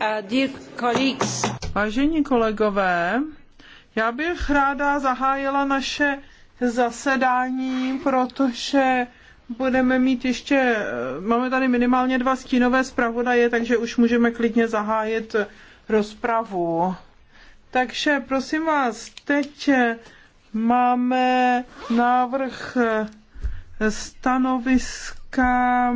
Uh, Vážení kolegové, já bych ráda zahájila naše zasedání, protože budeme mít ještě, eh, máme tady minimálně dva stínové zpravodaje, takže už můžeme klidně zahájit rozpravu. Takže prosím vás, teď eh, máme návrh eh, stanoviska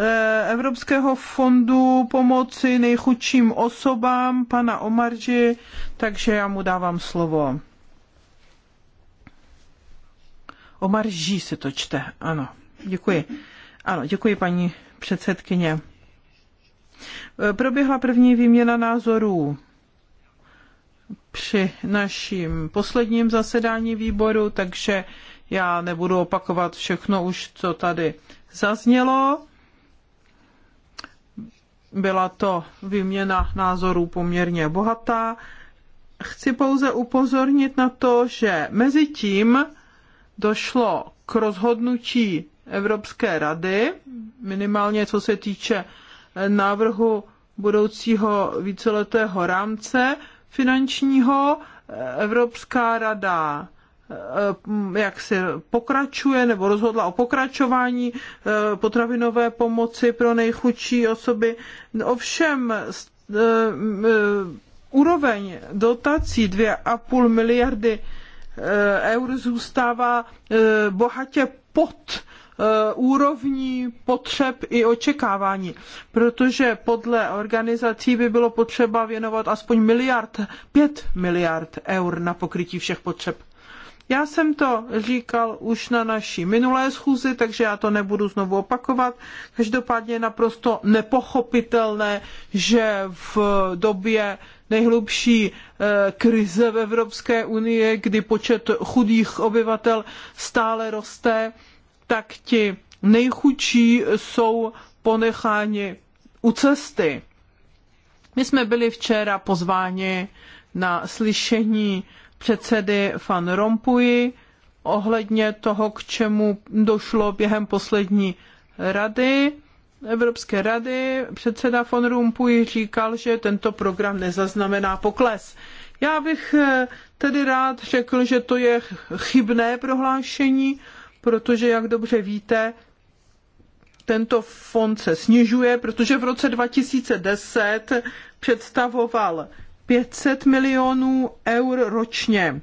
Eh, Evropského fondu pomoci nejchudším osobám, pana Omarži, takže já mu dávám slovo. Omarží se to čte, ano. Děkuji. Ano, děkuji paní předsedkyně. Eh, proběhla první výměna názorů při naším posledním zasedání výboru, takže já nebudu opakovat všechno už, co tady zaznělo. Byla to výměna názorů poměrně bohatá. Chci pouze upozornit na to, že mezi tím došlo k rozhodnutí Evropské rady, minimálně co se týče návrhu budoucího víceletého rámce finančního. Evropská rada Eh, jak se pokračuje nebo rozhodla o pokračování eh, potravinové pomoci pro nejchudší osoby. Ovšem eh, úroveň dotací 2,5 miliardy eur zůstává bohatě pod úrovní potřeb i očekávání, protože podle organizací by bylo potřeba věnovat aspoň miliard, pět miliard eur na pokrytí všech potřeb. Já jsem to říkal už na naší minulé schůzi, takže já to nebudu znovu opakovat. Každopádně je naprosto nepochopitelné, že v době nejhlubší eh, krize v Evropské unii, kdy počet chudých obyvatel stále roste, tak ti nejchudší jsou ponecháni u cesty. My jsme byli včera pozváni na slyšení předsedy Van Rompuy ohledně toho, k čemu došlo během poslední rady. Evropské rady předseda von Rumpuy říkal, že tento program nezaznamená pokles. Já bych eh, tedy rád řekl, že to je chybné prohlášení, protože, jak dobře víte, tento fond se snižuje, protože v roce 2010 představoval 500 milionů eur ročně.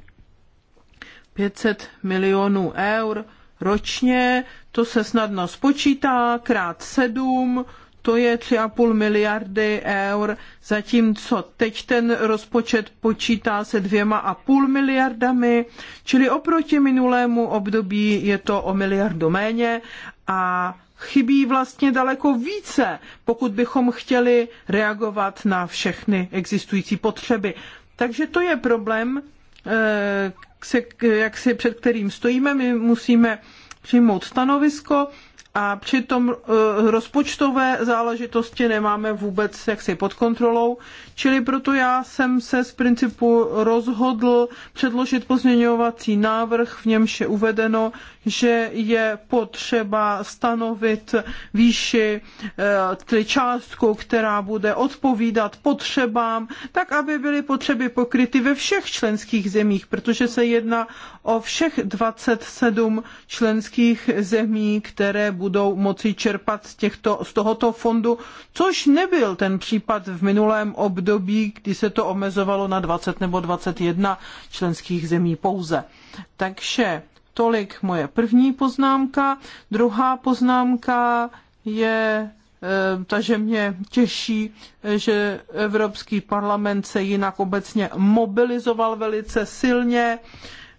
500 milionů eur ročně, to se snadno spočítá, krát 7, to je 3,5 miliardy eur, zatímco teď ten rozpočet počítá se dvěma a půl miliardami, čili oproti minulému období je to o miliardu méně a chybí vlastně daleko více, pokud bychom chtěli reagovat na všechny existující potřeby. Takže to je problém, eh, jak si, před kterým stojíme. My musíme přijmout stanovisko a přitom eh, rozpočtové záležitosti nemáme vůbec jaksi pod kontrolou, čili proto já jsem se z principu rozhodl předložit pozměňovací návrh, v němž je uvedeno, že je potřeba stanovit výši, eh, tedy částku, která bude odpovídat potřebám, tak aby byly potřeby pokryty ve všech členských zemích, protože se jedná o všech 27 členských zemí, které budou budou moci čerpat z, těchto, z tohoto fondu, což nebyl ten případ v minulém období, kdy se to omezovalo na 20 nebo 21 členských zemí pouze. Takže tolik moje první poznámka. Druhá poznámka je eh, takže mě těší, že Evropský parlament se jinak obecně mobilizoval velice silně.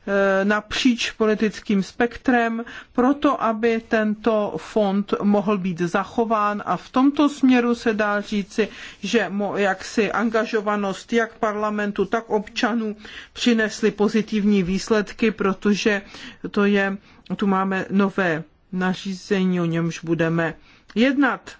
Eh, napříč politickým spektrem, proto aby tento fond mohl být zachován a v tomto směru se dá říci, že jaksi angažovanost jak parlamentu, tak občanů přinesly pozitivní výsledky, protože to je, tu máme nové nařízení, o němž budeme jednat. Eh,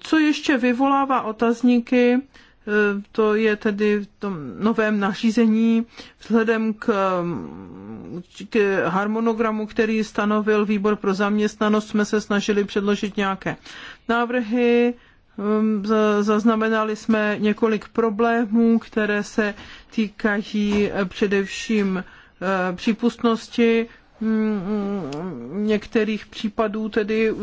co ještě vyvolává otazníky, Eh, to je tedy v tom novém nařízení vzhledem k, mm, k harmonogramu, který stanovil výbor pro zaměstnanost, jsme se snažili předložit nějaké návrhy, mm, Zaznamenali jsme několik problémů, které se týkají eh, především eh, přípustnosti Mm, některých případů tedy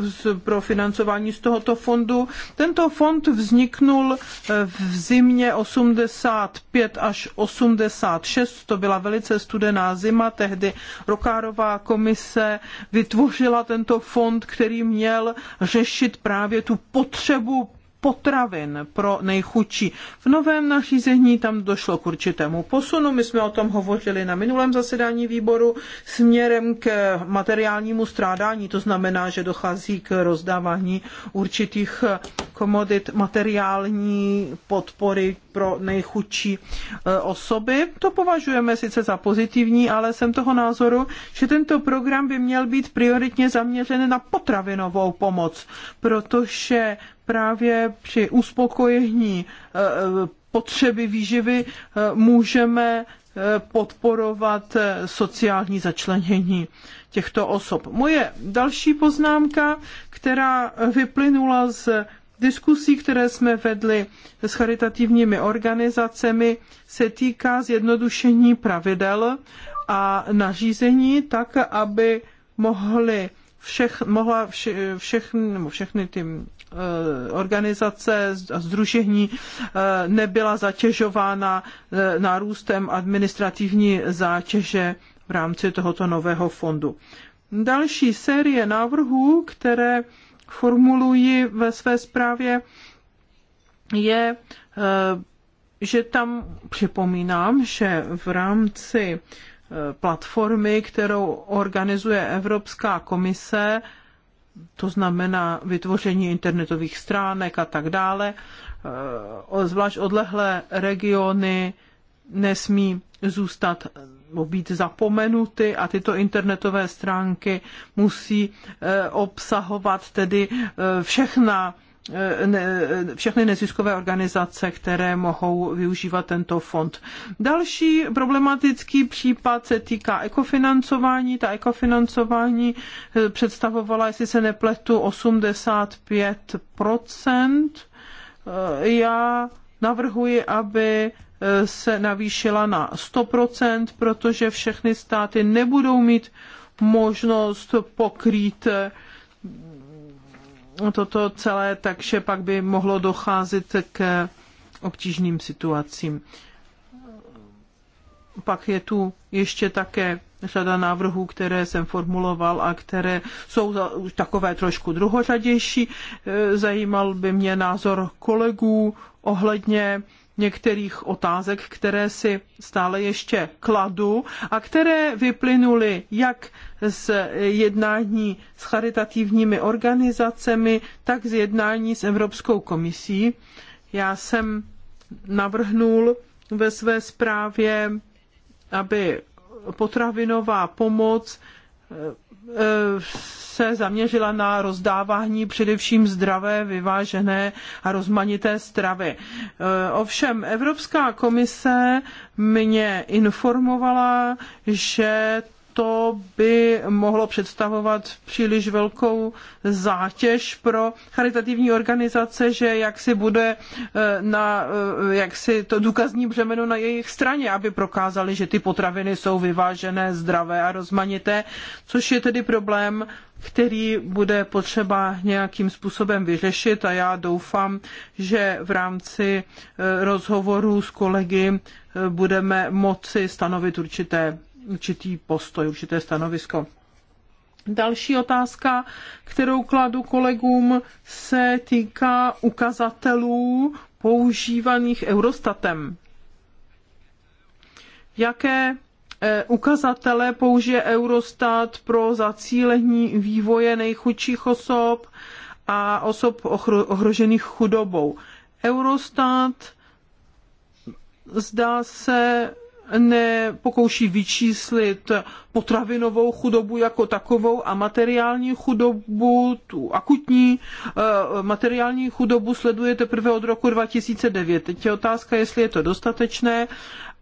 pro financování z tohoto fondu. Tento fond vzniknul eh, v zimě 85 až 86, to byla velice studená zima, tehdy Rokárová komise vytvořila tento fond, který měl řešit právě tu potřebu potravin pro nejchudší. V novém nařízení tam došlo k určitému posunu. My jsme o tom hovořili na minulém zasedání výboru směrem k materiálnímu strádání. To znamená, že dochází k rozdávání určitých komodit materiální podpory pro nejchudší e, osoby. To považujeme sice za pozitivní, ale jsem toho názoru, že tento program by měl být prioritně zaměřen na potravinovou pomoc, protože právě při uspokojení eh, potřeby výživy eh, můžeme eh, podporovat sociální začlenění těchto osob. Moje další poznámka, která vyplynula z diskusí, které jsme vedli s charitativními organizacemi, se týká zjednodušení pravidel a nařízení tak, aby mohly všech, mohla vše, všechny, nebo všechny ty eh, organizace a združení eh, nebyla zatěžována eh, nárůstem administrativní zátěže v rámci tohoto nového fondu. Další série návrhů, které formuluji ve své zprávě, je, že tam připomínám, že v rámci platformy, kterou organizuje Evropská komise, to znamená vytvoření internetových stránek a tak dále, eh, zvlášť odlehlé regiony nesmí zůstat být zapomenuty a tyto internetové stránky musí eh, obsahovat tedy eh, všechna Eh, eh, všechny neziskové organizace, které mohou využívat tento fond. Další problematický případ se týká ekofinancování. Ta ekofinancování eh, představovala, jestli se nepletu, 85 Já navrhuji, aby se navýšila na 100 protože všechny státy nebudou mít možnost pokrýt toto celé, takže pak by mohlo docházet k obtížným situacím. Pak je tu ještě také řada návrhů, které jsem formuloval a které jsou už takové trošku druhořadější. E, zajímal by mě názor kolegů ohledně některých otázek, které si stále ještě kladu a které vyplynuly jak z jednání s charitativními organizacemi, tak z jednání s Evropskou komisí. Já jsem navrhnul ve své zprávě, aby potravinová pomoc eh, Eh, se zaměřila na rozdávání především zdravé, vyvážené a rozmanité stravy. Eh, ovšem Evropská komise mě informovala, že to by mohlo představovat příliš velkou zátěž pro charitativní organizace, že jak si bude eh, na, eh, jak si to důkazní břemeno na jejich straně, aby prokázali, že ty potraviny jsou vyvážené, zdravé a rozmanité, což je tedy problém, který bude potřeba nějakým způsobem vyřešit a já doufám, že v rámci eh, rozhovorů s kolegy budeme moci stanovit určité určitý postoj, určité stanovisko. Další otázka, kterou kladu kolegům, se týká ukazatelů používaných Eurostatem. Jaké eh, ukazatele použije Eurostat pro zacílení vývoje nejchudších osob a osob ohrožených chudobou? Eurostat zdá se nepokouší vyčíslit potravinovou chudobu jako takovou a materiální chudobu, tu akutní eh, materiální chudobu sleduje teprve od roku 2009. Teď je otázka, jestli je to dostatečné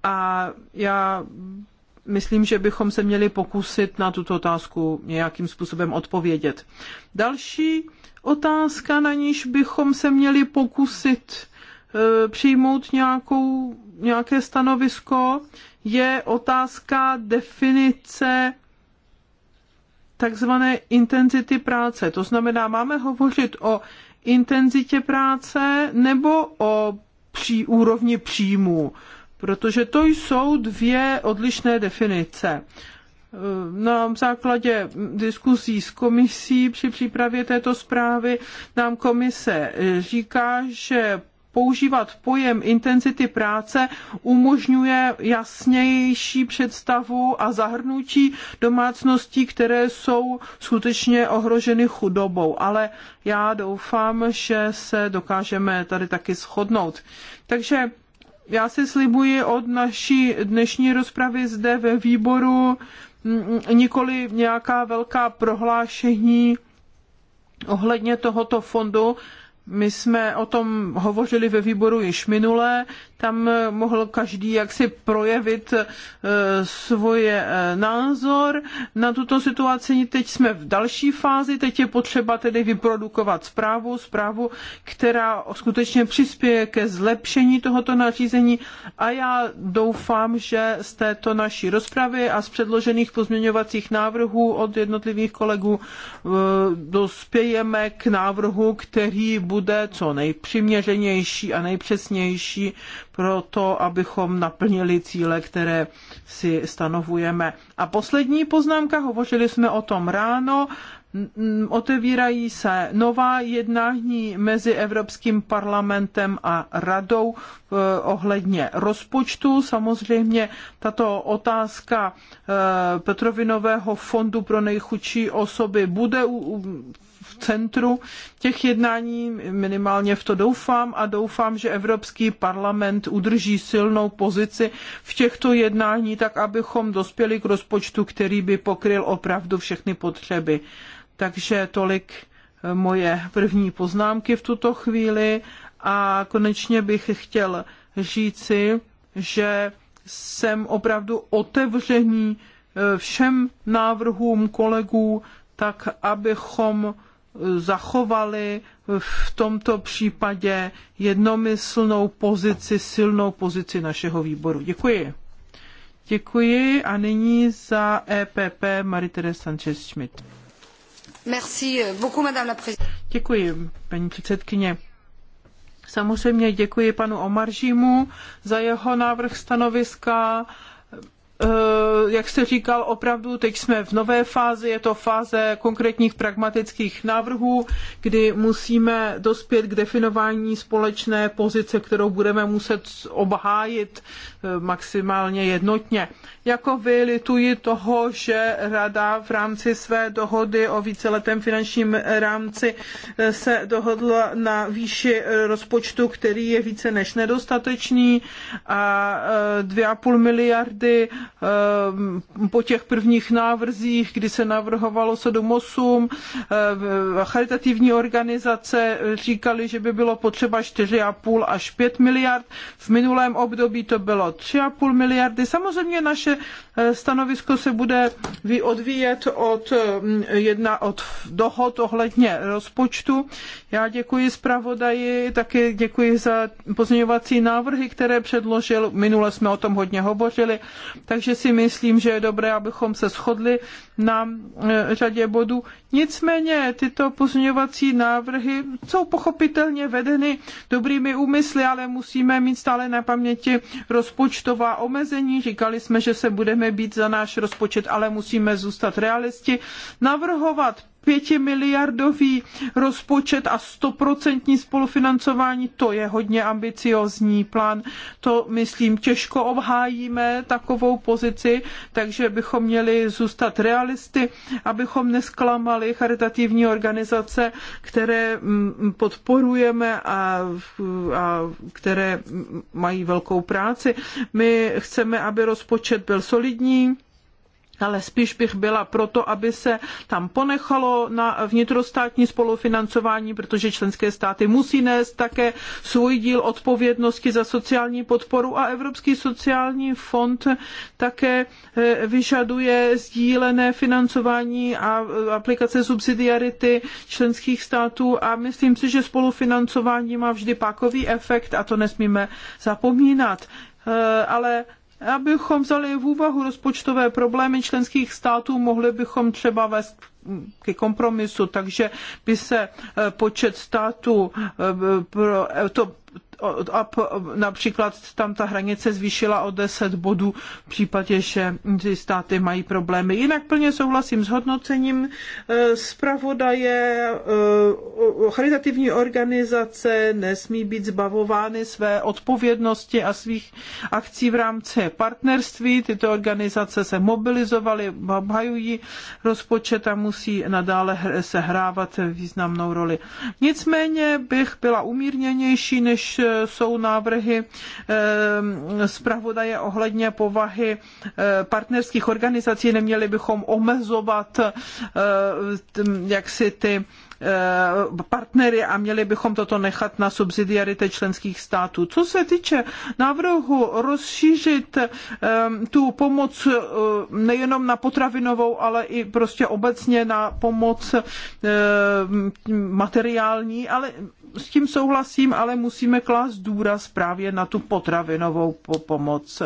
a já myslím, že bychom se měli pokusit na tuto otázku nějakým způsobem odpovědět. Další otázka, na níž bychom se měli pokusit eh, přijmout nějakou nějaké stanovisko, je otázka definice takzvané intenzity práce. To znamená, máme hovořit o intenzitě práce nebo o pří, úrovni příjmů, protože to jsou dvě odlišné definice. Na základě diskuzí s komisí při přípravě této zprávy nám komise říká, že používat pojem intenzity práce umožňuje jasnější představu a zahrnutí domácností, které jsou skutečně ohroženy chudobou. Ale já doufám, že se dokážeme tady taky shodnout. Takže já si slibuji od naší dnešní rozpravy zde ve výboru mm, mm, nikoli nějaká velká prohlášení ohledně tohoto fondu, my jsme o tom hovořili ve výboru již minule, tam eh, mohl každý jaksi projevit eh, svoje eh, názor na tuto situaci. Teď jsme v další fázi, teď je potřeba tedy vyprodukovat zprávu, zprávu, která skutečně přispěje ke zlepšení tohoto nařízení a já doufám, že z této naší rozpravy a z předložených pozměňovacích návrhů od jednotlivých kolegů dospějeme k návrhu, který bude bude co nejpřiměřenější a nejpřesnější pro to, abychom naplnili cíle, které si stanovujeme. A poslední poznámka, hovořili jsme o tom ráno, otevírají se nová jednání mezi Evropským parlamentem a radou e, ohledně rozpočtu. Samozřejmě tato otázka e, Petrovinového fondu pro nejchudší osoby bude v centru těch jednání, minimálně v to doufám a doufám, že Evropský parlament udrží silnou pozici v těchto jednání, tak abychom dospěli k rozpočtu, který by pokryl opravdu všechny potřeby. Takže tolik eh, moje první poznámky v tuto chvíli a konečně bych chtěl říci, že jsem opravdu otevřený eh, všem návrhům kolegů tak abychom zachovali v tomto případě jednomyslnou pozici, silnou pozici našeho výboru. Děkuji. Děkuji a nyní za EPP Marie-Thérèse Sanchez-Schmidt. Merci beaucoup, madame la Děkuji, paní předsedkyně. Samozřejmě děkuji panu Omaržímu za jeho návrh stanoviska Eh, jak jste říkal, opravdu teď jsme v nové fázi, je to fáze konkrétních pragmatických návrhů, kdy musíme dospět k definování společné pozice, kterou budeme muset obhájit eh, maximálně jednotně. Jako vy lituji toho, že Rada v rámci své dohody o víceletém finančním rámci eh, se dohodla na výši rozpočtu, který je více než nedostatečný a 2,5 miliardy Ehm, po těch prvních návrzích, kdy se navrhovalo sedm osm, ehm, charitativní organizace říkali, že by bylo potřeba 4,5 až 5 miliard. V minulém období to bylo 3,5 miliardy. Samozřejmě naše eh, stanovisko se bude odvíjet od, mm, jedna, od dohod ohledně rozpočtu. Já děkuji zpravodaji, taky děkuji za pozměňovací návrhy, které předložil. Minule jsme o tom hodně hovořili. Tak takže si myslím, že je dobré, abychom se shodli na e, řadě bodů. Nicméně tyto pozměňovací návrhy jsou pochopitelně vedeny dobrými úmysly, ale musíme mít stále na paměti rozpočtová omezení. Říkali jsme, že se budeme být za náš rozpočet, ale musíme zůstat realisti. Navrhovat pětimiliardový rozpočet a stoprocentní spolufinancování, to je hodně ambiciozní plán. To, myslím, těžko obhájíme takovou pozici, takže bychom měli zůstat realisty, abychom nesklamali charitativní organizace, které mm, podporujeme a, a které mají velkou práci. My chceme, aby rozpočet byl solidní, ale spíš bych byla proto, aby se tam ponechalo na vnitrostátní spolufinancování, protože členské státy musí nést také svůj díl odpovědnosti za sociální podporu a Evropský sociální fond také eh, vyžaduje sdílené financování a eh, aplikace subsidiarity členských států a myslím si, že spolufinancování má vždy pákový efekt a to nesmíme zapomínat eh, ale abychom vzali v úvahu rozpočtové problémy členských států, mohli bychom třeba vést ke kompromisu, takže by se eh, počet států eh, pro eh, to a například tam ta hranice zvýšila o 10 bodů v případě, že ty státy mají problémy. Jinak plně souhlasím s hodnocením eh, zpravodaje, eh, charitativní organizace nesmí být zbavovány své odpovědnosti a svých akcí v rámci partnerství. Tyto organizace se mobilizovaly, obhajují rozpočet a musí nadále sehrávat významnou roli. Nicméně bych byla umírněnější než eh, jsou návrhy eh, zpravodaje ohledně povahy eh, partnerských organizací. Neměli bychom omezovat eh, jaksi ty partnery a měli bychom toto nechat na subsidiaritě členských států. Co se týče návrhu rozšířit tu pomoc nejenom na potravinovou, ale i prostě obecně na pomoc materiální, ale s tím souhlasím, ale musíme klást důraz právě na tu potravinovou pomoc.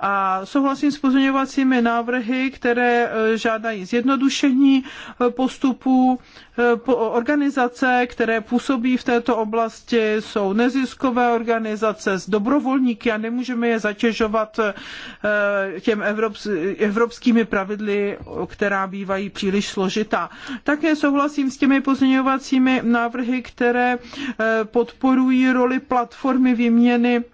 A souhlasím s pozměňovacími návrhy, které e, žádají zjednodušení e, postupů, Eh, organizace, které působí v této oblasti, jsou neziskové organizace s dobrovolníky a nemůžeme je zatěžovat eh, těm evropskými pravidly, která bývají příliš složitá. Také souhlasím s těmi pozměňovacími návrhy, které eh, podporují roli platformy výměny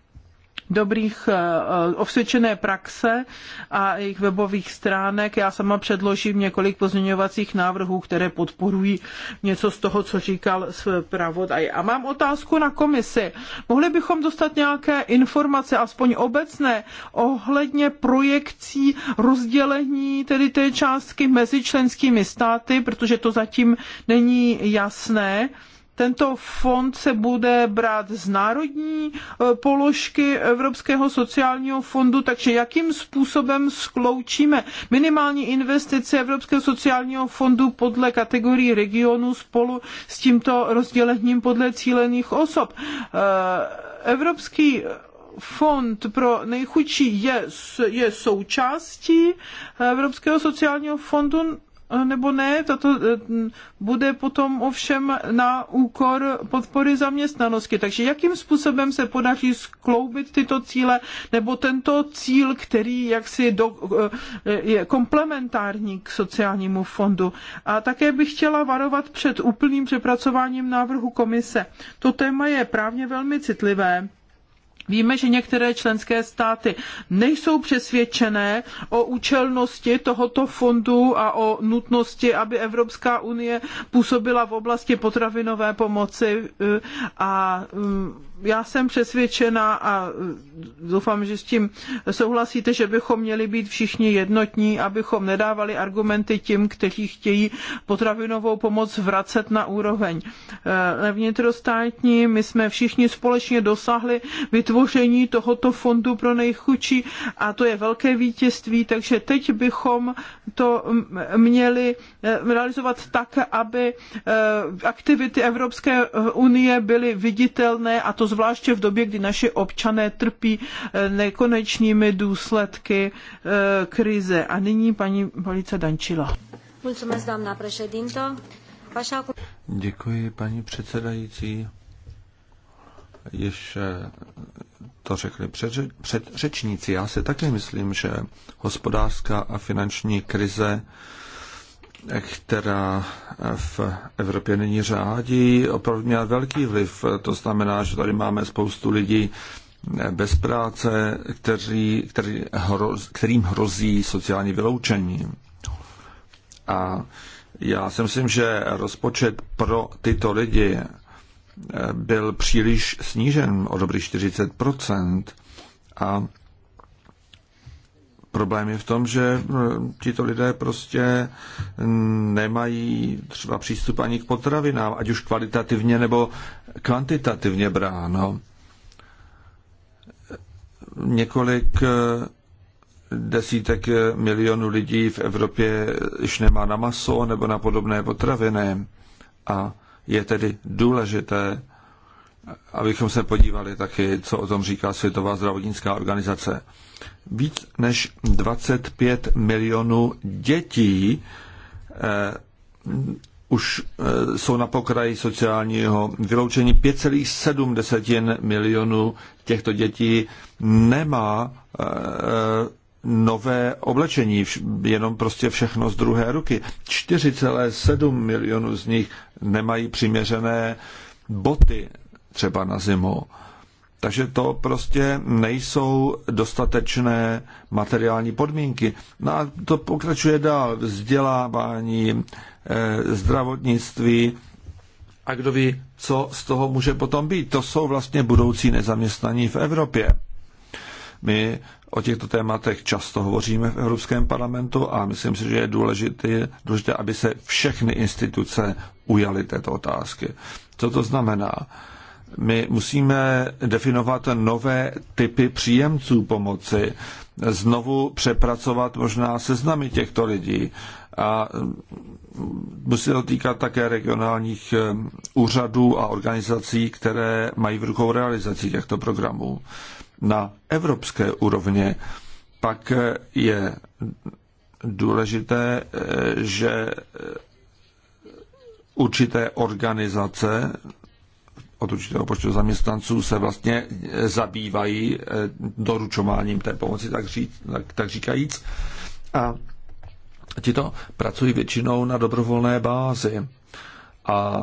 dobrých eh, eh, osvědčené praxe a jejich webových stránek. Já sama předložím několik pozměňovacích návrhů, které podporují něco z toho, co říkal zpravodaj. A mám otázku na komisi. Mohli bychom dostat nějaké informace, aspoň obecné, ohledně projekcí rozdělení tedy té částky mezi členskými státy, protože to zatím není jasné. Tento fond se bude brát z národní e, položky Evropského sociálního fondu, takže jakým způsobem skloučíme minimální investice Evropského sociálního fondu podle kategorii regionu spolu s tímto rozdělením podle cílených osob. E, Evropský fond pro nejchudší je, je součástí Evropského sociálního fondu, nebo ne, tato eh, bude potom ovšem na úkor podpory zaměstnanosti. Takže jakým způsobem se podaří skloubit tyto cíle, nebo tento cíl, který jaksi do, eh, je komplementární k sociálnímu fondu. A také bych chtěla varovat před úplným přepracováním návrhu komise. To téma je právně velmi citlivé Víme, že některé členské státy nejsou přesvědčené o účelnosti tohoto fondu a o nutnosti, aby Evropská unie působila v oblasti potravinové pomoci eh, a mm, já jsem přesvědčena a eh, doufám, že s tím souhlasíte, že bychom měli být všichni jednotní, abychom nedávali argumenty tím, kteří chtějí potravinovou pomoc vracet na úroveň eh, vnitrostátní. My jsme všichni společně dosáhli vytvoření tohoto fondu pro nejchudší a to je velké vítězství, takže teď bychom to mm, měli eh, realizovat tak, aby aktivity Evropské unie byly viditelné a to zvláště v době, kdy naši občané trpí eh, nekonečnými důsledky eh, krize. A nyní paní Valice Dančila. Děkuji, paní předsedající. Již eh, to řekli předřečníci. Já si také myslím, že hospodářská a finanční krize která v Evropě není řádí, opravdu měla velký vliv. To znamená, že tady máme spoustu lidí bez práce, kteří, který hroz, kterým hrozí sociální vyloučení. A já si myslím, že rozpočet pro tyto lidi byl příliš snížen o dobrých 40 a Problém je v tom, že eh, tito lidé prostě nemají třeba přístup ani k potravinám, ať už kvalitativně nebo kvantitativně bráno. Několik eh, desítek eh, milionů lidí v Evropě již nemá na maso nebo na podobné potraviny a je tedy důležité, abychom se podívali taky, co o tom říká Světová zdravotnická organizace. Víc než 25 milionů dětí eh, už eh, jsou na pokraji sociálního vyloučení. 5,7 milionů těchto dětí nemá eh, nové oblečení, jenom prostě všechno z druhé ruky. 4,7 milionů z nich nemají přiměřené boty třeba na zimu. Takže to prostě nejsou dostatečné materiální podmínky. No a to pokračuje dál. Vzdělávání, eh, zdravotnictví a kdo ví, co z toho může potom být. To jsou vlastně budoucí nezaměstnaní v Evropě. My o těchto tématech často hovoříme v Evropském parlamentu a myslím si, že je důležité, důležité aby se všechny instituce ujaly této otázky. Co to znamená? my musíme definovat nové typy příjemců pomoci, znovu přepracovat možná seznamy těchto lidí a musí to týkat také regionálních eh, úřadů a organizací, které mají v rukou realizaci těchto programů. Na evropské úrovně pak eh, je důležité, eh, že určité organizace od určitého počtu zaměstnanců se vlastně eh, zabývají eh, doručováním té pomoci, tak, říct, tak, tak říkajíc. A tito pracují většinou na dobrovolné bázi. A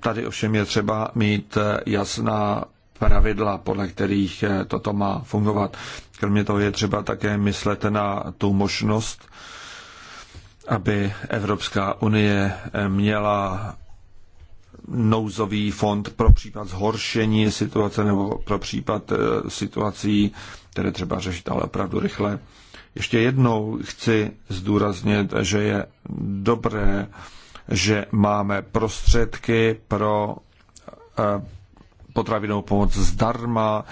tady ovšem je třeba mít eh, jasná pravidla, podle kterých toto má fungovat. Kromě toho je třeba také myslet na tu možnost, aby Evropská unie měla nouzový fond pro případ zhoršení situace nebo pro případ eh, situací, které třeba řešit, ale opravdu rychle. Ještě jednou chci zdůraznit, že je dobré, že máme prostředky pro eh, potravinou pomoc zdarma,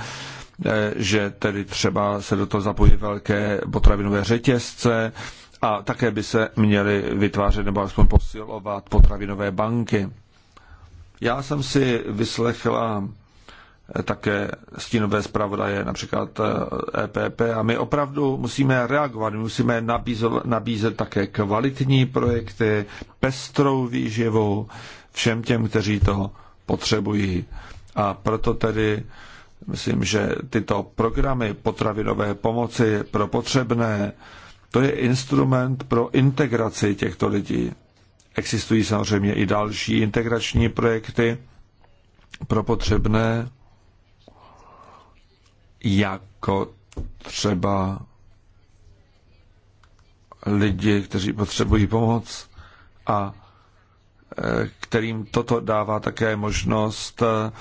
eh, že tedy třeba se do toho zapojí velké potravinové řetězce a také by se měly vytvářet nebo alespoň posilovat potravinové banky. Já jsem si vyslechla eh, také stínové zpravodaje, například EPP, eh, e a my opravdu musíme reagovat, my musíme nabízet, nabízet také kvalitní projekty, pestrou výživu všem těm, kteří to potřebují. A proto tedy myslím, že tyto programy potravinové pomoci pro potřebné, to je instrument pro integraci těchto lidí. Existují samozřejmě i další integrační projekty pro potřebné, jako třeba lidi, kteří potřebují pomoc a e, kterým toto dává také možnost e,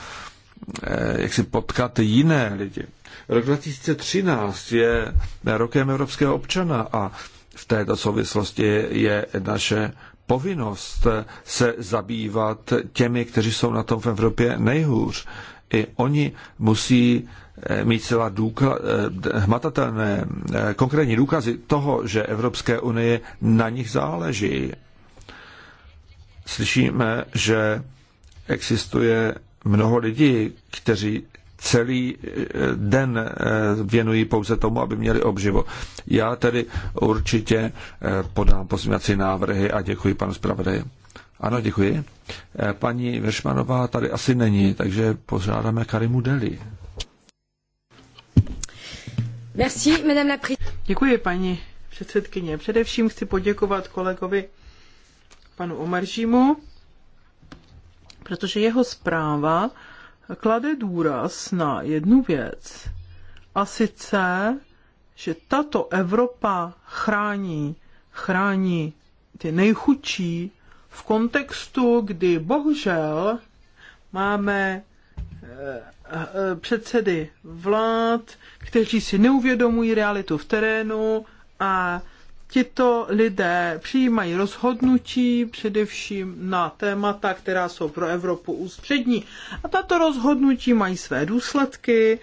jak si potkat jiné lidi. Rok 2013 je rokem evropského občana a v této souvislosti je naše povinnost se zabývat těmi, kteří jsou na tom v Evropě nejhůř. I oni musí eh, mít celá důkla, eh, hmatatelné eh, konkrétní důkazy toho, že Evropské unie na nich záleží. Slyšíme, že existuje mnoho lidí, kteří celý eh, den eh, věnují pouze tomu, aby měli obživo. Já tedy určitě eh, podám pozměňovací návrhy a děkuji panu zpravodaji. Ano, děkuji. Paní Veršmanová tady asi není, takže požádáme Karimu Deli. Merci, madame la Děkuji, paní předsedkyně. Především chci poděkovat kolegovi panu Omaržímu, protože jeho zpráva klade důraz na jednu věc, a sice, že tato Evropa chrání, chrání ty nejchudší v kontextu, kdy bohužel máme eh, eh, předsedy vlád, kteří si neuvědomují realitu v terénu a Tito lidé přijímají rozhodnutí především na témata, která jsou pro Evropu ústřední. A tato rozhodnutí mají své důsledky,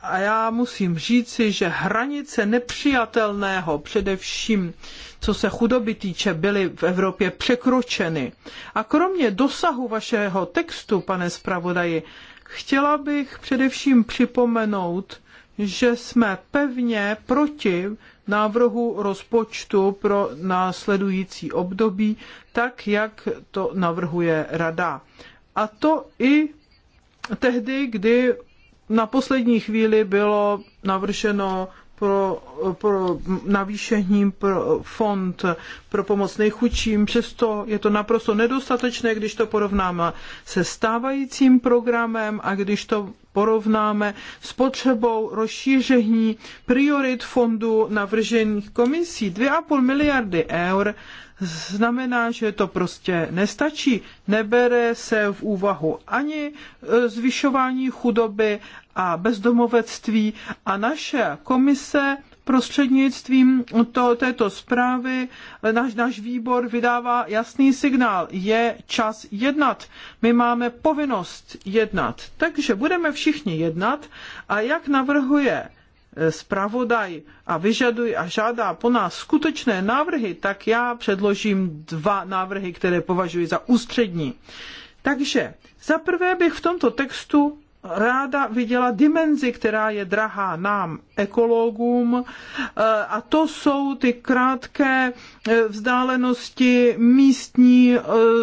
a já musím říci, že hranice nepřijatelného, především co se chudoby týče, byly v Evropě překročeny. A kromě dosahu vašeho textu, pane zpravodaji, chtěla bych především připomenout že jsme pevně proti návrhu rozpočtu pro následující období, tak jak to navrhuje Rada. A to i tehdy, kdy na poslední chvíli bylo navrženo pro, pro navýšení pro fond pro pomoc nejchudším. Přesto je to naprosto nedostatečné, když to porovnáme se stávajícím programem a když to porovnáme s potřebou rozšíření priorit fondu navržených komisí. 2,5 miliardy eur znamená, že to prostě nestačí. Nebere se v úvahu ani e, zvyšování chudoby a bezdomovectví a naše komise prostřednictvím to, této zprávy náš, náš výbor vydává jasný signál. Je čas jednat. My máme povinnost jednat. Takže budeme všichni jednat a jak navrhuje eh, zpravodaj a vyžaduje a žádá po nás skutečné návrhy, tak já předložím dva návrhy, které považuji za ústřední. Takže za prvé bych v tomto textu ráda viděla dimenzi, která je drahá nám, ekologům, eh, a to jsou ty krátké eh, vzdálenosti, místní, eh,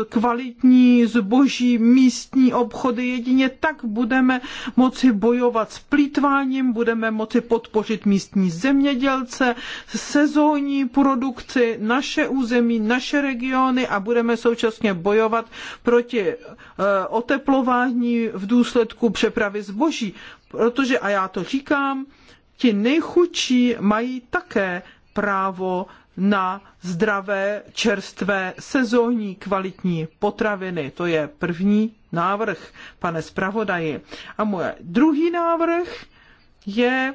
kvalitní zboží, místní obchody. Jedině tak budeme moci bojovat s plítváním, budeme moci podpořit místní zemědělce, sezónní produkci, naše území, naše regiony a budeme současně bojovat proti oteplování v důsledku přepravy zboží. Protože, a já to říkám, ti nejchudší mají také právo na zdravé, čerstvé, sezónní, kvalitní potraviny. To je první návrh, pane zpravodaji. A můj druhý návrh je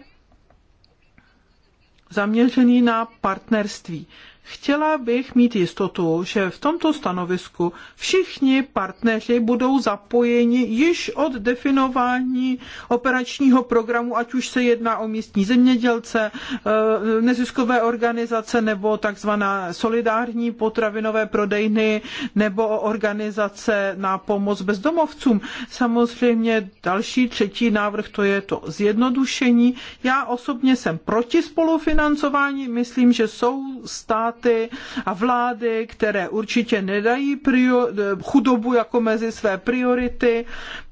zaměřený na partnerství. Chtěla bych mít jistotu, že v tomto stanovisku všichni partneři budou zapojeni již od definování operačního programu, ať už se jedná o místní zemědělce, eh, neziskové organizace nebo takzvaná solidární potravinové prodejny nebo organizace na pomoc bezdomovcům. Samozřejmě další třetí návrh to je to zjednodušení. Já osobně jsem proti spolufinancování, myslím, že jsou státy státy a vlády, které určitě nedají prior, chudobu jako mezi své priority,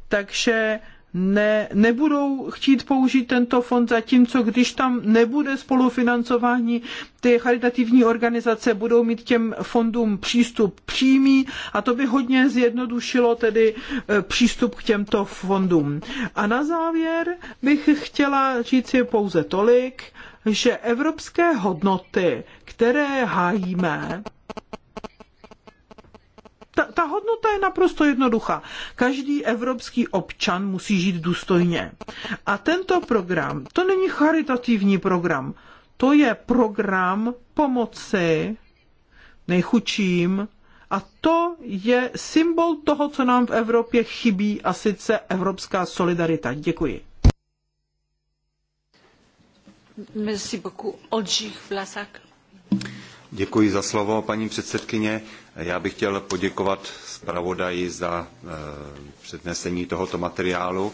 takže ne, nebudou chtít použít tento fond, zatímco když tam nebude spolufinancování, ty charitativní organizace budou mít těm fondům přístup přímý a to by hodně zjednodušilo tedy e, přístup k těmto fondům. A na závěr bych chtěla říct pouze tolik, že evropské hodnoty, které hájíme, ta, ta hodnota je naprosto jednoduchá. Každý evropský občan musí žít důstojně. A tento program, to není charitativní program, to je program pomoci nejchučím a to je symbol toho, co nám v Evropě chybí, a sice evropská solidarita. Děkuji. Děkuji za slovo, paní předsedkyně. Já bych chtěl poděkovat zpravodaji za eh, přednesení tohoto materiálu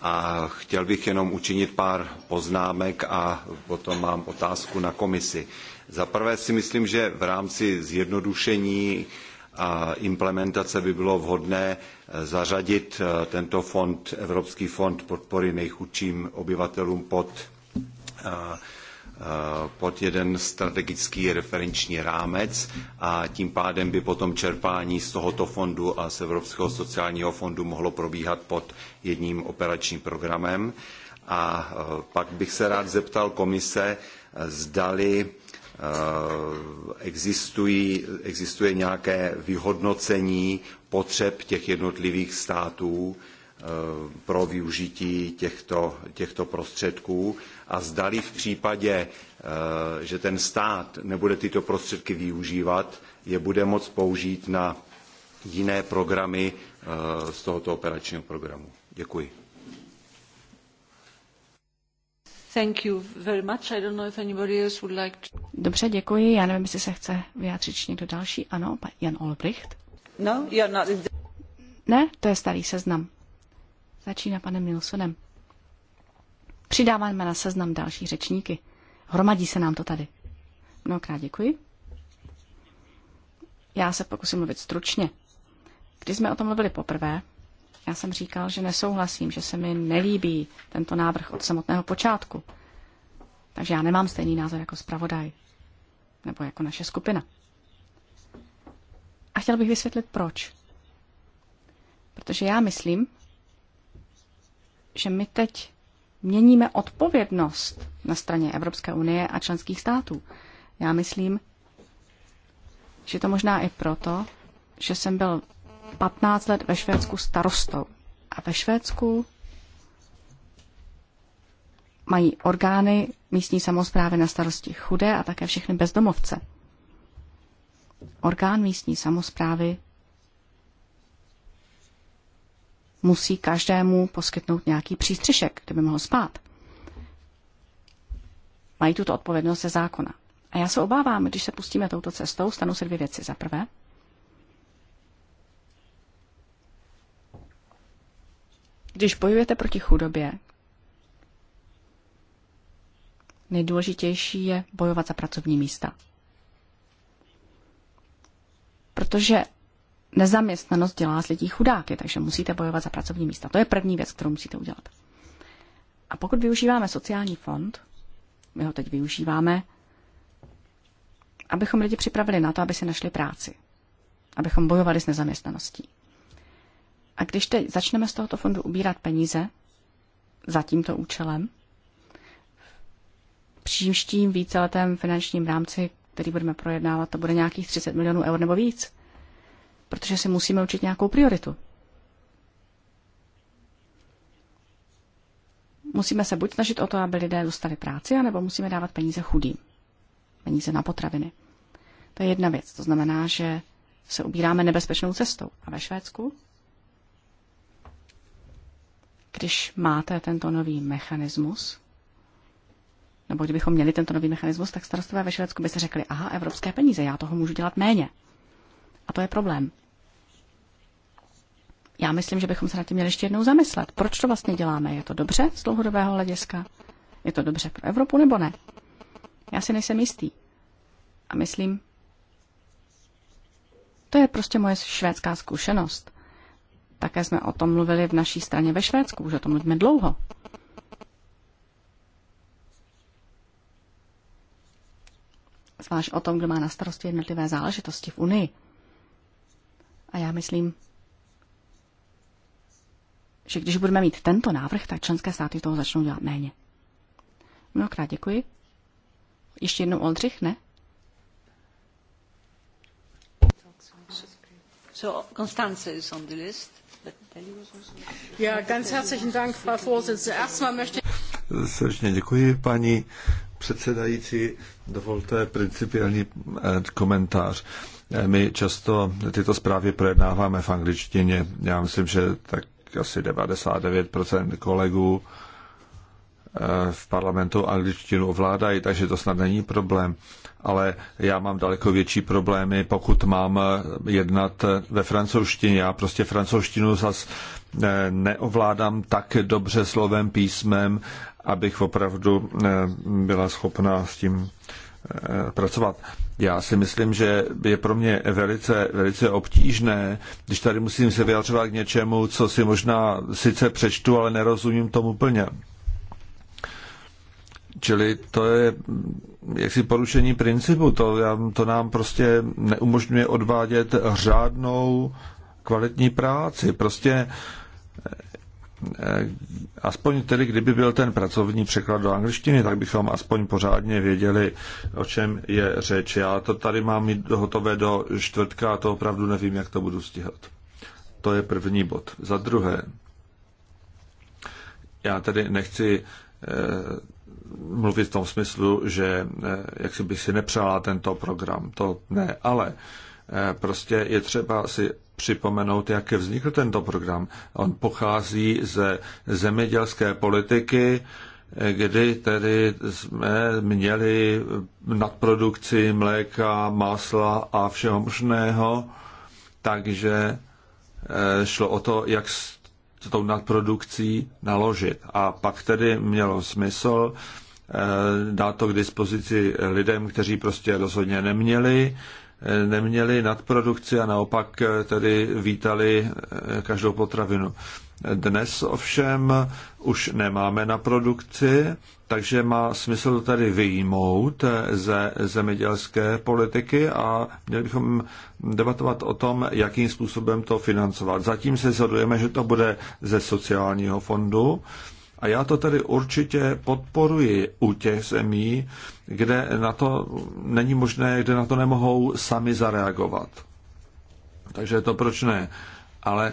a chtěl bych jenom učinit pár poznámek a potom mám otázku na komisi. Za prvé si myslím, že v rámci zjednodušení a implementace by bylo vhodné eh, zařadit eh, tento fond, Evropský fond podpory nejchudším obyvatelům pod pod jeden strategický referenční rámec a tím pádem by potom čerpání z tohoto fondu a z Evropského sociálního fondu mohlo probíhat pod jedním operačním programem. A pak bych se rád zeptal komise, zdali existují, existuje nějaké vyhodnocení potřeb těch jednotlivých států, Eh, pro využití těchto, těchto prostředků a zdali v případě, eh, že ten stát nebude tyto prostředky využívat, je bude moct použít na jiné programy eh, z tohoto operačního programu. Děkuji. Like to... Dobře, děkuji. Já nevím, jestli se chce vyjádřit někdo další. Ano, Jan Olbricht. No, not... Ne, to je starý seznam. Začíná panem Nilsonem. Přidáváme na seznam další řečníky. Hromadí se nám to tady. Mnohokrát děkuji. Já se pokusím mluvit stručně. Když jsme o tom mluvili poprvé, já jsem říkal, že nesouhlasím, že se mi nelíbí tento návrh od samotného počátku. Takže já nemám stejný názor jako zpravodaj, nebo jako naše skupina. A chtěl bych vysvětlit proč. Protože já myslím, že my teď měníme odpovědnost na straně Evropské unie a členských států. Já myslím, že to možná i proto, že jsem byl 15 let ve Švédsku starostou. A ve Švédsku mají orgány místní samozprávy na starosti chudé a také všechny bezdomovce. Orgán místní samozprávy musí každému poskytnout nějaký přístřešek, kde by mohl spát. Mají tuto odpovědnost ze zákona. A já se obávám, když se pustíme touto cestou, stanou se dvě věci. Za prvé, když bojujete proti chudobě, nejdůležitější je bojovat za pracovní místa. Protože nezaměstnanost dělá z lidí chudáky, takže musíte bojovat za pracovní místa. To je první věc, kterou musíte udělat. A pokud využíváme sociální fond, my ho teď využíváme, abychom lidi připravili na to, aby si našli práci, abychom bojovali s nezaměstnaností. A když teď začneme z tohoto fondu ubírat peníze za tímto účelem, v příštím víceletém finančním rámci, který budeme projednávat, to bude nějakých 30 milionů eur nebo víc protože si musíme učit nějakou prioritu. Musíme se buď snažit o to, aby lidé dostali práci, anebo musíme dávat peníze chudým. Peníze na potraviny. To je jedna věc. To znamená, že se ubíráme nebezpečnou cestou. A ve Švédsku, když máte tento nový mechanismus, nebo kdybychom měli tento nový mechanismus, tak starostové ve Švédsku by se řekli, aha, evropské peníze, já toho můžu dělat méně. A to je problém. Já myslím, že bychom se nad tím měli ještě jednou zamyslet. Proč to vlastně děláme? Je to dobře z dlouhodobého hlediska? Je to dobře pro Evropu nebo ne? Já si nejsem jistý. A myslím, to je prostě moje švédská zkušenost. Také jsme o tom mluvili v naší straně ve Švédsku, už o tom mluvíme dlouho. Zvlášť o tom, kdo má na starosti jednotlivé záležitosti v Unii. A já myslím, že když budeme mít tento návrh, tak členské státy toho začnou dělat méně. Mnohokrát děkuji. Ještě jednou Oldřich, ne? So Srdečně děkuji, paní předsedající. Dovolte principiální eh, komentář. Eh, my často tyto zprávy projednáváme v angličtině. Já myslím, že tak asi 99% kolegů eh, v parlamentu angličtinu ovládají, takže to snad není problém. Ale já mám daleko větší problémy, pokud mám eh, jednat eh, ve francouzštině. Já prostě francouzštinu zas neovládám tak dobře slovem písmem, abych opravdu byla schopná s tím Eh, pracovat. Já si myslím, že je pro mě velice, velice obtížné, když tady musím se vyjadřovat k něčemu, co si možná sice přečtu, ale nerozumím tomu úplně. Čili to je jaksi porušení principu, to, to nám prostě neumožňuje odvádět řádnou kvalitní práci. Prostě Eh, aspoň tedy, kdyby byl ten pracovní překlad do angličtiny, tak bychom aspoň pořádně věděli, o čem je řeč. Já to tady mám mít hotové do čtvrtka a to opravdu nevím, jak to budu stíhat. To je první bod. Za druhé, já tedy nechci eh, mluvit v tom smyslu, že eh, jak si bych si nepřála tento program, to ne, ale prostě je třeba si připomenout, jak vznikl tento program. On pochází ze zemědělské politiky, kdy tedy jsme měli nadprodukci mléka, másla a všeho možného, takže eh, šlo o to, jak s tou nadprodukcí naložit. A pak tedy mělo smysl eh, dát to k dispozici lidem, kteří prostě rozhodně neměli neměli nadprodukci a naopak tedy vítali každou potravinu. Dnes ovšem už nemáme na produkci, takže má smysl to tady vyjmout ze zemědělské politiky a měli bychom debatovat o tom, jakým způsobem to financovat. Zatím se zhodujeme, že to bude ze sociálního fondu a já to tady určitě podporuji u těch zemí, kde na to není možné, kde na to nemohou sami zareagovat. Takže to proč ne. Ale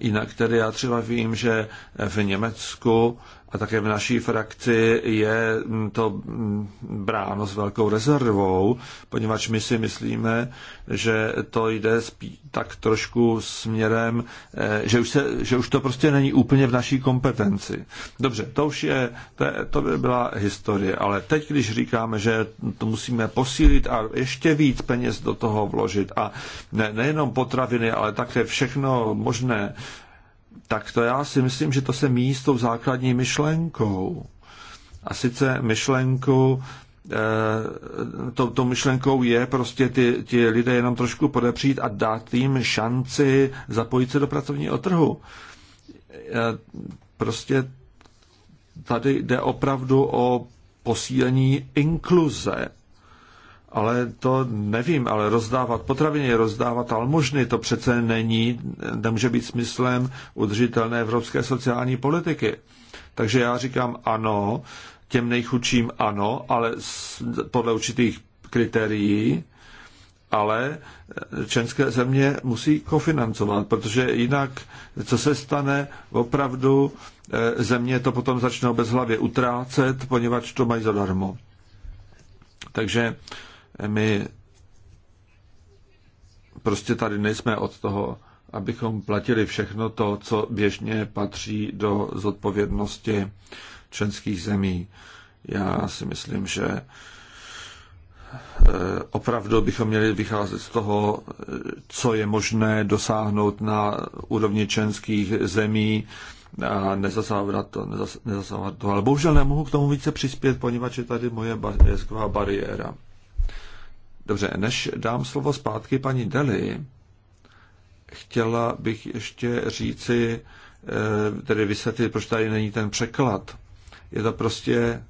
jinak tedy já třeba vím, že v Německu a také v naší frakci je mm, to mm, bráno s velkou rezervou, poněvadž my si myslíme, že to jde spí- tak trošku směrem, eh, že už, se, že už to prostě není úplně v naší kompetenci. Dobře, to už je, to, to by byla historie, ale teď, když říkáme, že to musíme posílit a ještě víc peněz do toho vložit a ne, nejenom potraviny, ale také všechno možné, tak to já si myslím, že to se míjí s tou základní myšlenkou. A sice myšlenku, eh, to, to myšlenkou je prostě ty, ty lidé jenom trošku podepřít a dát jim šanci zapojit se do pracovního trhu. Eh, prostě tady jde opravdu o posílení inkluze ale to nevím, ale rozdávat potraviny, rozdávat almužny, to přece není, nemůže být smyslem udržitelné evropské sociální politiky. Takže já říkám ano, těm nejchudším ano, ale podle určitých kritérií, ale eh, členské země musí kofinancovat, protože jinak, co se stane, opravdu eh, země to potom začnou bezhlavě utrácet, poněvadž to mají zadarmo. Takže my prostě tady nejsme od toho, abychom platili všechno to, co běžně patří do zodpovědnosti členských zemí. Já si myslím, že eh, opravdu bychom měli vycházet z toho, eh, co je možné dosáhnout na úrovni členských zemí a nezasahovat to, nezas, nezasahovat to. Ale bohužel nemohu k tomu více přispět, poněvadž je tady moje jazyková bariéra. Dobře, než dám slovo zpátky paní Deli, chtěla bych ještě říci, eh, tedy vysvětlit, proč tady není ten překlad. Je to prostě eh,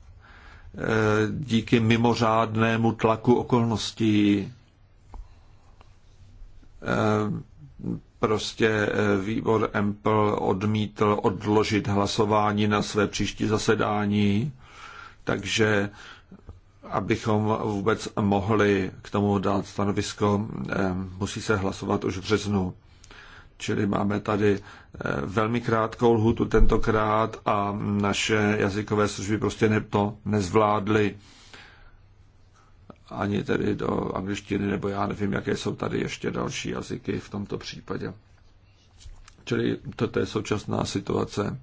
díky mimořádnému tlaku okolností eh, prostě výbor Empl odmítl odložit hlasování na své příští zasedání, takže abychom vůbec mohli k tomu dát stanovisko, eh, musí se hlasovat už v březnu. Čili máme tady eh, velmi krátkou lhutu tentokrát a naše jazykové služby prostě ne, to nezvládly ani tedy do angličtiny, nebo já nevím, jaké jsou tady ještě další jazyky v tomto případě. Čili toto je současná situace.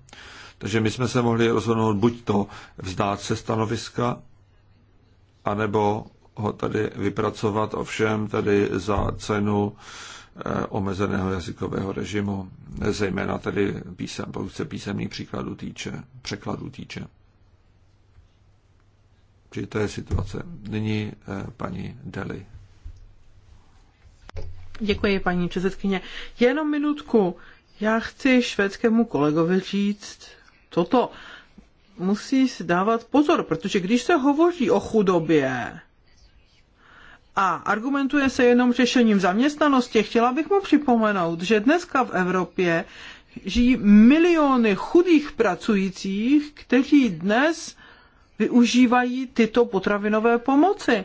Takže my jsme se mohli rozhodnout buď to vzdát se stanoviska, anebo ho tady vypracovat ovšem tady za cenu eh, omezeného jazykového režimu, zejména tedy písem, pokud se písemných příkladů týče, překladů týče. Čili to je situace. Nyní eh, paní Deli. Děkuji, paní předsedkyně. Jenom minutku. Já chci švédskému kolegovi říct toto musí si dávat pozor, protože když se hovoří o chudobě a argumentuje se jenom řešením zaměstnanosti, chtěla bych mu připomenout, že dneska v Evropě žijí miliony chudých pracujících, kteří dnes využívají tyto potravinové pomoci.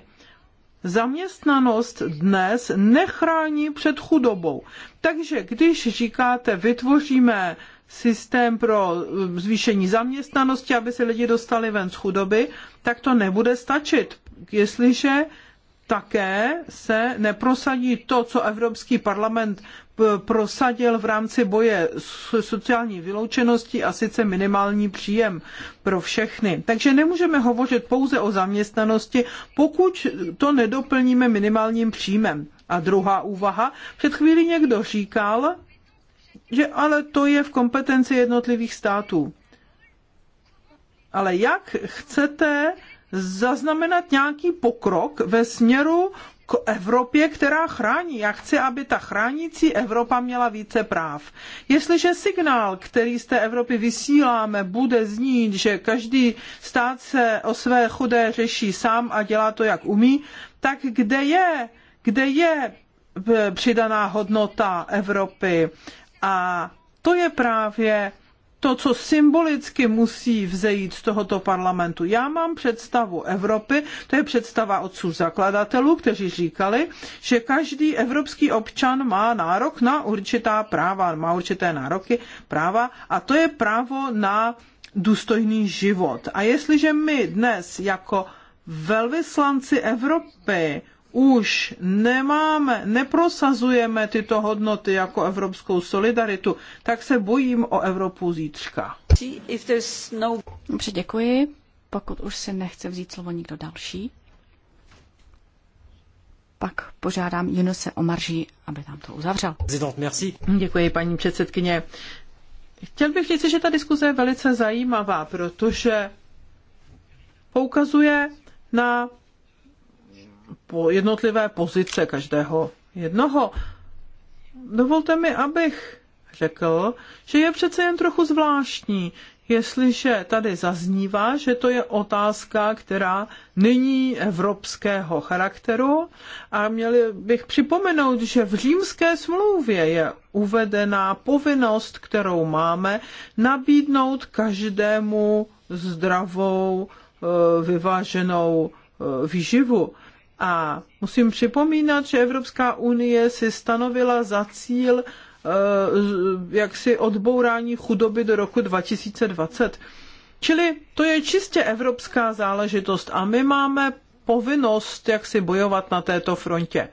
Zaměstnanost dnes nechrání před chudobou. Takže když říkáte, vytvoříme systém pro eh, zvýšení zaměstnanosti, aby se lidi dostali ven z chudoby, tak to nebude stačit, jestliže také se neprosadí to, co Evropský parlament eh, prosadil v rámci boje s sociální vyloučeností a sice minimální příjem pro všechny. Takže nemůžeme hovořit pouze o zaměstnanosti, pokud to nedoplníme minimálním příjmem. A druhá úvaha, před chvílí někdo říkal, že ale to je v kompetenci jednotlivých států. Ale jak chcete zaznamenat nějaký pokrok ve směru k Evropě, která chrání. Já chci, aby ta chránící Evropa měla více práv. Jestliže signál, který z té Evropy vysíláme, bude znít, že každý stát se o své chudé řeší sám a dělá to, jak umí, tak kde je, kde je přidaná hodnota Evropy? A to je právě to, co symbolicky musí vzejít z tohoto parlamentu. Já mám představu Evropy, to je představa otců zakladatelů, kteří říkali, že každý evropský občan má nárok na určitá práva, má určité nároky, práva a to je právo na důstojný život. A jestliže my dnes jako velvyslanci Evropy už nemáme, neprosazujeme tyto hodnoty jako evropskou solidaritu, tak se bojím o Evropu zítřka. Dobře, děkuji. Pokud už se nechce vzít slovo nikdo další, pak požádám Junose o marži, aby nám to uzavřel. Děkuji, paní předsedkyně. Chtěl bych říct, že ta diskuze je velice zajímavá, protože poukazuje na po jednotlivé pozice každého jednoho. Dovolte mi, abych řekl, že je přece jen trochu zvláštní, jestliže tady zaznívá, že to je otázka, která není evropského charakteru a měli bych připomenout, že v římské smlouvě je uvedená povinnost, kterou máme, nabídnout každému zdravou, eh, vyváženou eh, výživu. A musím připomínat, že Evropská unie si stanovila za cíl eh, jaksi odbourání chudoby do roku 2020. Čili to je čistě evropská záležitost a my máme povinnost jaksi bojovat na této frontě.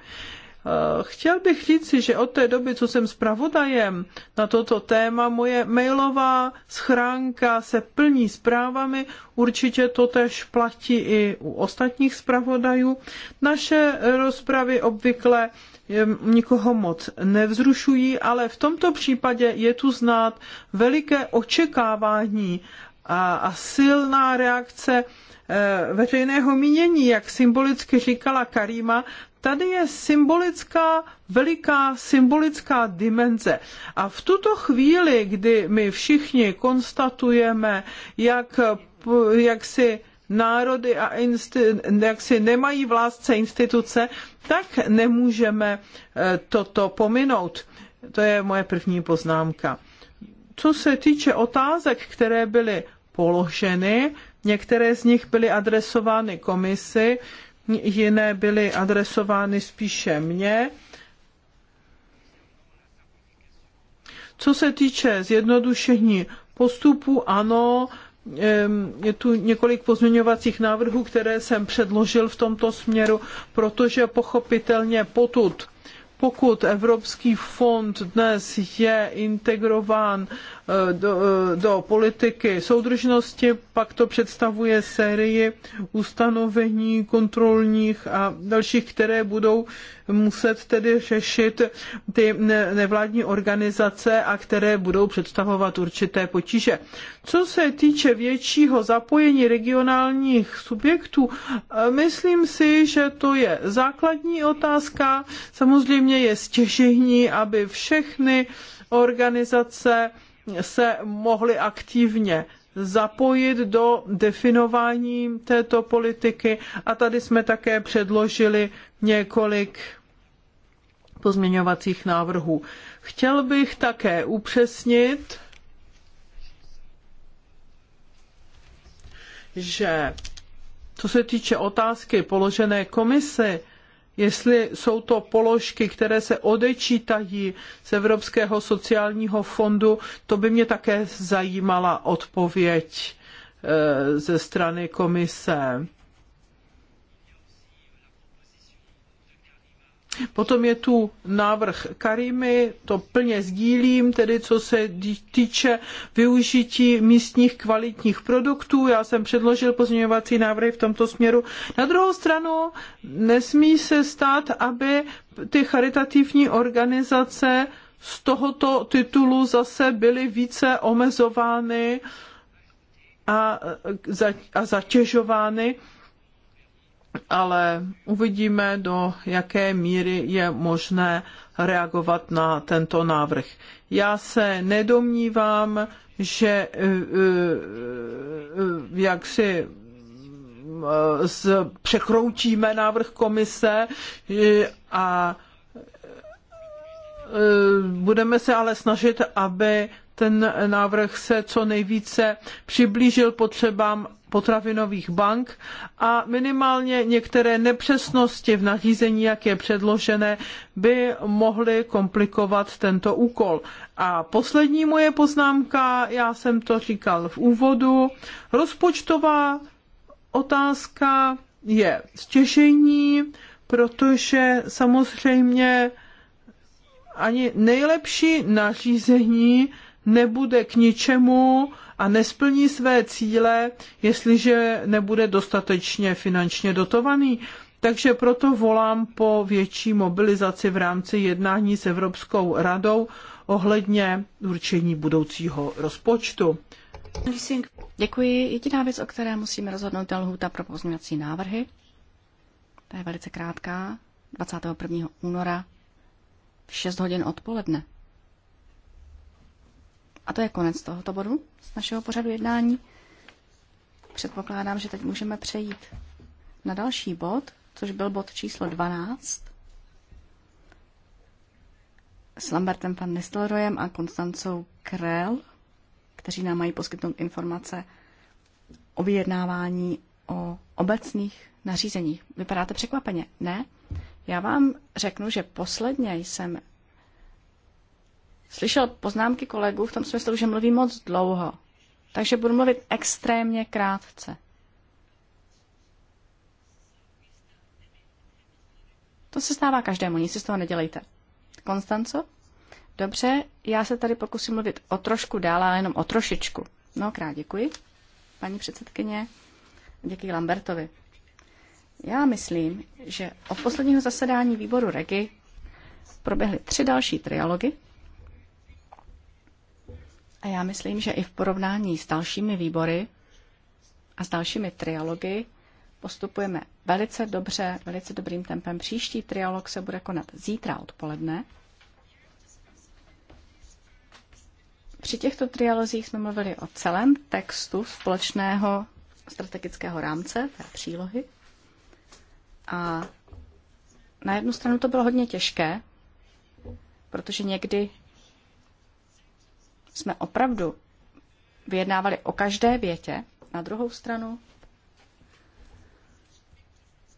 Eh, chtěl bych říci, že od té doby, co jsem zpravodajem na toto téma, moje mailová schránka se plní zprávami, určitě to tež platí i u ostatních zpravodajů. Naše rozpravy obvykle eh, nikoho moc nevzrušují, ale v tomto případě je tu znát veliké očekávání a, a silná reakce eh, veřejného mínění, jak symbolicky říkala Karima, tady je symbolická, veliká symbolická dimenze. A v tuto chvíli, kdy my všichni konstatujeme, jak, jak si národy a insti- jak si nemají v lásce instituce, tak nemůžeme eh, toto pominout. To je moje první poznámka. Co se týče otázek, které byly položeny, některé z nich byly adresovány komisi, jiné byly adresovány spíše mně. Co se týče zjednodušení postupu, ano, je tu několik pozměňovacích návrhů, které jsem předložil v tomto směru, protože pochopitelně potud pokud Evropský fond dnes je integrován eh, do, eh, do politiky soudržnosti, pak to představuje sérii ustanovení kontrolních a dalších, které budou muset tedy řešit ty nevládní organizace a které budou představovat určité potíže. Co se týče většího zapojení regionálních subjektů, eh, myslím si, že to je základní otázka. Samozřejmě mě je stěžení, aby všechny organizace se mohly aktivně zapojit do definování této politiky a tady jsme také předložili několik pozměňovacích návrhů. Chtěl bych také upřesnit, že co se týče otázky položené komisi, jestli jsou to položky, které se odečítají z Evropského sociálního fondu, to by mě také zajímala odpověď eh, ze strany komise. Potom je tu návrh Karimy, to plně sdílím, tedy co se týče využití místních kvalitních produktů. Já jsem předložil pozměňovací návrhy v tomto směru. Na druhou stranu nesmí se stát, aby ty charitativní organizace z tohoto titulu zase byly více omezovány a, zatěžovány ale uvidíme, do jaké míry je možné reagovat na tento návrh. Já se nedomnívám, že eh, eh, jak si eh, překroutíme návrh komise a budeme se ale snažit, aby ten návrh se co nejvíce přiblížil potřebám potravinových bank a minimálně některé nepřesnosti v nařízení, jak je předložené, by mohly komplikovat tento úkol. A poslední moje poznámka, já jsem to říkal v úvodu, rozpočtová otázka je stěžení, protože samozřejmě ani nejlepší nařízení nebude k ničemu a nesplní své cíle, jestliže nebude dostatečně finančně dotovaný. Takže proto volám po větší mobilizaci v rámci jednání s Evropskou radou ohledně určení budoucího rozpočtu. Děkuji. Jediná věc, o které musíme rozhodnout, je lhůta pro pozměňovací návrhy. Ta je velice krátká, 21. února v 6 hodin odpoledne. A to je konec tohoto bodu z našeho pořadu jednání. Předpokládám, že teď můžeme přejít na další bod, což byl bod číslo 12 s Lambertem van Nistelrojem a Konstancou Krell, kteří nám mají poskytnout informace o vyjednávání o obecných nařízeních. Vypadáte překvapeně, ne? Já vám řeknu, že posledně jsem slyšel poznámky kolegů v tom smyslu, že mluví moc dlouho. Takže budu mluvit extrémně krátce. To se stává každému, nic si z toho nedělejte. Konstanco? Dobře, já se tady pokusím mluvit o trošku dál, ale jenom o trošičku. No, krát děkuji, paní předsedkyně. Děkuji Lambertovi. Já myslím, že od posledního zasedání výboru REGI proběhly tři další trialogy, a já myslím, že i v porovnání s dalšími výbory a s dalšími trialogy postupujeme velice dobře, velice dobrým tempem. Příští trialog se bude konat zítra odpoledne. Při těchto trialozích jsme mluvili o celém textu společného strategického rámce, té přílohy. A na jednu stranu to bylo hodně těžké, protože někdy jsme opravdu vyjednávali o každé větě. Na druhou stranu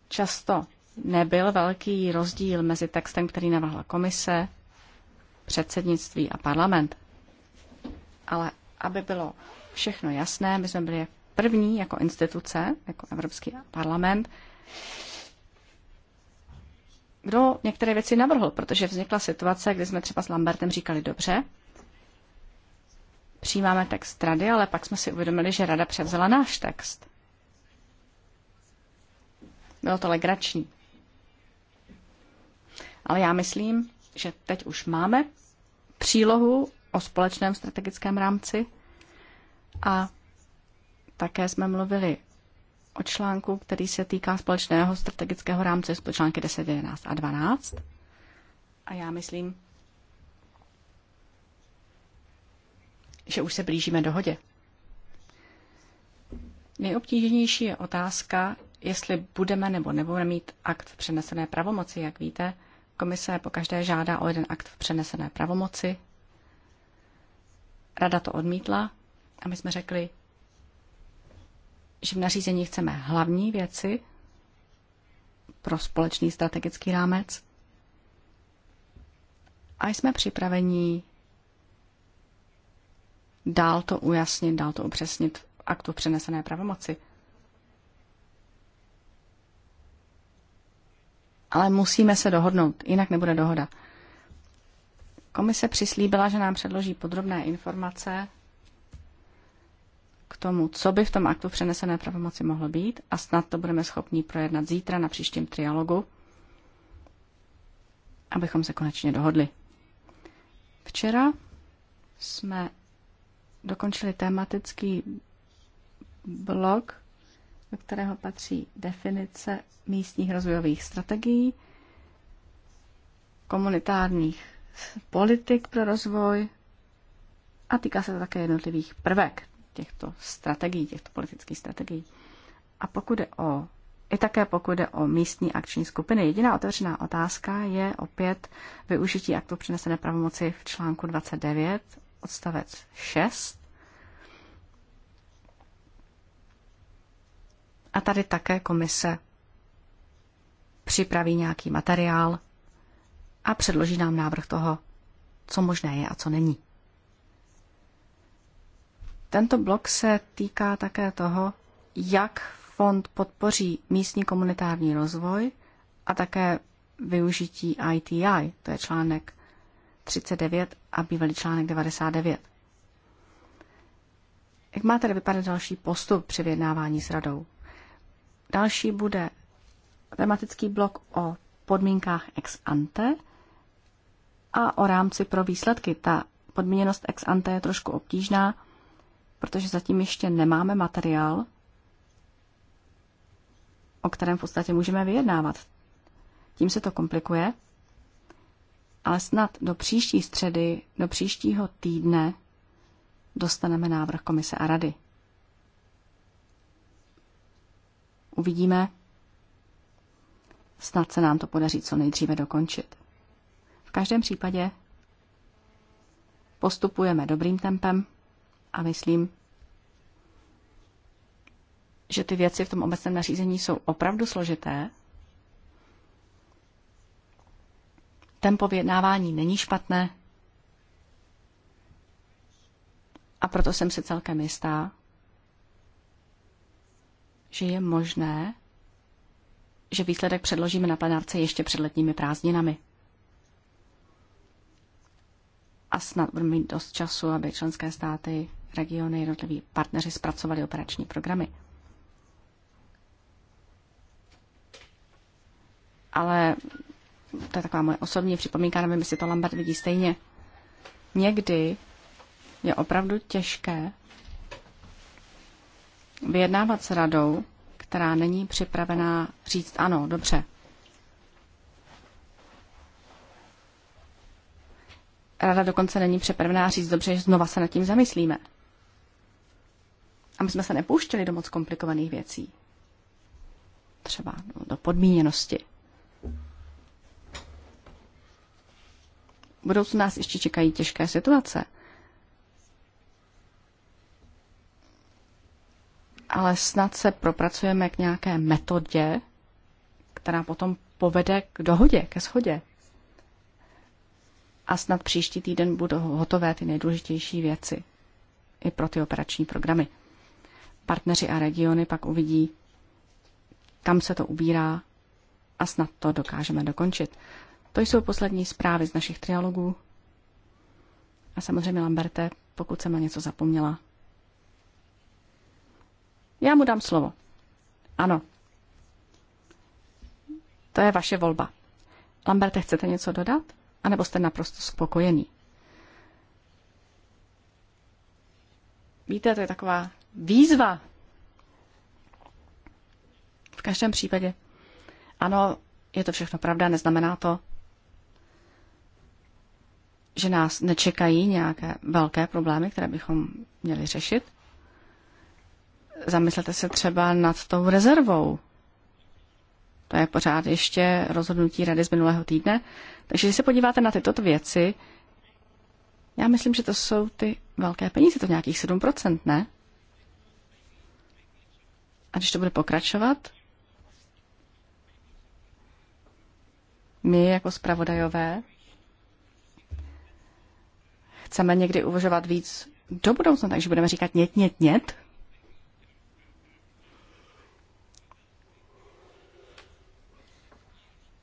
často nebyl velký rozdíl mezi textem, který navrhla komise, předsednictví a parlament. Ale aby bylo všechno jasné, my jsme byli první jako instituce, jako Evropský parlament, kdo některé věci navrhl, protože vznikla situace, kdy jsme třeba s Lambertem říkali dobře, Přijímáme text rady, ale pak jsme si uvědomili, že rada převzala náš text. Bylo to legrační. Ale já myslím, že teď už máme přílohu o společném strategickém rámci a také jsme mluvili o článku, který se týká společného strategického rámce, články 10, 11 a 12. A já myslím, že už se blížíme dohodě. Nejobtížnější je otázka, jestli budeme nebo nebudeme mít akt v přenesené pravomoci. Jak víte, komise pokaždé žádá o jeden akt v přenesené pravomoci. Rada to odmítla a my jsme řekli, že v nařízení chceme hlavní věci pro společný strategický rámec a jsme připraveni dál to ujasnit, dál to upřesnit v aktu přenesené pravomoci. Ale musíme se dohodnout, jinak nebude dohoda. Komise přislíbila, že nám předloží podrobné informace k tomu, co by v tom aktu přenesené pravomoci mohlo být a snad to budeme schopni projednat zítra na příštím trialogu, abychom se konečně dohodli. Včera jsme dokončili tematický blok, do kterého patří definice místních rozvojových strategií, komunitárních politik pro rozvoj a týká se to také jednotlivých prvek těchto strategií, těchto politických strategií. A pokud je o, i také pokud jde o místní akční skupiny, jediná otevřená otázka je opět využití aktu přenesené pravomoci v článku 29 odstavec 6. A tady také komise připraví nějaký materiál a předloží nám návrh toho, co možné je a co není. Tento blok se týká také toho, jak fond podpoří místní komunitární rozvoj a také využití ITI, to je článek 39 a bývalý článek 99. Jak má tedy vypadat další postup při vyjednávání s radou? Další bude tematický blok o podmínkách ex ante a o rámci pro výsledky. Ta podmíněnost ex ante je trošku obtížná, protože zatím ještě nemáme materiál, o kterém v podstatě můžeme vyjednávat. Tím se to komplikuje ale snad do příští středy, do příštího týdne dostaneme návrh komise a rady. Uvidíme. Snad se nám to podaří co nejdříve dokončit. V každém případě postupujeme dobrým tempem a myslím, že ty věci v tom obecném nařízení jsou opravdu složité tempo vyjednávání není špatné. A proto jsem si celkem jistá, že je možné, že výsledek předložíme na plenárce ještě před letními prázdninami. A snad budeme mít dost času, aby členské státy, regiony, jednotliví partneři zpracovali operační programy. Ale to je taková moje osobní připomínka, nevím, jestli to Lambert vidí stejně. Někdy je opravdu těžké vyjednávat s radou, která není připravená říct ano, dobře. Rada dokonce není připravená říct dobře, že znova se nad tím zamyslíme. A my jsme se nepouštěli do moc komplikovaných věcí. Třeba do podmíněnosti. budoucnu nás ještě čekají těžké situace. Ale snad se propracujeme k nějaké metodě, která potom povede k dohodě, ke shodě. A snad příští týden budou hotové ty nejdůležitější věci i pro ty operační programy. Partneři a regiony pak uvidí, kam se to ubírá a snad to dokážeme dokončit. To jsou poslední zprávy z našich trialogů. A samozřejmě Lamberte, pokud jsem na něco zapomněla. Já mu dám slovo. Ano. To je vaše volba. Lamberte, chcete něco dodat? A nebo jste naprosto spokojený? Víte, to je taková výzva. V každém případě. Ano, je to všechno pravda, neznamená to, že nás nečekají nějaké velké problémy, které bychom měli řešit. Zamyslete se třeba nad tou rezervou. To je pořád ještě rozhodnutí rady z minulého týdne. Takže když se podíváte na tyto věci, já myslím, že to jsou ty velké peníze, to nějakých 7%, ne? A když to bude pokračovat, my jako zpravodajové chceme někdy uvažovat víc do budoucna, takže budeme říkat nět, nět, nět.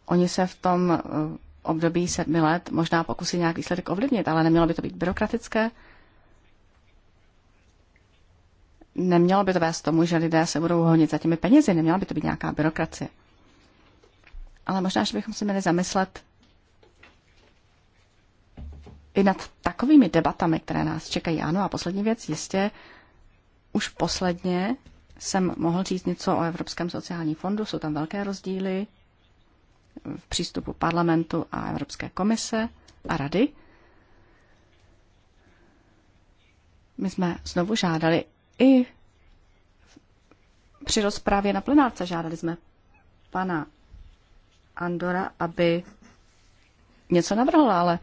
Oni se v tom eh, období sedmi let možná pokusí nějak výsledek ovlivnit, ale nemělo by to být byrokratické. Nemělo by to vést tomu, že lidé se budou honit za těmi penězi, neměla by to být nějaká byrokracie. Ale možná, že bychom si měli zamyslet i nad takovými debatami, které nás čekají. Ano, a poslední věc, jistě, už posledně jsem mohl říct něco o Evropském sociálním fondu, jsou tam velké rozdíly v přístupu parlamentu a Evropské komise a rady. My jsme znovu žádali i při rozprávě na plenárce žádali jsme pana Andora, aby něco navrhl, ale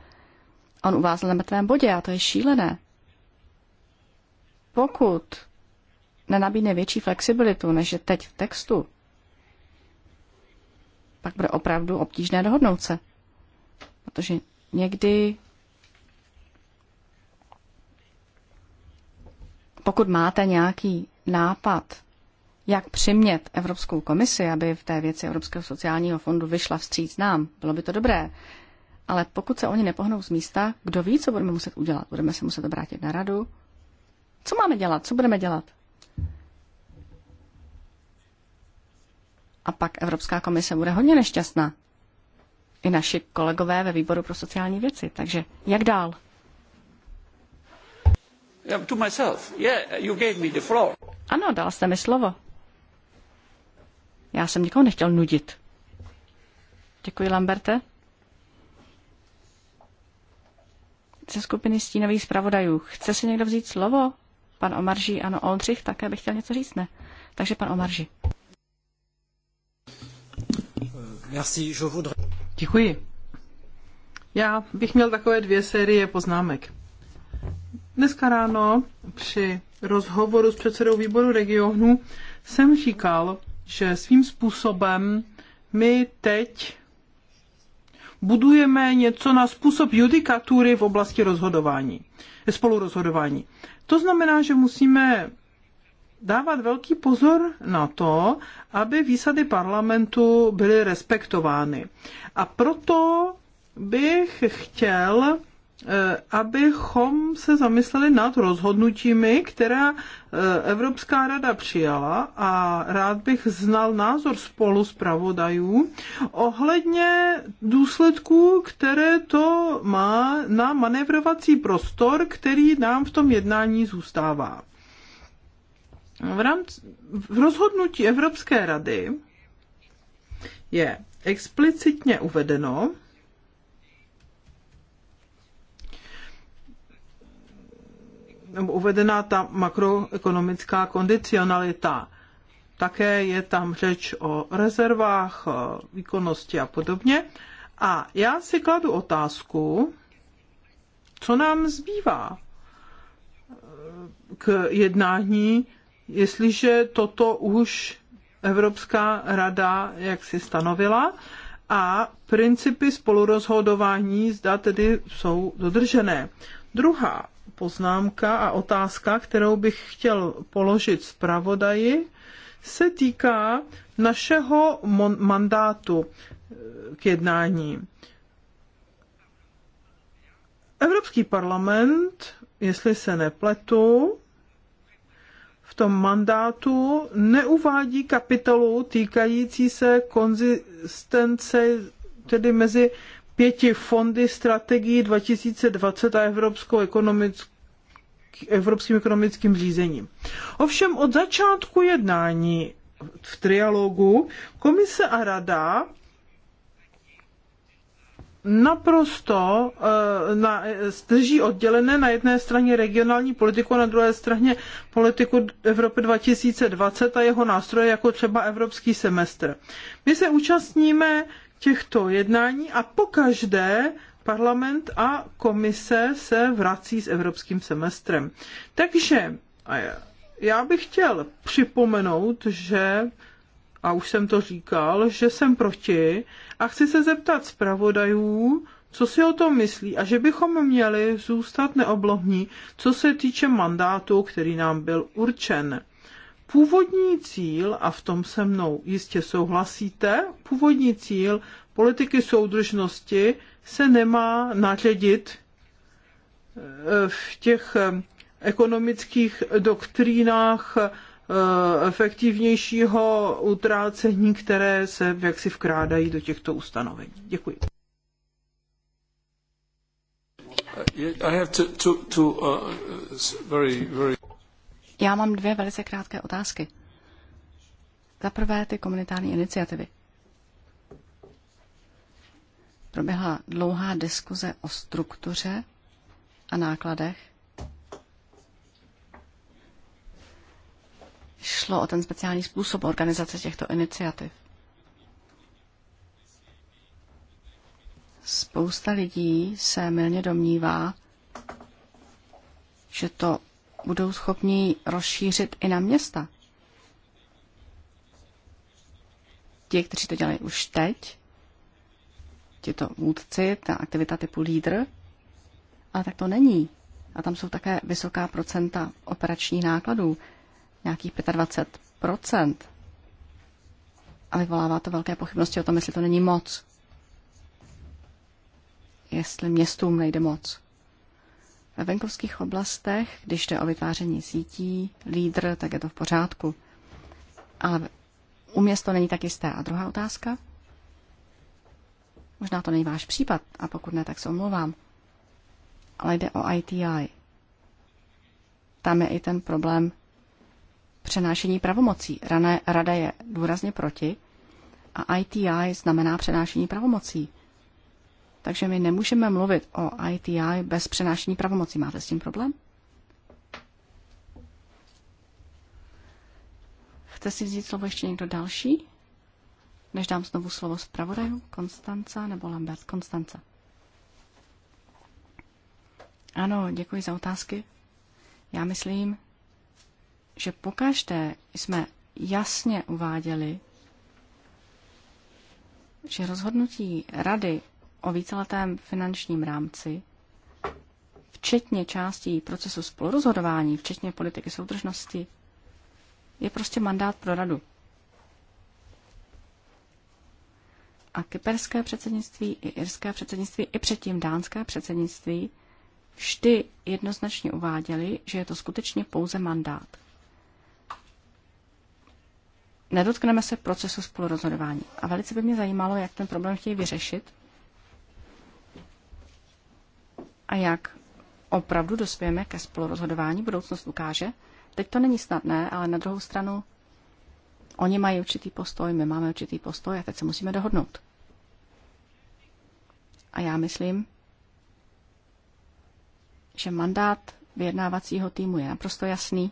On uvázl na mrtvém bodě a to je šílené. Pokud nenabídne větší flexibilitu, než je teď v textu, pak bude opravdu obtížné dohodnout se. Protože někdy, pokud máte nějaký nápad, jak přimět Evropskou komisi, aby v té věci Evropského sociálního fondu vyšla vstříc nám, bylo by to dobré. Ale pokud se oni nepohnou z místa, kdo ví, co budeme muset udělat? Budeme se muset obrátit na radu? Co máme dělat? Co budeme dělat? A pak Evropská komise bude hodně nešťastná. I naši kolegové ve výboru pro sociální věci. Takže jak dál? Yeah, to myself. Yeah, you gave me the floor. Ano, dal jste mi slovo. Já jsem nikoho nechtěl nudit. Děkuji, Lamberte. ze skupiny stínových zpravodajů. Chce si někdo vzít slovo? Pan Omarží, ano, Oldřich také bych chtěl něco říct, ne? Takže pan Omarži. Děkuji. Já bych měl takové dvě série poznámek. Dneska ráno při rozhovoru s předsedou výboru regionu jsem říkal, že svým způsobem my teď budujeme něco na způsob judikatury v oblasti rozhodování, spolurozhodování. To znamená, že musíme dávat velký pozor na to, aby výsady parlamentu byly respektovány. A proto bych chtěl Eh, abychom se zamysleli nad rozhodnutími, která eh, Evropská rada přijala a rád bych znal názor spolu zpravodajů ohledně důsledků, které to má na manevrovací prostor, který nám v tom jednání zůstává. V, rámci, v rozhodnutí Evropské rady je explicitně uvedeno, nebo uvedena ta makroekonomická kondicionalita. Také je tam řeč o rezervách, o výkonnosti a podobně. A já si kladu otázku, co nám zbývá eh, k jednání, jestliže toto už Evropská rada jak si stanovila a principy spolurozhodování zda tedy jsou dodržené. Druhá poznámka a otázka, kterou bych chtěl položit zpravodaji, se týká našeho mandátu eh, k jednání. Evropský parlament, jestli se nepletu, v tom mandátu neuvádí kapitolu týkající se konzistence, tedy mezi pěti fondy strategií 2020 a Evropskou ekonomickou evropským ekonomickým řízením. Ovšem od začátku jednání v trialogu komise a rada naprosto eh, na, drží oddělené na jedné straně regionální politiku a na druhé straně politiku Evropy 2020 a jeho nástroje jako třeba evropský semestr. My se účastníme těchto jednání a pokaždé parlament a komise se vrací s evropským semestrem. Takže já bych chtěl připomenout, že a už jsem to říkal, že jsem proti a chci se zeptat zpravodajů, co si o tom myslí a že bychom měli zůstat neoblohní, co se týče mandátu, který nám byl určen. Původní cíl, a v tom se mnou jistě souhlasíte, původní cíl politiky soudržnosti se nemá naředit eh, v těch eh, ekonomických doktrínách eh, efektivnějšího utrácení, které se jaksi vkrádají do těchto ustanovení. Děkuji. Uh, I have to, to, to, uh, very, very... Já mám dvě velice krátké otázky. Za prvé ty komunitární iniciativy. Proběhla dlouhá diskuze o struktuře a nákladech. Šlo o ten speciální způsob organizace těchto iniciativ. Spousta lidí se milně domnívá, že to budou schopni rozšířit i na města. Ti, kteří to dělají už teď, to vůdci, ta aktivita typu lídr, ale tak to není. A tam jsou také vysoká procenta operačních nákladů, nějakých 25 A vyvolává to velké pochybnosti o tom, jestli to není moc. Jestli městům nejde moc. Ve venkovských oblastech, když jde o vytváření sítí, lídr, tak je to v pořádku. Ale u měst to není tak jisté. A druhá otázka? Možná to není váš případ, a pokud ne, tak se omlouvám. Ale jde o ITI. Tam je i ten problém přenášení pravomocí. Rada je důrazně proti a ITI znamená přenášení pravomocí. Takže my nemůžeme mluvit o ITI bez přenášení pravomocí. Máte s tím problém? Chce si vzít slovo ještě někdo další? Než dám znovu slovo zpravodaju, Konstanca nebo Lambert Konstanca. Ano, děkuji za otázky. Já myslím, že pokaždé jsme jasně uváděli, že rozhodnutí rady o víceletém finančním rámci, včetně částí procesu spolurozhodování, včetně politiky soudržnosti, je prostě mandát pro radu. A kyperské předsednictví, i irské předsednictví, i předtím dánské předsednictví vždy jednoznačně uváděli, že je to skutečně pouze mandát. Nedotkneme se procesu spolurozhodování. A velice by mě zajímalo, jak ten problém chtějí vyřešit, a jak opravdu dospějeme ke spolurozhodování, budoucnost ukáže. Teď to není snadné, ale na druhou stranu oni mají určitý postoj, my máme určitý postoj a teď se musíme dohodnout. A já myslím, že mandát vyjednávacího týmu je naprosto jasný.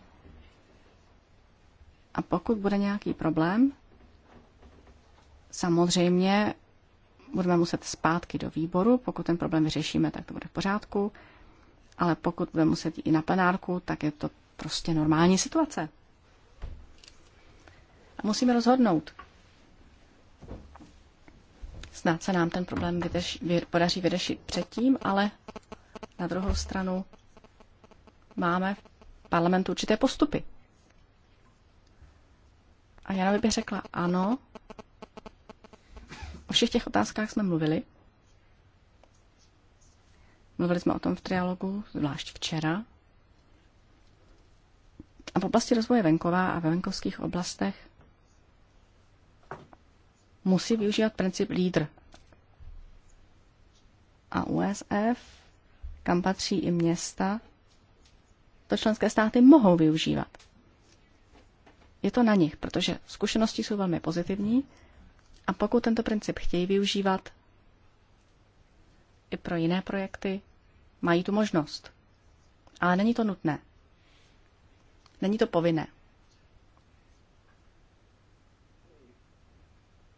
A pokud bude nějaký problém, samozřejmě budeme muset zpátky do výboru. Pokud ten problém vyřešíme, tak to bude v pořádku. Ale pokud budeme muset jít i na plenárku, tak je to prostě normální situace. A musíme rozhodnout. Snad se nám ten problém vydrž, vy, podaří vyřešit předtím, ale na druhou stranu máme v parlamentu určité postupy. A já bych řekla ano, O všech těch otázkách jsme mluvili. Mluvili jsme o tom v trialogu, zvlášť včera. A v oblasti rozvoje venková a ve venkovských oblastech musí využívat princip lídr. A USF, kam patří i města, to členské státy mohou využívat. Je to na nich, protože zkušenosti jsou velmi pozitivní a pokud tento princip chtějí využívat i pro jiné projekty, mají tu možnost. Ale není to nutné. Není to povinné.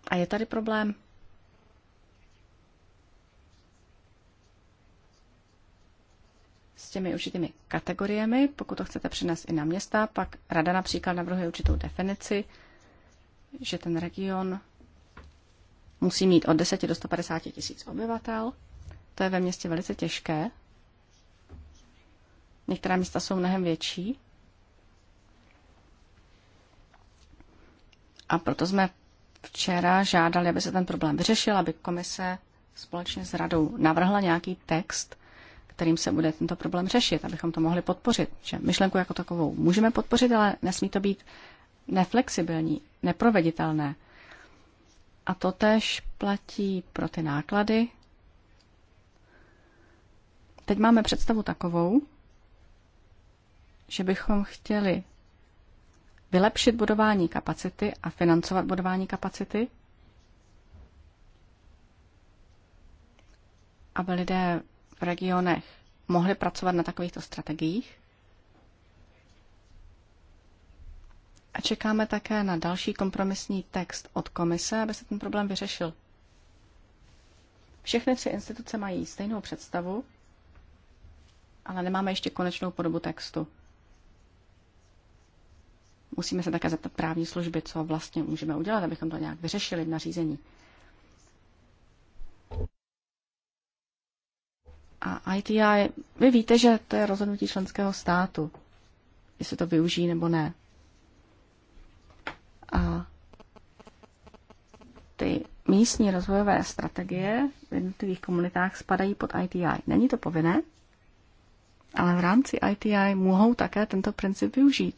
A je tady problém. S těmi určitými kategoriemi, pokud to chcete přinést i na města, pak rada například navrhuje určitou definici, že ten region musí mít od 10 do 150 tisíc obyvatel. To je ve městě velice těžké. Některá města jsou mnohem větší. A proto jsme včera žádali, aby se ten problém vyřešil, aby komise společně s radou navrhla nějaký text, kterým se bude tento problém řešit, abychom to mohli podpořit. Že myšlenku jako takovou můžeme podpořit, ale nesmí to být neflexibilní, neproveditelné. A to tež platí pro ty náklady. Teď máme představu takovou, že bychom chtěli vylepšit budování kapacity a financovat budování kapacity, aby lidé v regionech mohli pracovat na takovýchto strategiích. A čekáme také na další kompromisní text od komise, aby se ten problém vyřešil. Všechny tři instituce mají stejnou představu, ale nemáme ještě konečnou podobu textu. Musíme se také zeptat právní služby, co vlastně můžeme udělat, abychom to nějak vyřešili v nařízení. A ITI, vy víte, že to je rozhodnutí členského státu, jestli to využijí nebo ne. A ty místní rozvojové strategie v jednotlivých komunitách spadají pod ITI. Není to povinné, ale v rámci ITI mohou také tento princip využít.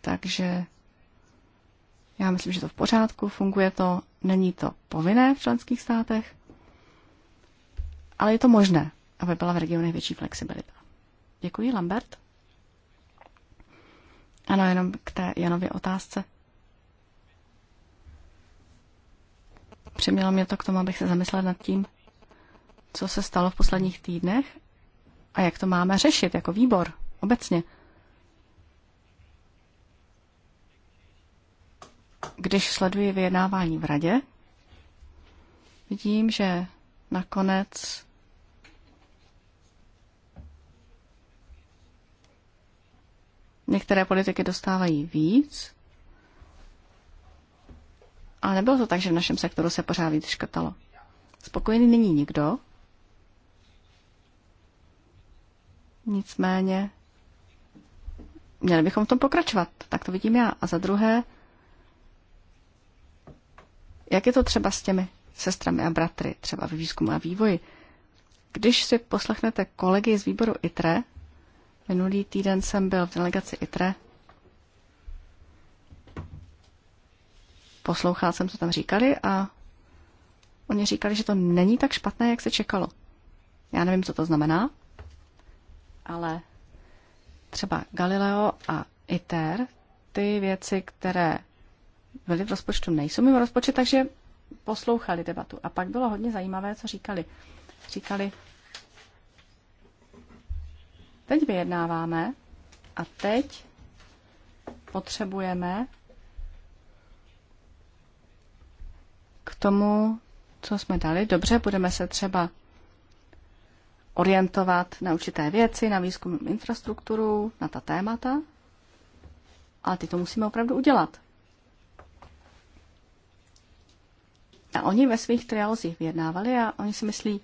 Takže já myslím, že to v pořádku, funguje to, není to povinné v členských státech, ale je to možné, aby byla v regionech větší flexibilita. Děkuji, Lambert. Ano, jenom k té Janově otázce. Přimělo mě to k tomu, abych se zamyslela nad tím, co se stalo v posledních týdnech a jak to máme řešit jako výbor obecně. Když sleduji vyjednávání v radě, vidím, že nakonec Některé politiky dostávají víc, ale nebylo to tak, že v našem sektoru se pořád víc škrtalo. Spokojený není nikdo. Nicméně měli bychom v tom pokračovat. Tak to vidím já. A za druhé, jak je to třeba s těmi sestrami a bratry, třeba ve výzkumu a vývoji? Když si poslechnete kolegy z výboru ITRE, Minulý týden jsem byl v delegaci ITRE. Poslouchal jsem, co tam říkali a oni říkali, že to není tak špatné, jak se čekalo. Já nevím, co to znamená, ale třeba Galileo a ITER, ty věci, které byly v rozpočtu, nejsou mimo rozpočet, takže poslouchali debatu. A pak bylo hodně zajímavé, co říkali. Říkali, Teď vyjednáváme a teď potřebujeme k tomu, co jsme dali. Dobře, budeme se třeba orientovat na určité věci, na výzkumnou infrastrukturu, na ta témata, ale ty to musíme opravdu udělat. A oni ve svých trialozích vyjednávali a oni si myslí,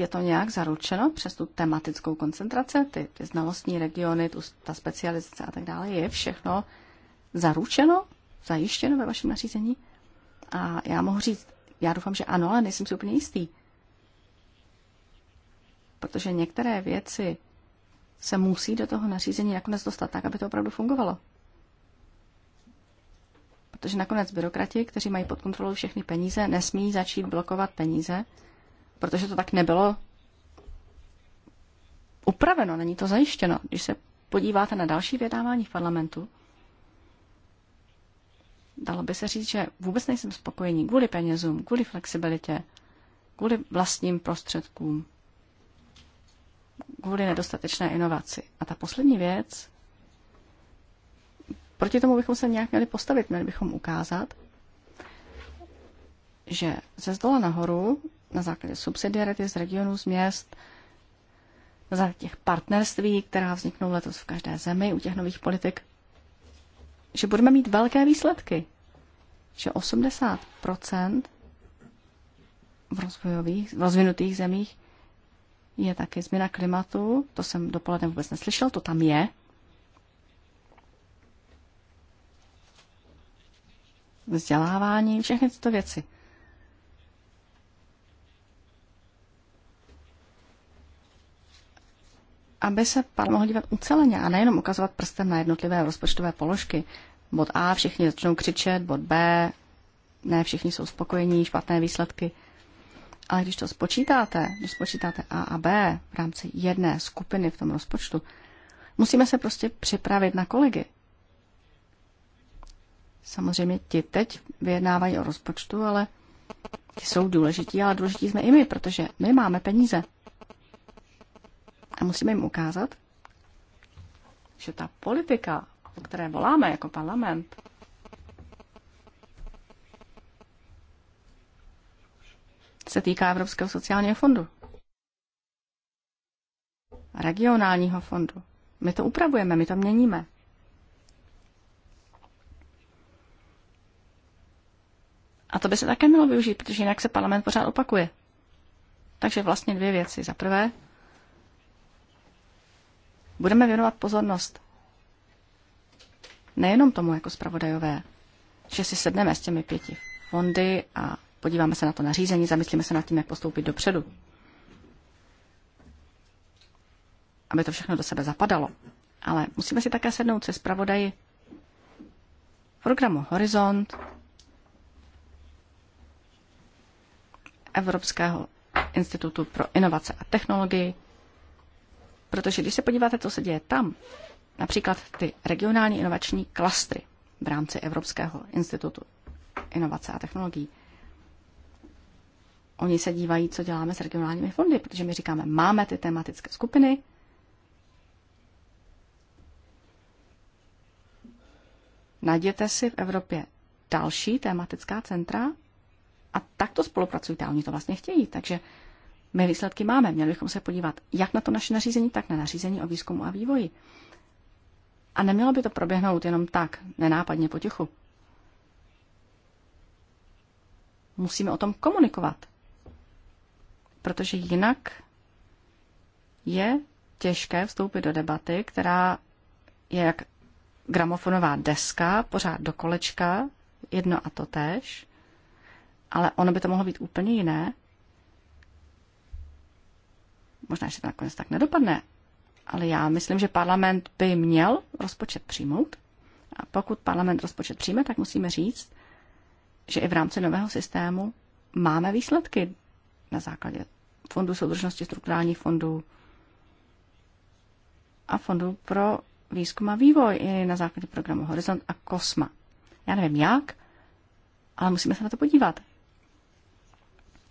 Je to nějak zaručeno přes tu tematickou koncentraci, ty, ty znalostní regiony, tu, ta specializace a tak dále? Je všechno zaručeno, zajištěno ve vašem nařízení? A já mohu říct, já doufám, že ano, ale nejsem si úplně jistý. Protože některé věci se musí do toho nařízení nakonec dostat tak, aby to opravdu fungovalo. Protože nakonec byrokrati, kteří mají pod kontrolou všechny peníze, nesmí začít blokovat peníze, protože to tak nebylo upraveno, není to zajištěno. Když se podíváte na další vědávání v parlamentu, dalo by se říct, že vůbec nejsem spokojený kvůli penězům, kvůli flexibilitě, kvůli vlastním prostředkům, kvůli nedostatečné inovaci. A ta poslední věc, proti tomu bychom se nějak měli postavit, měli bychom ukázat, že ze zdola nahoru na základě subsidiarity z regionů, z měst, na základě těch partnerství, která vzniknou letos v každé zemi u těch nových politik, že budeme mít velké výsledky. Že 80 v, rozvojových, v rozvinutých zemích je taky změna klimatu. To jsem dopoledne vůbec neslyšel, to tam je. Vzdělávání, všechny tyto věci. aby se pan mohl dívat uceleně a nejenom ukazovat prstem na jednotlivé rozpočtové položky. Bod A všichni začnou křičet, bod B, ne všichni jsou spokojení, špatné výsledky. Ale když to spočítáte, když spočítáte A a B v rámci jedné skupiny v tom rozpočtu, musíme se prostě připravit na kolegy. Samozřejmě ti teď vyjednávají o rozpočtu, ale ti jsou důležití, ale důležití jsme i my, protože my máme peníze. A musíme jim ukázat, že ta politika, o které voláme jako parlament, se týká Evropského sociálního fondu. Regionálního fondu. My to upravujeme, my to měníme. A to by se také mělo využít, protože jinak se parlament pořád opakuje. Takže vlastně dvě věci. Za prvé, budeme věnovat pozornost nejenom tomu jako zpravodajové, že si sedneme s těmi pěti fondy a podíváme se na to nařízení, zamyslíme se nad tím, jak postoupit dopředu. Aby to všechno do sebe zapadalo. Ale musíme si také sednout se zpravodaji programu Horizont, Evropského institutu pro inovace a technologii, Protože když se podíváte, co se děje tam, například ty regionální inovační klastry v rámci Evropského institutu inovace a technologií, oni se dívají, co děláme s regionálními fondy, protože my říkáme, máme ty tematické skupiny, najděte si v Evropě další tematická centra a takto spolupracujte. Oni to vlastně chtějí, takže my výsledky máme, měli bychom se podívat jak na to naše nařízení, tak na nařízení o výzkumu a vývoji. A nemělo by to proběhnout jenom tak, nenápadně potichu. Musíme o tom komunikovat, protože jinak je těžké vstoupit do debaty, která je jak gramofonová deska, pořád do kolečka, jedno a to tež, ale ono by to mohlo být úplně jiné, Možná, že to nakonec tak nedopadne, ale já myslím, že parlament by měl rozpočet přijmout. A pokud parlament rozpočet přijme, tak musíme říct, že i v rámci nového systému máme výsledky na základě fondu soudržnosti, strukturálních fondů a fondu pro výzkum a vývoj i na základě programu Horizont a Kosma. Já nevím jak, ale musíme se na to podívat.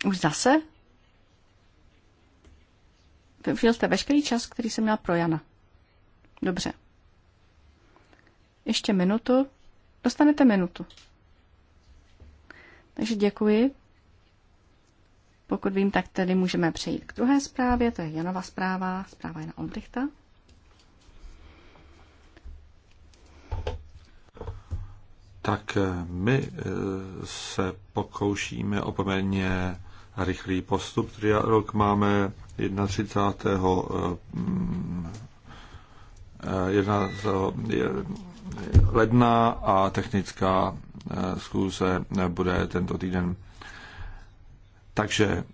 Už zase Využil jste veškerý čas, který jsem měl pro Jana. Dobře. Ještě minutu. Dostanete minutu. Takže děkuji. Pokud vím, tak tedy můžeme přejít k druhé zprávě, to je Janova zpráva, zpráva Jana Ombrichta. Tak eh, my eh, se pokoušíme opomeně rychlý postup. rok máme 31. Eh, eh, ledna a technická zkouze eh, bude tento týden. Takže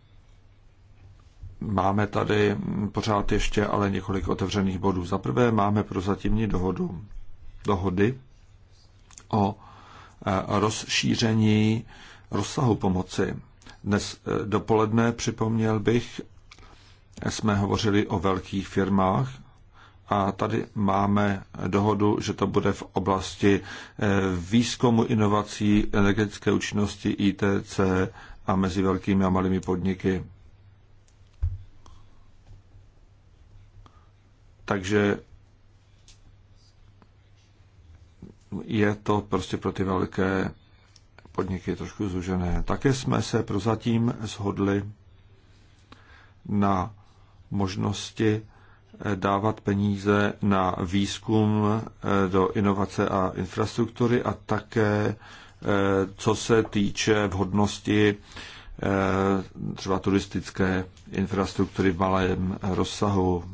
máme tady pořád ještě ale několik otevřených bodů. Za prvé máme prozatímní dohodu, dohody o rozšíření rozsahu pomoci. Dnes eh, dopoledne, připomněl bych, jsme hovořili o velkých firmách a tady máme dohodu, že to bude v oblasti eh, výzkumu, inovací, energetické účinnosti, ITC a mezi velkými a malými podniky. Takže je to prostě pro ty velké podniky trošku zužené. Také jsme se prozatím shodli na možnosti eh, dávat peníze na výzkum eh, do inovace a infrastruktury a také eh, co se týče vhodnosti třeba turistické infrastruktury v malém rozsahu,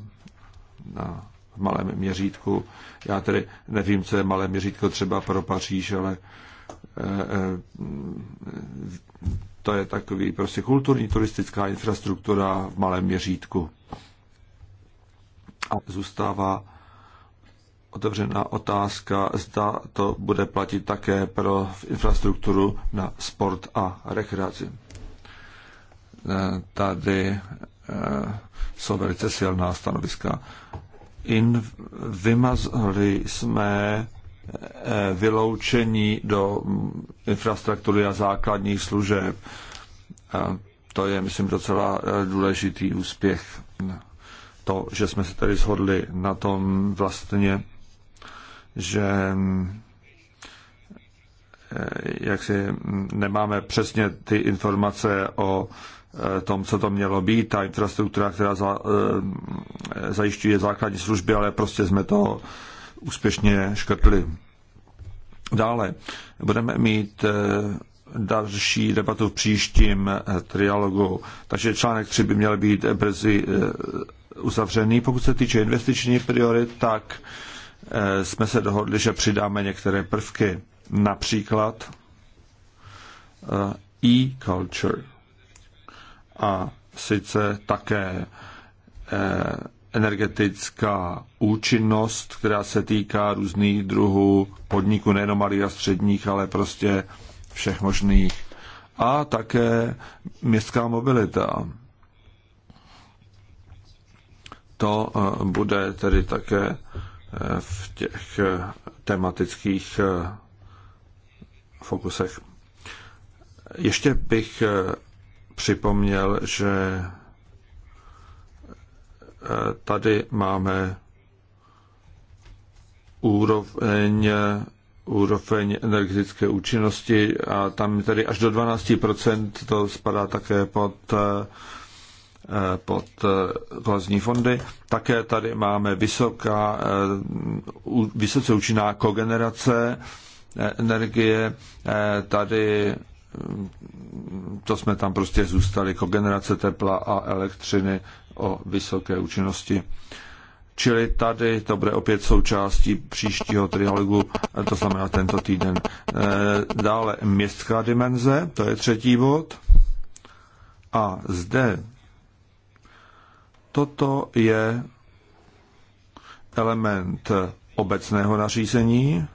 na, v malém měřítku. Já tedy nevím, co je malé měřítko třeba pro Paříž, ale to je takový prostě kulturní turistická infrastruktura v malém měřítku. A zůstává otevřená otázka, zda to bude platit také pro infrastrukturu na sport a rekreaci. Tady eh, jsou velice silná stanoviska. In, vymazali jsme Eh, vyloučení do infrastruktury a základních služeb. A to je, myslím, docela eh, důležitý úspěch. To, že jsme se tady shodli na tom vlastně, že eh, jak si nemáme přesně ty informace o tom, co to mělo být, ta infrastruktura, která za, zajišťuje základní služby, ale prostě jsme to úspěšně škrtli. Dále budeme mít eh, další debatu v příštím eh, trialogu. Takže článek 3 by měl být eh, brzy uzavřený. Pokud se týče investiční priorit, tak jsme se dohodli, že přidáme některé prvky, například e-culture a sice také energetická účinnost, která se týká různých druhů podniků, nejenom malých a středních, ale prostě všech možných. A také městská mobilita. To eh, bude tedy také eh, v těch eh, tematických fokusech. Ještě bych připomněl, že tady máme úroveň, úroveň energetické účinnosti a tam tady až do 12% to spadá také pod pod kohezní fondy. Také tady máme vysoká, vysoce účinná kogenerace energie. Tady to jsme tam prostě zůstali, kogenerace tepla a elektřiny o vysoké účinnosti. Čili tady to bude opět součástí příštího trialogu, to znamená tento týden. Eh, dále městská dimenze, to je třetí bod. A zde toto je element obecného nařízení,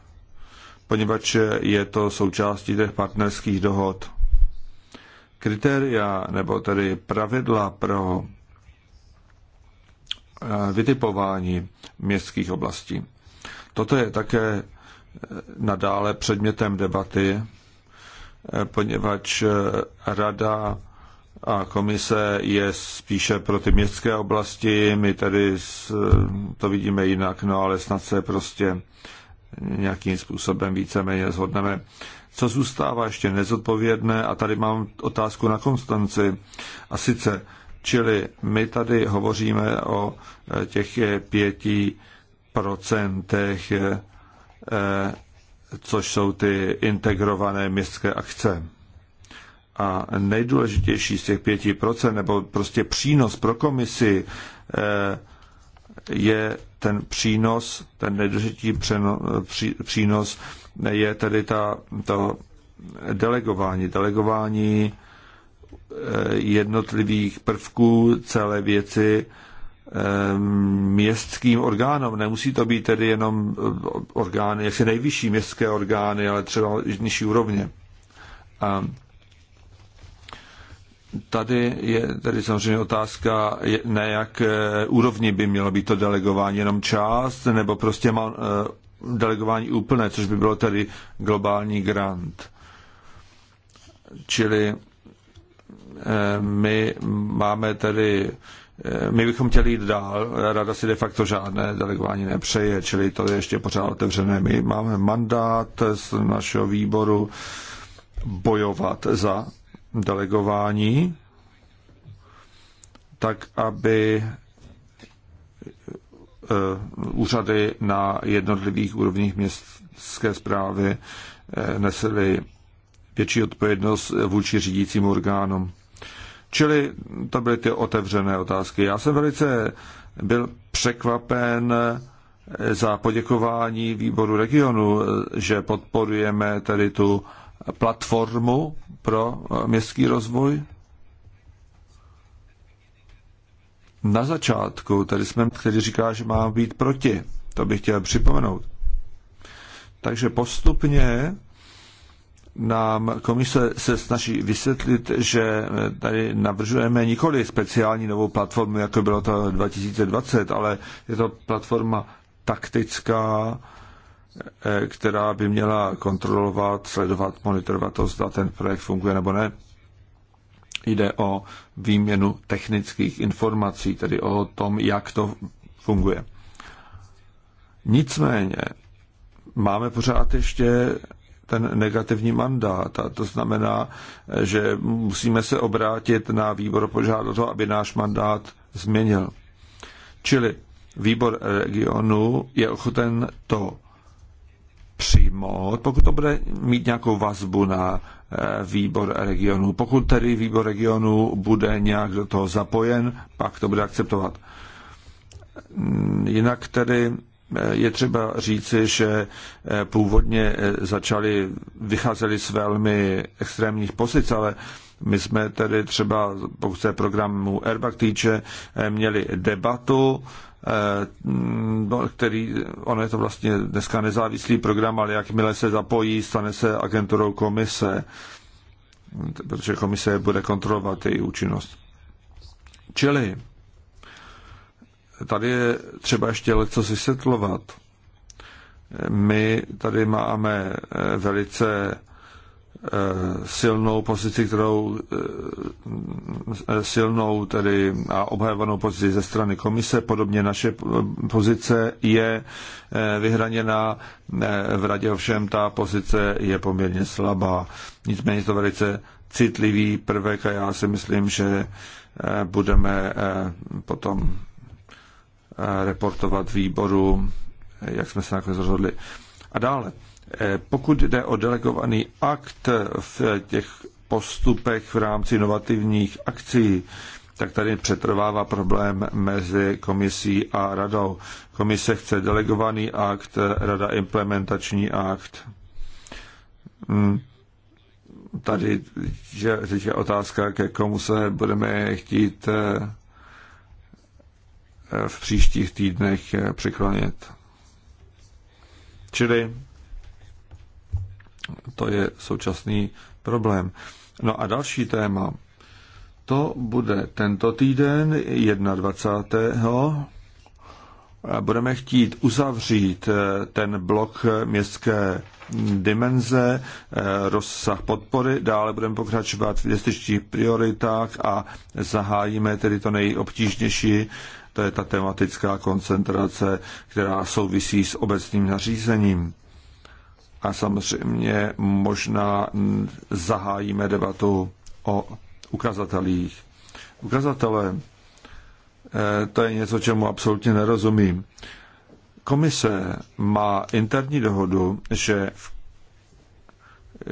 poněvadž je to součástí těch partnerských dohod. Kritéria nebo tedy pravidla pro vytipování městských oblastí. Toto je také e, nadále předmětem debaty, e, poněvadž e, rada a komise je spíše pro ty městské oblasti, my tady to vidíme jinak, no ale snad se prostě nějakým způsobem víceméně zhodneme. Co zůstává ještě nezodpovědné, a tady mám otázku na Konstanci, a sice Čili my tady hovoříme o eh, těch eh, pěti procentech, eh, což jsou ty integrované městské akce. A nejdůležitější z těch pěti procent, nebo prostě přínos pro komisi, je ten přínos, ten nejdůležitější přínos je tedy ta, to delegování. Delegování Eh, jednotlivých prvků celé věci eh, městským orgánům. Nemusí to být tedy jenom eh, orgány, jaksi nejvyšší městské orgány, ale třeba nižší úrovně. A tady je tady samozřejmě otázka, na jak úrovni by mělo být to delegování, jenom část, nebo prostě má delegování úplné, což by bylo tedy globální grant. Čili my máme tedy my bychom chtěli jít dál, rada si de facto žádné delegování nepřeje, čili to je ještě pořád otevřené. My máme mandát z našeho výboru bojovat za delegování, tak aby eh, úřady na jednotlivých úrovních městské zprávy eh, nesly větší odpovědnost vůči řídícím orgánům. Čili to byly ty otevřené otázky. Já jsem velice byl překvapen za poděkování výboru regionu, že podporujeme tedy tu platformu pro městský rozvoj. Na začátku tady jsme, který říká, že má být proti. To bych chtěl připomenout. Takže postupně nám komise se snaží vysvětlit, že tady navržujeme nikoli speciální novou platformu, jako bylo to 2020, ale je to platforma taktická, eh, která by měla kontrolovat, sledovat, monitorovat to, zda ten projekt funguje nebo ne. Jde o výměnu technických informací, tedy o tom, jak to funguje. Nicméně máme pořád ještě ten negativní mandát. A to znamená, že musíme se obrátit na výbor požádat toho, aby náš mandát změnil. Čili výbor regionu je ochoten to přijmout, pokud to bude mít nějakou vazbu na eh, výbor regionu. Pokud tedy výbor regionu bude nějak do toho zapojen, pak to bude akceptovat. Jinak tedy je třeba říci, že eh, původně eh, začali, vycházeli z velmi extrémních pozic, ale my jsme tedy třeba, pokud se programu Airbag týče, eh, měli debatu, no, který, ono je to vlastně dneska nezávislý program, ale jakmile se zapojí, stane se agenturou komise, protože komise bude kontrolovat její účinnost. Čili tady je třeba ještě co vysvětlovat. My tady máme eh, velice eh, silnou pozici, kterou eh, silnou tedy a obhajovanou pozici ze strany komise. Podobně naše pozice je vyhraněná v radě, ovšem ta pozice je poměrně slabá. Nicméně je to velice citlivý prvek a já si myslím, že budeme potom reportovat výboru, jak jsme se nakonec rozhodli. A dále, eh, pokud jde o delegovaný akt v těch postupech v rámci inovativních akcí, tak tady přetrvává problém mezi komisí a radou. Komise chce delegovaný akt, rada implementační akt. Hmm. Tady je, je otázka, ke komu se budeme chtít eh, v příštích týdnech překlonit. Čili to je současný problém. No a další téma. To bude tento týden 21. Budeme chtít uzavřít eh, ten blok městské dimenze, eh, rozsah podpory. Dále budeme pokračovat v městečních prioritách a zahájíme tedy to nejobtížnější to je ta tematická koncentrace, která souvisí s obecným nařízením. A samozřejmě možná zahájíme debatu o ukazatelích. Ukazatele, eh, to je něco, čemu absolutně nerozumím. Komise má interní dohodu, že v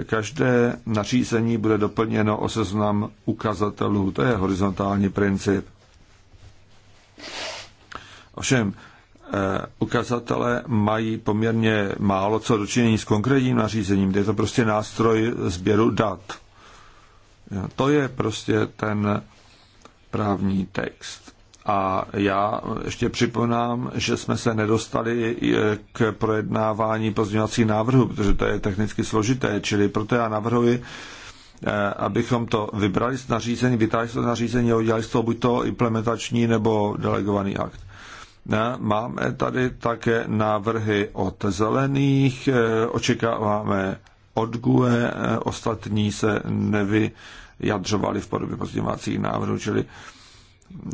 každé nařízení bude doplněno o seznam ukazatelů. To je horizontální princip. Ovšem, eh, ukazatele mají poměrně málo co dočinění s konkrétním nařízením, je to prostě nástroj sběru dat. To je prostě ten právní text. A já ještě připomínám, že jsme se nedostali eh, k projednávání pozměňovacích návrhů, protože to je technicky složité, čili proto já navrhuji, Eh, abychom to vybrali z nařízení, vytáhli z toho nařízení a udělali z toho buď to implementační nebo delegovaný akt. Eh, máme tady také návrhy od zelených, eh, očekáváme od GUE, ostatní se nevyjadřovali v podobě pozdějovacích návrhů, čili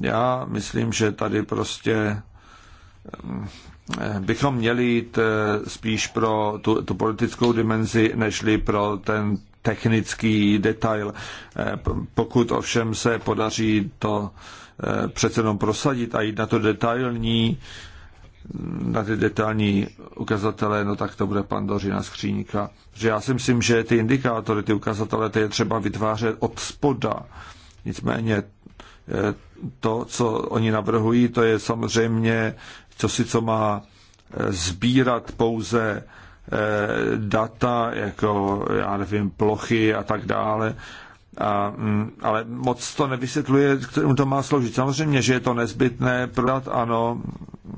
já myslím, že tady prostě bychom měli jít spíš pro tu, tu politickou dimenzi, nežli pro ten technický detail. Eh, pokud ovšem se podaří to eh, přece jenom prosadit a jít na to detailní, na ty detailní ukazatele, no tak to bude pandořina skříníka. Že já si myslím, že ty indikátory, ty ukazatele, ty je třeba vytvářet od spoda. Nicméně eh, to, co oni navrhují, to je samozřejmě co si co má sbírat pouze Eh, data, jako já nevím, plochy a tak dále. A, mm, ale moc to nevysvětluje, k čemu to má sloužit. Samozřejmě, že je to nezbytné prodat, ano,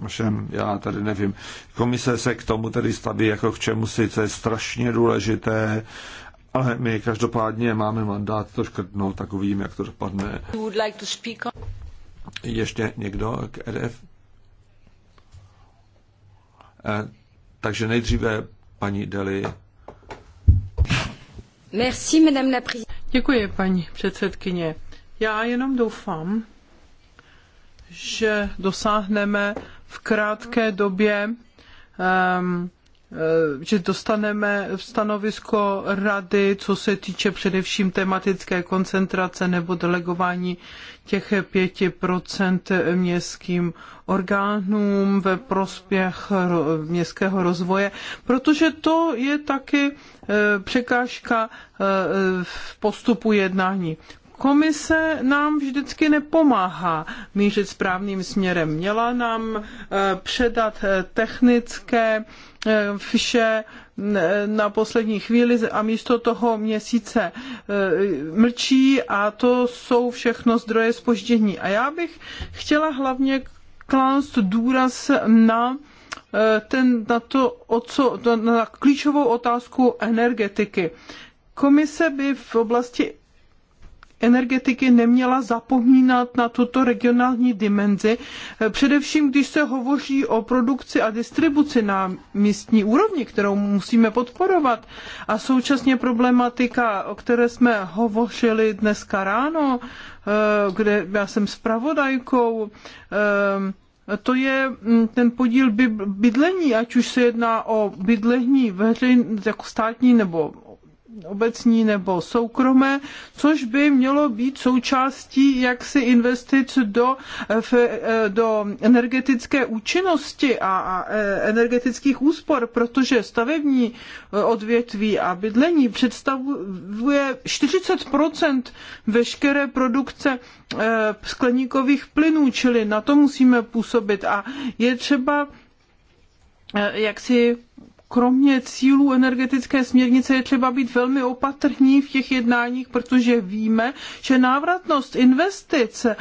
všem, já tady nevím. Komise se k tomu tedy staví jako k čemu si, co je strašně důležité, ale my každopádně máme mandát to škrtnout, tak uvidíme, jak to dopadne. Ještě někdo k RF? Eh, takže nejdříve paní Deli. Merci, madame la Děkuji, paní předsedkyně. Já jenom doufám, že dosáhneme v krátké době um, Eh, že dostaneme stanovisko rady, co se týče především tematické koncentrace nebo delegování těch 5% městským orgánům ve prospěch městského rozvoje, protože to je taky eh, překážka eh, v postupu jednání komise nám vždycky nepomáhá mířit správným směrem. Měla nám předat technické vše na poslední chvíli a místo toho měsíce eh, mlčí a to jsou všechno zdroje spoždění. A já bych chtěla hlavně klást důraz na eh, ten, na, to, o co, na klíčovou otázku energetiky. Komise by v oblasti energetiky neměla zapomínat na tuto regionální dimenzi, eh, především když se hovoří o produkci a distribuci na místní úrovni, kterou musíme podporovat. A současně problematika, o které jsme hovořili dneska ráno, eh, kde já jsem zpravodajkou, eh, to je mm, ten podíl bydlení, ať už se jedná o bydlení veřejn, jako státní nebo obecní nebo soukromé, což by mělo být součástí jaksi investic do, eh, do energetické účinnosti a, eh, energetických úspor, protože stavební eh, odvětví a bydlení představuje 40 veškeré produkce skleníkových plynů, čili na to musíme působit a je třeba jaksi kromě cílů energetické směrnice je třeba být velmi opatrní v těch jednáních, protože víme, že návratnost investic, eh,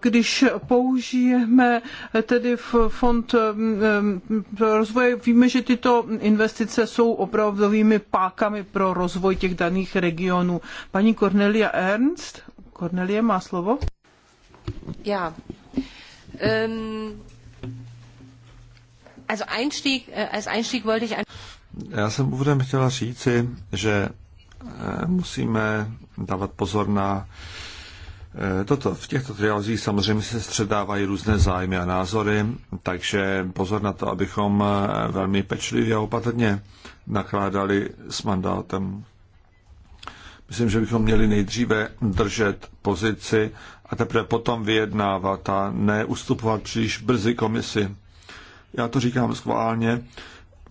když použijeme tedy fond mm, mm, rozvoje, víme, že tyto investice jsou opravdovými pákami pro rozvoj těch daných regionů. Paní Cornelia Ernst, Cornelie má slovo. Já. Um also Einstieg, äh, als Einstieg wollte ich Já jsem úvodem chtěla říci, že eh, musíme dávat pozor na eh, Toto, v těchto trialozích samozřejmě se středávají různé zájmy a názory, takže pozor na to, abychom eh, velmi pečlivě a opatrně nakládali s mandátem. Myslím, že bychom měli nejdříve držet pozici a teprve potom vyjednávat a neustupovat příliš brzy komisi já to říkám schválně,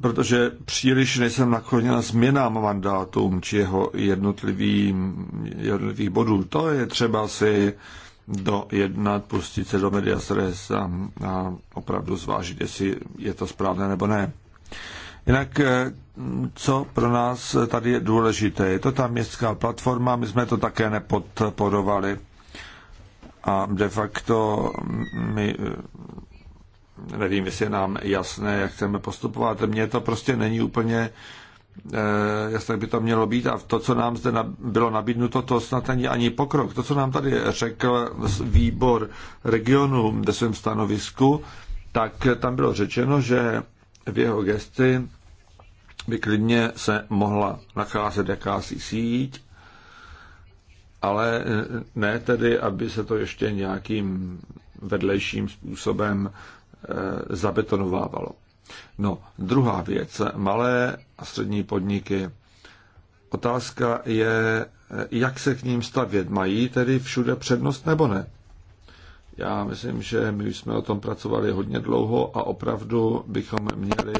protože příliš nejsem nakloněn změnám mandátům či jeho jednotlivým, jednotlivých bodů. To je třeba si dojednat, pustit se do media stres a, a opravdu zvážit, jestli je to správné nebo ne. Jinak, eh, co pro nás tady je důležité, je to ta městská platforma, my jsme to také nepodporovali. A de facto my eh, nevím, jestli je nám jasné, jak chceme postupovat. Mně to prostě není úplně eh, jak by to mělo být a to, co nám zde bylo nabídnuto, to snad není ani pokrok. To, co nám tady řekl výbor regionu ve svém stanovisku, tak tam bylo řečeno, že v jeho gesti by klidně se mohla nacházet jakási síť, ale eh, ne tedy, aby se to ještě nějakým vedlejším způsobem Eh, zabetonovávalo. No, druhá věc, malé a střední podniky. Otázka je, eh, jak se k ním stavět. Mají tedy všude přednost nebo ne? Já myslím, že my jsme o tom pracovali hodně dlouho a opravdu bychom měli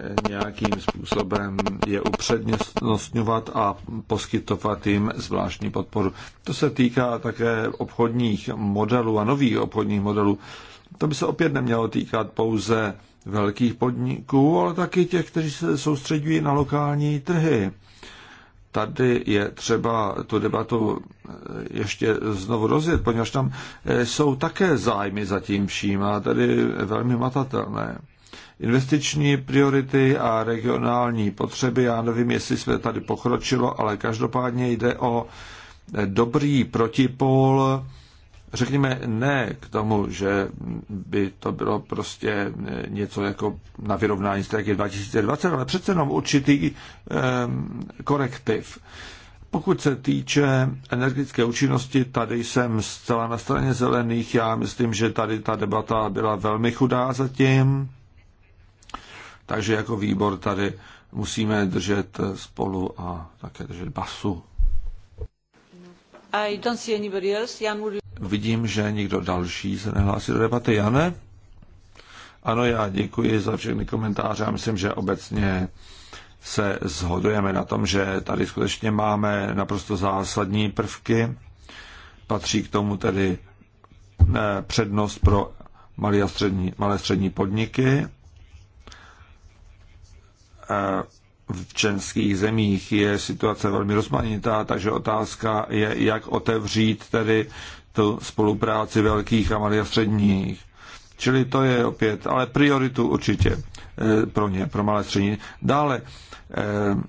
eh, nějakým způsobem je upřednostňovat a poskytovat jim zvláštní podporu. To se týká také obchodních modelů a nových obchodních modelů. To by se opět nemělo týkat pouze velkých podniků, ale taky těch, kteří se soustředují na lokální trhy. Tady je třeba tu debatu eh, ještě znovu rozjet, poněvadž tam eh, jsou také zájmy zatím vším a tady velmi matatelné. Investiční priority a regionální potřeby, já nevím, jestli jsme tady pokročilo, ale každopádně jde o eh, dobrý protipol řekněme ne k tomu, že by to bylo prostě eh, něco jako na vyrovnání z 2020, ale přece jenom určitý eh, korektiv. Pokud se týče energetické účinnosti, tady jsem zcela na straně zelených. Já myslím, že tady ta debata byla velmi chudá zatím. Takže jako výbor tady musíme držet spolu a také držet basu. I don't see anybody else. Jan Vidím, že nikdo další se nehlásí do debaty. Jane? Ano, já děkuji za všechny komentáře. Já myslím, že obecně se zhodujeme na tom, že tady skutečně máme naprosto zásadní prvky. Patří k tomu tedy eh, přednost pro malé a střední, malé střední podniky. Eh, v členských zemích je situace velmi rozmanitá, takže otázka je, jak otevřít tedy tu spolupráci velkých a malých a středních. Čili to je opět, ale prioritu určitě eh, pro ně, pro malé střední. Dále, eh,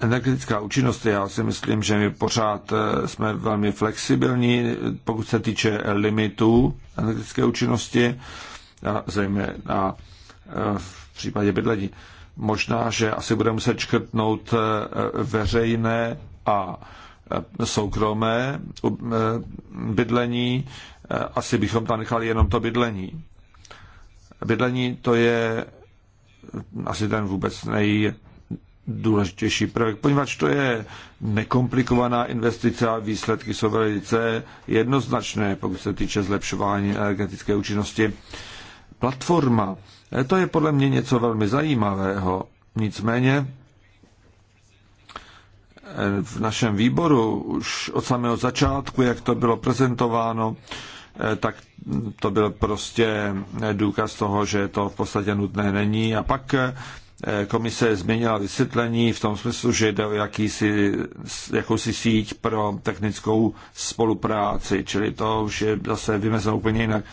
energetická účinnost, já si myslím, že my pořád eh, jsme velmi flexibilní, pokud se týče limitů energetické účinnosti, zejména v případě bydlení. Možná, že asi bude muset škrtnout eh, veřejné a eh, soukromé eh, bydlení. Asi bychom tam nechali jenom to bydlení. Bydlení to je asi ten vůbec důležitější prvek, poněvadž to je nekomplikovaná investice a výsledky jsou velice jednoznačné, pokud se týče zlepšování energetické účinnosti. Platforma to je podle mě něco velmi zajímavého. Nicméně v našem výboru už od samého začátku, jak to bylo prezentováno, tak to byl prostě důkaz toho, že to v podstatě nutné není. A pak eh, komise změnila vysvětlení v tom smyslu, že jde o jakýsi, jakousi síť pro technickou spolupráci, čili to už je zase vymezeno úplně jinak.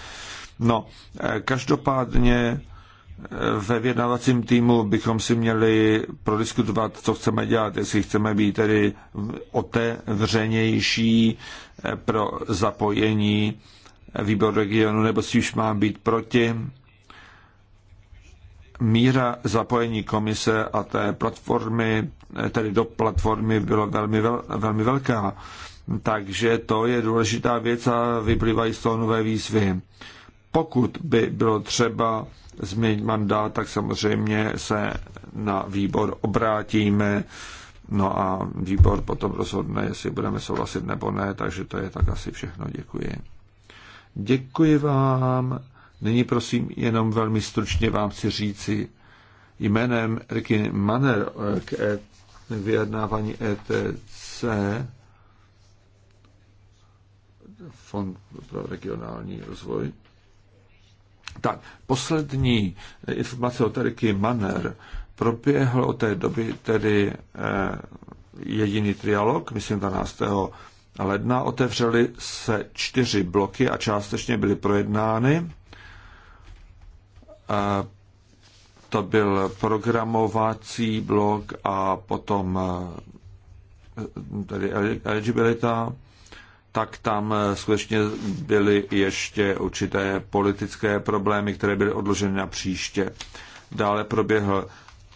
No, eh, každopádně ve vědnávacím týmu bychom si měli prodiskutovat, co chceme dělat, jestli chceme být tedy otevřenější eh, pro zapojení výboru regionu, nebo si už má být proti. Míra zapojení komise a té platformy, eh, tedy do platformy, byla velmi, vel, velmi velká. Takže to je důležitá věc a vyplývají z toho nové výzvy. Pokud by bylo třeba změnit mandát, tak samozřejmě se na výbor obrátíme. No a výbor potom rozhodne, jestli budeme souhlasit nebo ne, takže to je tak asi všechno. Děkuji. Děkuji vám. Nyní prosím jenom velmi stručně vám chci říci jménem Ricky Manner k vyjednávání ETC Fond pro regionální rozvoj. Tak, poslední informace o Eriky Manner proběhl od té doby tedy eh, jediný trialog, myslím 12. ledna. Otevřely se čtyři bloky a částečně byly projednány. Eh, to byl programovací blok a potom eh, tedy eligibilita, tak tam eh, skutečně byly ještě určité politické problémy, které byly odloženy na příště. Dále proběhl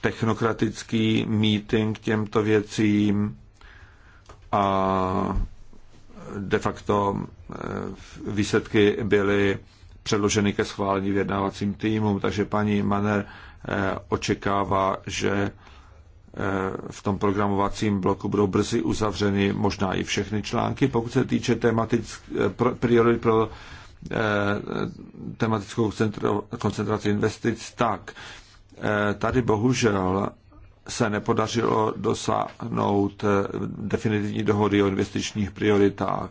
technokratický meeting k těmto věcím a de facto eh, výsledky byly předloženy ke schválení vědnávacím týmům, takže paní Maner eh, očekává, že v tom programovacím bloku budou brzy uzavřeny možná i všechny články. Pokud se týče tematick, eh, priorit pro eh, tematickou koncentraci investic, tak eh, tady bohužel se nepodařilo dosáhnout definitivní dohody o investičních prioritách.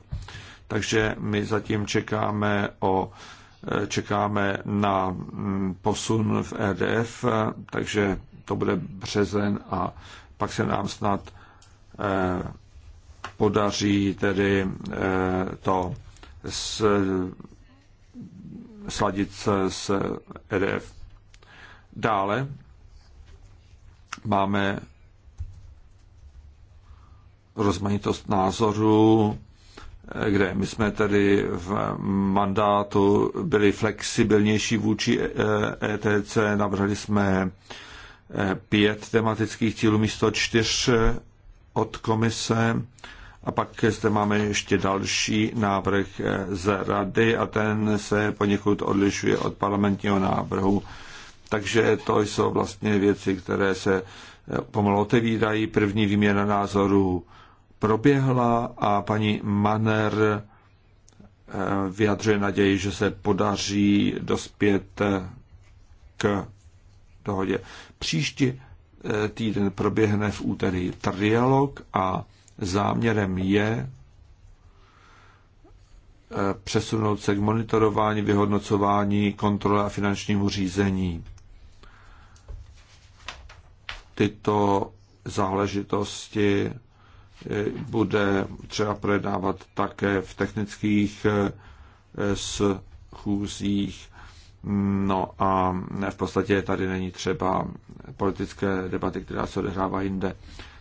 Takže my zatím čekáme, o, čekáme na mm, posun v EDF. takže to bude březen a pak se nám snad eh, podaří tedy eh, to s, sladit se s EDF. Dále máme rozmanitost názorů, eh, kde my jsme tedy v mandátu byli flexibilnější vůči ETC, e navrhli jsme pět tematických cílů místo čtyř od komise. A pak zde máme ještě další návrh z rady a ten se poněkud odlišuje od parlamentního návrhu. Takže to jsou vlastně věci, které se pomalu otevírají. První výměna názorů proběhla a paní Manner eh, vyjadřuje naději, že se podaří dospět k dohodě. Příští eh, týden proběhne v úterý trialog a záměrem je eh, přesunout se k monitorování, vyhodnocování, kontrole a finančnímu řízení. Tyto záležitosti eh, bude třeba projednávat také v technických schůzích No a v podstatě tady není třeba politické debaty, která se odehrává jinde.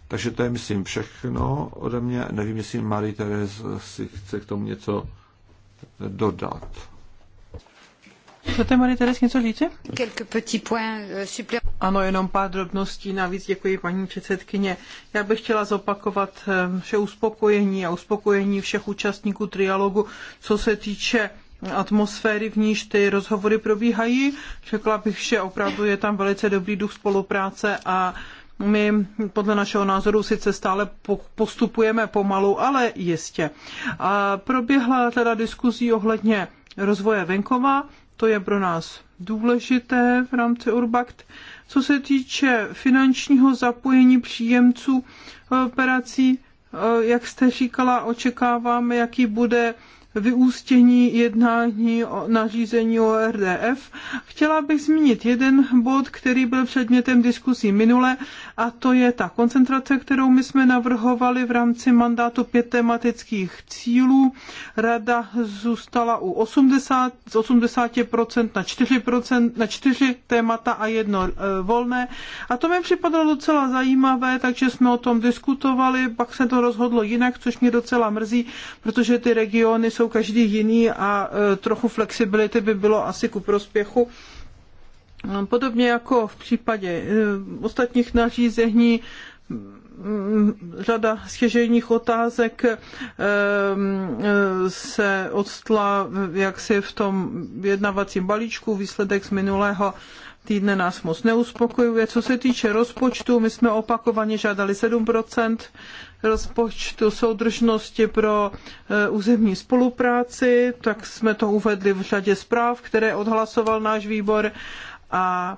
Takže to je, myslím, všechno ode mě. Nevím, jestli Marie Teres si chce k tomu něco dodat. Chcete, Marie Teres, něco říct? Euh, ano, jenom pár drobností navíc. Děkuji, paní předsedkyně. Já bych chtěla zopakovat ehm, vše uspokojení a uspokojení všech účastníků trialogu, co se týče atmosféry, v níž ty rozhovory probíhají. Řekla bych, že opravdu je tam velice dobrý duch spolupráce a my podle našeho názoru sice stále postupujeme pomalu, ale jistě. A proběhla teda diskuzí ohledně rozvoje venkova, to je pro nás důležité v rámci Urbakt. Co se týče finančního zapojení příjemců operací, eh, jak jste říkala, očekáváme, jaký bude vyústění jednání o nařízení o RDF. Chtěla bych zmínit jeden bod, který byl předmětem diskusí minule, a to je ta koncentrace, kterou my jsme navrhovali v rámci mandátu pět tematických cílů. Rada zůstala u 80, z 80% na 4%, na 4 témata a jedno e, volné. A to mi připadalo docela zajímavé, takže jsme o tom diskutovali, pak se to rozhodlo jinak, což mě docela mrzí, protože ty regiony jsou jsou každý jiný a e, trochu flexibility by bylo asi ku prospěchu. E, podobně jako v případě e, ostatních nařízení, řada stěžejních otázek se odstla jaksi v tom vyjednavacím balíčku. Výsledek z minulého týdne nás moc neuspokojuje. Co se týče rozpočtu, my jsme opakovaně žádali 7%, rozpočtu soudržnosti pro e, územní spolupráci, tak jsme to uvedli v řadě zpráv, které odhlasoval náš výbor a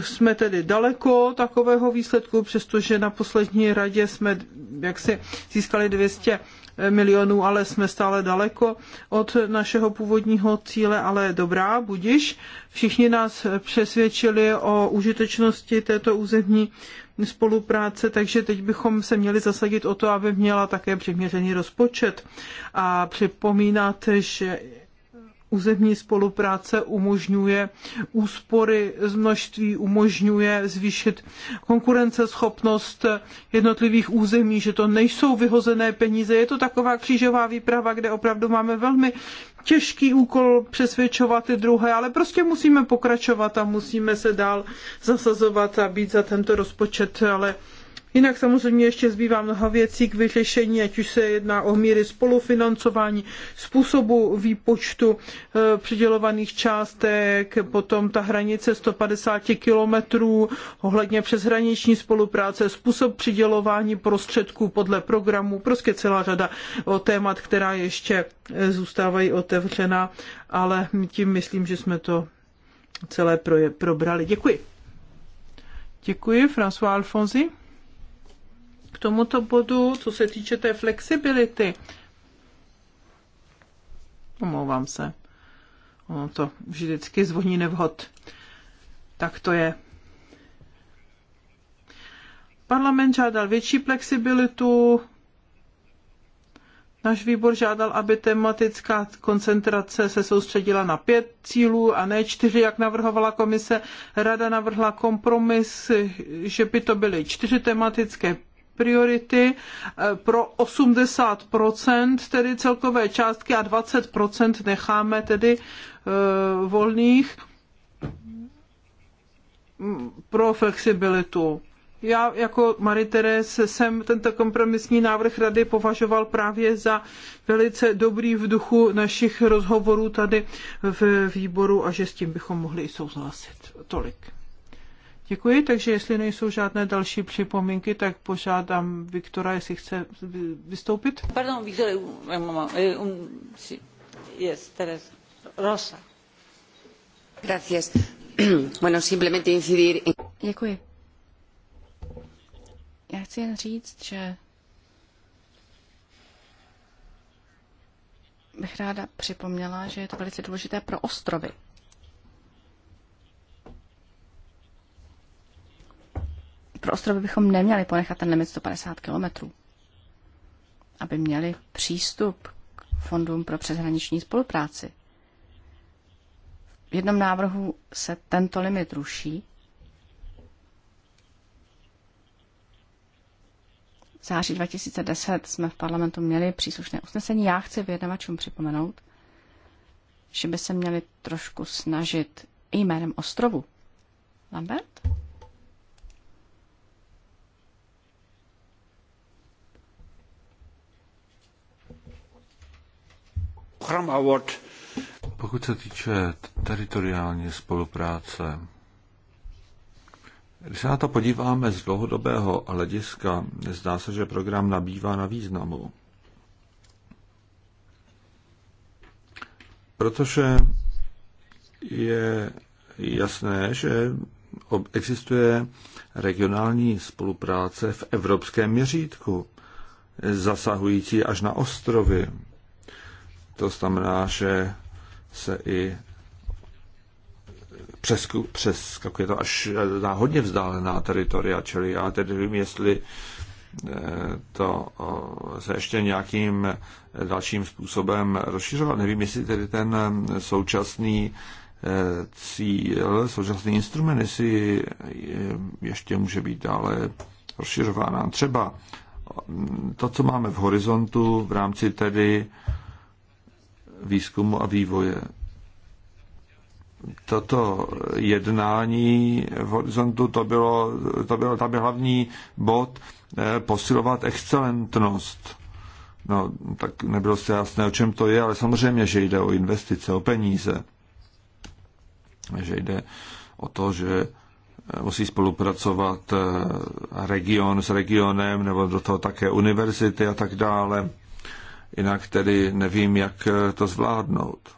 jsme tedy daleko takového výsledku, přestože na poslední radě jsme jaksi získali 200 milionů, ale jsme stále daleko od našeho původního cíle, ale dobrá, budiš. Všichni nás přesvědčili o užitečnosti této územní spolupráce, takže teď bychom se měli zasadit o to, aby měla také přiměřený rozpočet. A připomínat, že územní spolupráce umožňuje úspory z množství, umožňuje zvýšit konkurenceschopnost jednotlivých území, že to nejsou vyhozené peníze. Je to taková křížová výprava, kde opravdu máme velmi těžký úkol přesvědčovat ty druhé, ale prostě musíme pokračovat a musíme se dál zasazovat a být za tento rozpočet, ale Jinak samozřejmě ještě zbývá mnoho věcí k vyřešení, ať už se jedná o míry spolufinancování, způsobu výpočtu eh, přidělovaných částek, potom ta hranice 150 kilometrů, ohledně přeshraniční spolupráce, způsob přidělování prostředků podle programu, prostě celá řada o témat, která ještě eh, zůstávají otevřena, ale tím myslím, že jsme to celé probrali. Děkuji. Děkuji, François Alfonzi tomuto bodu, co se týče té flexibility. Omlouvám se. Ono to vždycky zvoní nevhod. Tak to je. Parlament žádal větší flexibilitu. Náš výbor žádal, aby tematická koncentrace se soustředila na pět cílů a ne čtyři, jak navrhovala komise. Rada navrhla kompromis, že by to byly čtyři tematické priority eh, pro 80 tedy celkové částky a 20 necháme tedy eh, volných mm, pro flexibilitu. Já jako Marie Therese jsem tento kompromisní návrh rady považoval právě za velice dobrý v duchu našich rozhovorů tady v výboru a že s tím bychom mohli i souhlasit. Tolik. Děkuji, takže jestli nejsou žádné další připomínky, tak požádám Viktora, jestli chce vystoupit. Pardon, Viktor, um, um, yes, Teresa. Rosa. Gracias. bueno, simplemente incidir... Děkuji. Já chci jen říct, že bych ráda připomněla, že je to velice důležité pro ostrovy, ostrovy bychom neměli ponechat ten limit 150 kilometrů, aby měli přístup k fondům pro přeshraniční spolupráci. V jednom návrhu se tento limit ruší. V září 2010 jsme v parlamentu měli příslušné usnesení. Já chci vyjednavačům připomenout, že by se měli trošku snažit i jménem ostrovu. Lambert? Program Award. Pokud se týče teritoriální spolupráce, když se na to podíváme z dlouhodobého hlediska, zdá se, že program nabývá na významu. Protože je jasné, že existuje regionální spolupráce v evropském měřítku, zasahující až na ostrovy, to znamená, že se i přesku, přeskakuje to až eh, na hodně vzdálená teritoria, čili já tedy vím, jestli eh, to eh, se ještě nějakým dalším způsobem rozšiřovat. Nevím, jestli tedy ten současný cíl, současný instrument, jestli ještě může být dále rozšiřována. Třeba mm, to, co máme v horizontu v rámci tedy výzkumu a vývoje. Toto jednání v Horizontu, to bylo, to byl tam byl hlavní bod eh, posilovat excelentnost. No, tak nebylo se jasné, o čem to je, ale samozřejmě, že jde o investice, o peníze. Že jde o to, že eh, musí spolupracovat eh, region s regionem, nebo do toho také univerzity a tak dále. Jinak tedy nevím, jak eh, to zvládnout.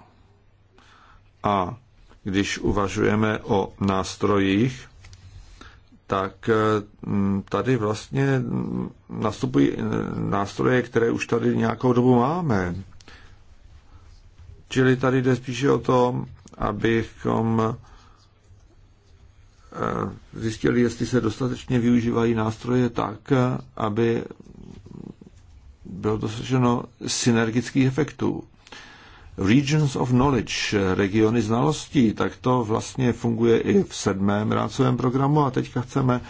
A když uvažujeme o nástrojích, tak eh, tady vlastně nastupují eh, nástroje, které už tady nějakou dobu máme. Čili tady jde spíše o to, abychom zjistili, jestli se dostatečně využívají nástroje tak, aby bylo dosaženo synergických efektů. Regions of Knowledge, regiony znalostí, tak to vlastně funguje i v sedmém rámcovém programu a teďka chceme,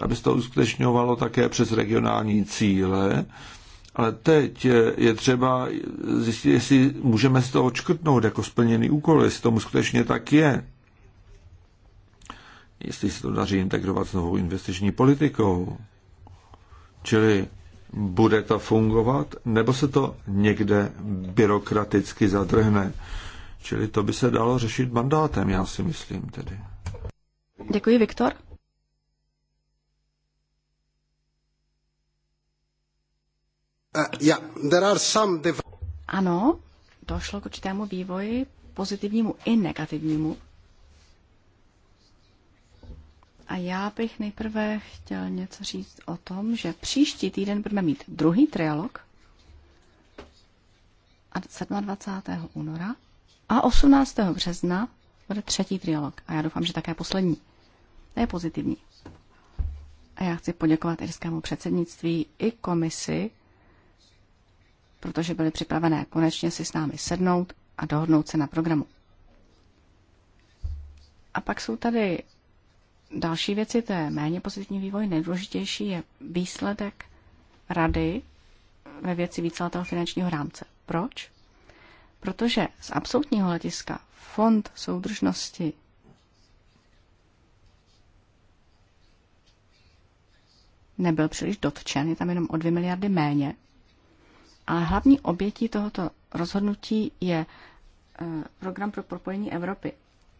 aby se to uskutečňovalo také přes regionální cíle, ale teď je třeba zjistit, jestli můžeme z toho odškrtnout jako splněný úkol, jestli tomu skutečně tak je. Jestli se to daří integrovat s novou investiční politikou. Čili bude to fungovat, nebo se to někde byrokraticky zadrhne. Čili to by se dalo řešit mandátem, já si myslím tedy. Děkuji, Viktor. Uh, eh, yeah, there are some... Ano, došlo k určitému vývoji, pozitivnímu i negativnímu. A já bych nejprve chtěl něco říct o tom, že příští týden budeme mít druhý trialog a 27. února a 18. března bude třetí trialog. A já doufám, že také poslední. To je pozitivní. A já chci poděkovat irskému předsednictví i komisi, protože byly připravené konečně si s námi sednout a dohodnout se na programu. A pak jsou tady Další věci, to je méně pozitivní vývoj. Nejdůležitější je výsledek rady ve věci víceletého finančního rámce. Proč? Protože z absolutního hlediska fond soudržnosti nebyl příliš dotčen, je tam jenom o 2 miliardy méně. Ale hlavní obětí tohoto rozhodnutí je eh, program pro propojení Evropy.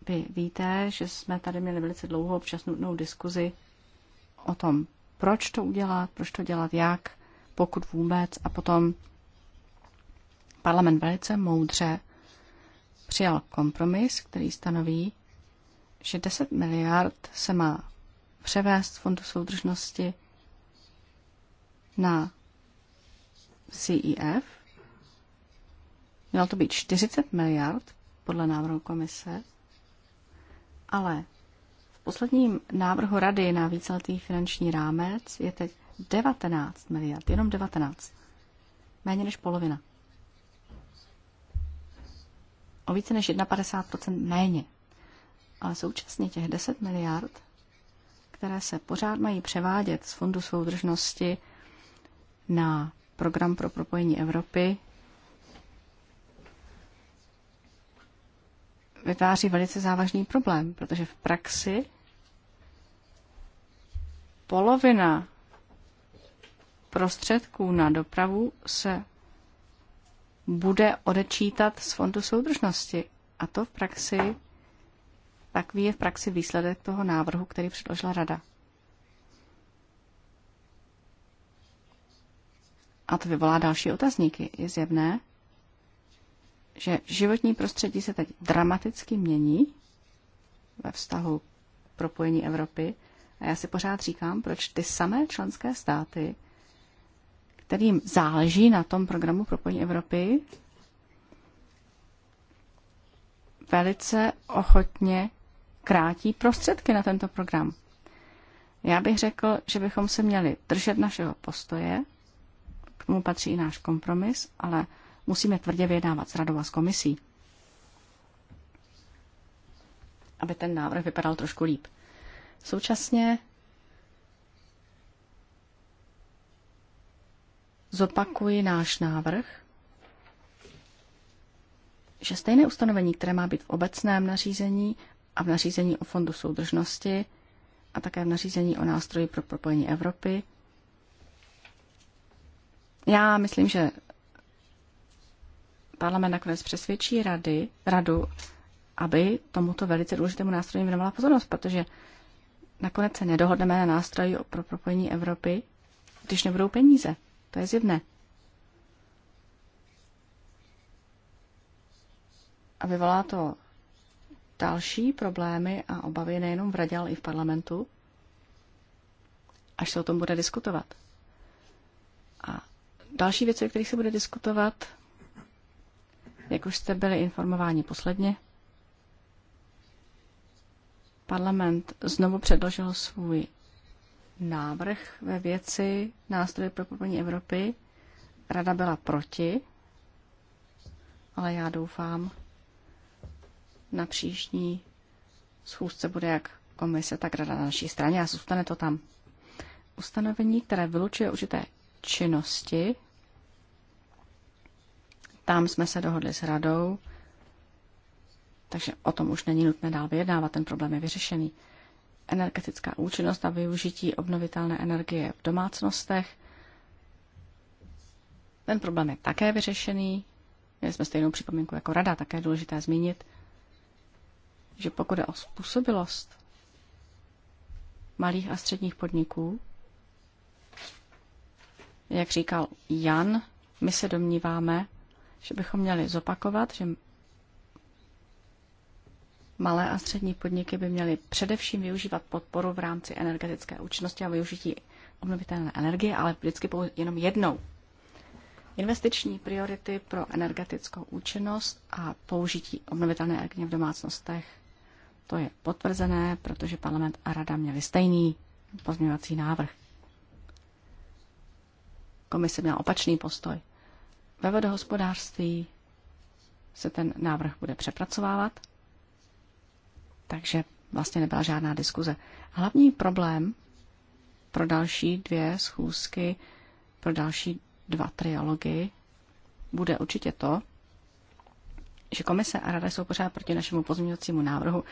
Vy víte, že jsme tady měli velice dlouhou občas nutnou diskuzi o tom, proč to udělat, proč to dělat, jak, pokud vůbec. A potom parlament velice moudře přijal kompromis, který stanoví, že 10 miliard se má převést z Fondu soudržnosti na CEF. Mělo to být 40 miliard podle návrhu komise ale v posledním návrhu Rady na víceletý finanční rámec je teď 19 miliard, jenom 19. Méně než polovina. O více než 51% méně. Ale současně těch 10 miliard, které se pořád mají převádět z Fondu soudržnosti na program pro propojení Evropy, vytváří velice závažný problém, protože v praxi polovina prostředků na dopravu se bude odečítat z fondu soudržnosti. A to v praxi, takový je v praxi výsledek toho návrhu, který předložila Rada. A to vyvolá další otazníky. Je zjevné, že životní prostředí se teď dramaticky mění ve vztahu propojení Evropy. A já si pořád říkám, proč ty samé členské státy, kterým záleží na tom programu propojení Evropy, velice ochotně krátí prostředky na tento program. Já bych řekl, že bychom se měli držet našeho postoje, k tomu patří i náš kompromis, ale musíme tvrdě vyjednávat s radou a s komisí, aby ten návrh vypadal trošku líp. Současně zopakuji náš návrh, že stejné ustanovení, které má být v obecném nařízení a v nařízení o fondu soudržnosti a také v nařízení o nástroji pro propojení Evropy, já myslím, že parlament nakonec přesvědčí rady, radu, aby tomuto velice důležitému nástroji věnovala pozornost, protože nakonec se nedohodneme na nástroji pro propojení Evropy, když nebudou peníze. To je zjevné. A vyvolá to další problémy a obavy nejenom v radě, ale i v parlamentu, až se o tom bude diskutovat. A další věci, o kterých se bude diskutovat, jak už jste byli informováni posledně, parlament znovu předložil svůj návrh ve věci nástroje pro propojení Evropy. Rada byla proti, ale já doufám, na příští schůzce bude jak komise, tak rada na naší straně a zůstane to tam. Ustanovení, které vylučuje určité činnosti tam jsme se dohodli s radou, takže o tom už není nutné dál vyjednávat, ten problém je vyřešený. Energetická účinnost a využití obnovitelné energie v domácnostech. Ten problém je také vyřešený. Měli jsme stejnou připomínku jako rada, také je důležité zmínit, že pokud je o způsobilost malých a středních podniků, jak říkal Jan, my se domníváme, že bychom měli zopakovat, že malé a střední podniky by měly především využívat podporu v rámci energetické účinnosti a využití obnovitelné energie, ale vždycky jenom jednou. Investiční priority pro energetickou účinnost a použití obnovitelné energie v domácnostech. To je potvrzené, protože parlament a rada měli stejný pozměňovací návrh. Komise měla opačný postoj. Ve vodohospodářství se ten návrh bude přepracovávat, takže vlastně nebyla žádná diskuze. Hlavní problém pro další dvě schůzky, pro další dva triology, bude určitě to, že komise a rada jsou pořád proti našemu pozměňovacímu návrhu,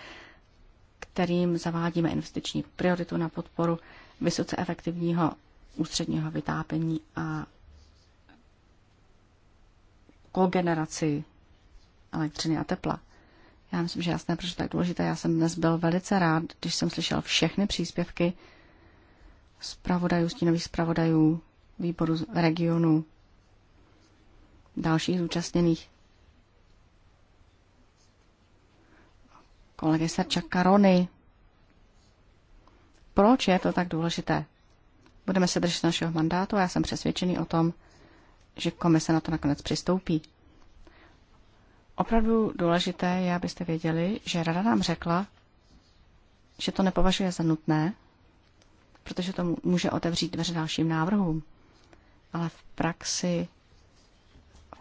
kterým zavádíme investiční prioritu na podporu vysoce efektivního ústředního vytápění a kogeneraci elektřiny a tepla. Já myslím, že jasné, proč je tak důležité. Já jsem dnes byl velice rád, když jsem slyšel všechny příspěvky zpravodajů, stínových zpravodajů, výboru regionu, dalších zúčastněných. Kolegy Serča Karony. Proč je to tak důležité? Budeme se držet našeho mandátu a já jsem přesvědčený o tom, že komise na to nakonec přistoupí. Opravdu důležité je, abyste věděli, že rada nám řekla, že to nepovažuje za nutné, protože to může otevřít dveře dalším návrhům. Ale v praxi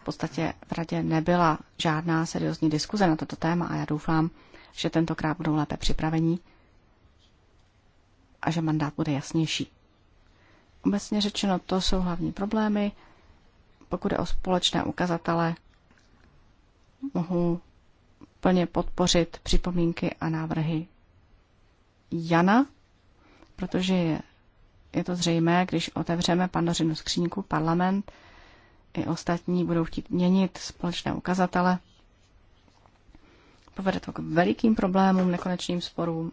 v podstatě v radě nebyla žádná seriózní diskuze na toto téma a já doufám, že tentokrát budou lépe připravení a že mandát bude jasnější. Obecně řečeno, to jsou hlavní problémy pokud jde o společné ukazatele, mohu plně podpořit připomínky a návrhy Jana, protože je, je to zřejmé, když otevřeme pandořinu skříňku, parlament i ostatní budou chtít měnit společné ukazatele. Povede to k velikým problémům, nekonečným sporům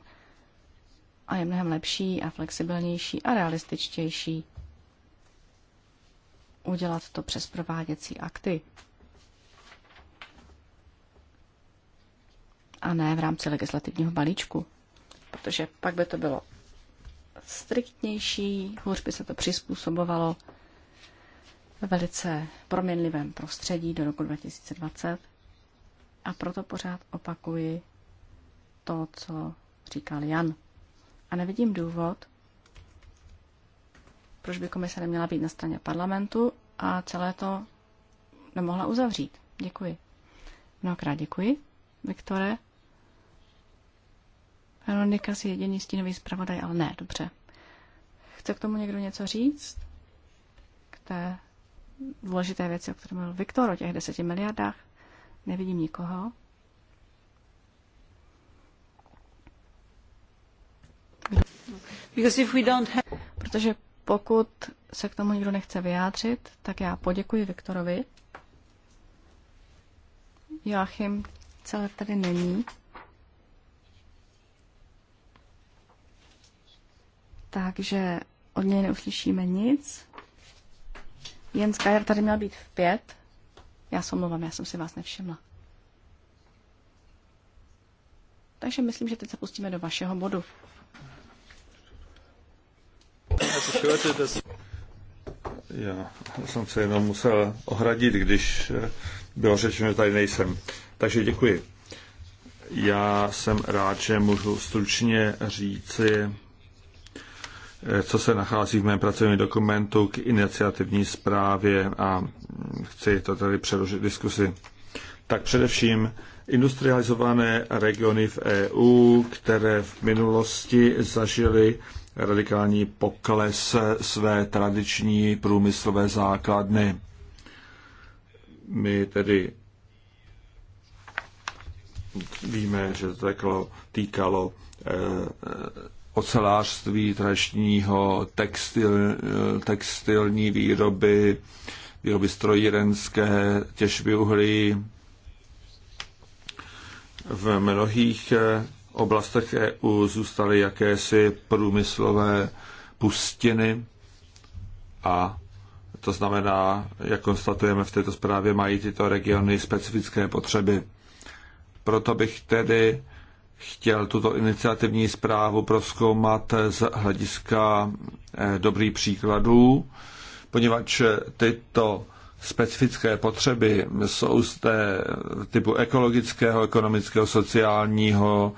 a je mnohem lepší a flexibilnější a realističtější udělat to přes prováděcí akty. A ne v rámci legislativního balíčku, protože pak by to bylo striktnější, hůř by se to přizpůsobovalo ve velice proměnlivém prostředí do roku 2020. A proto pořád opakuji to, co říkal Jan. A nevidím důvod, proč by komise neměla být na straně parlamentu a celé to nemohla uzavřít. Děkuji. Mnohokrát děkuji, Viktore. Veronika si jediný stínový zpravodaj, ale ne, dobře. Chce k tomu někdo něco říct? K té důležité věci, o které mluvil Viktor, o těch deseti miliardách? Nevidím nikoho. Because if we don't have... Protože pokud se k tomu nikdo nechce vyjádřit, tak já poděkuji Viktorovi. Joachim celé tady není. Takže od něj neuslyšíme nic. Jens Kajer tady měl být v pět. Já se omlouvám, já jsem si vás nevšimla. Takže myslím, že teď se pustíme do vašeho bodu hörte, dass... Já jsem se jenom musel ohradit, když bylo řečeno, že tady nejsem. Takže děkuji. Já jsem rád, že můžu stručně říci, co se nachází v mém pracovním dokumentu k iniciativní zprávě a chci to tady přeložit diskusi. Tak především industrializované regiony v EU, které v minulosti zažily radikální pokles své tradiční průmyslové základny. My tedy víme, že to taklo týkalo eh, ocelářství tradičního, textil, textilní výroby, výroby strojírenské, těžby uhlí. V mnohých eh, oblastech EU zůstaly jakési průmyslové pustiny a to znamená, jak konstatujeme v této zprávě, mají tyto regiony specifické potřeby. Proto bych tedy chtěl tuto iniciativní zprávu proskoumat z hlediska eh, dobrých příkladů, poněvadž tyto specifické potřeby jsou z té typu ekologického, ekonomického, sociálního,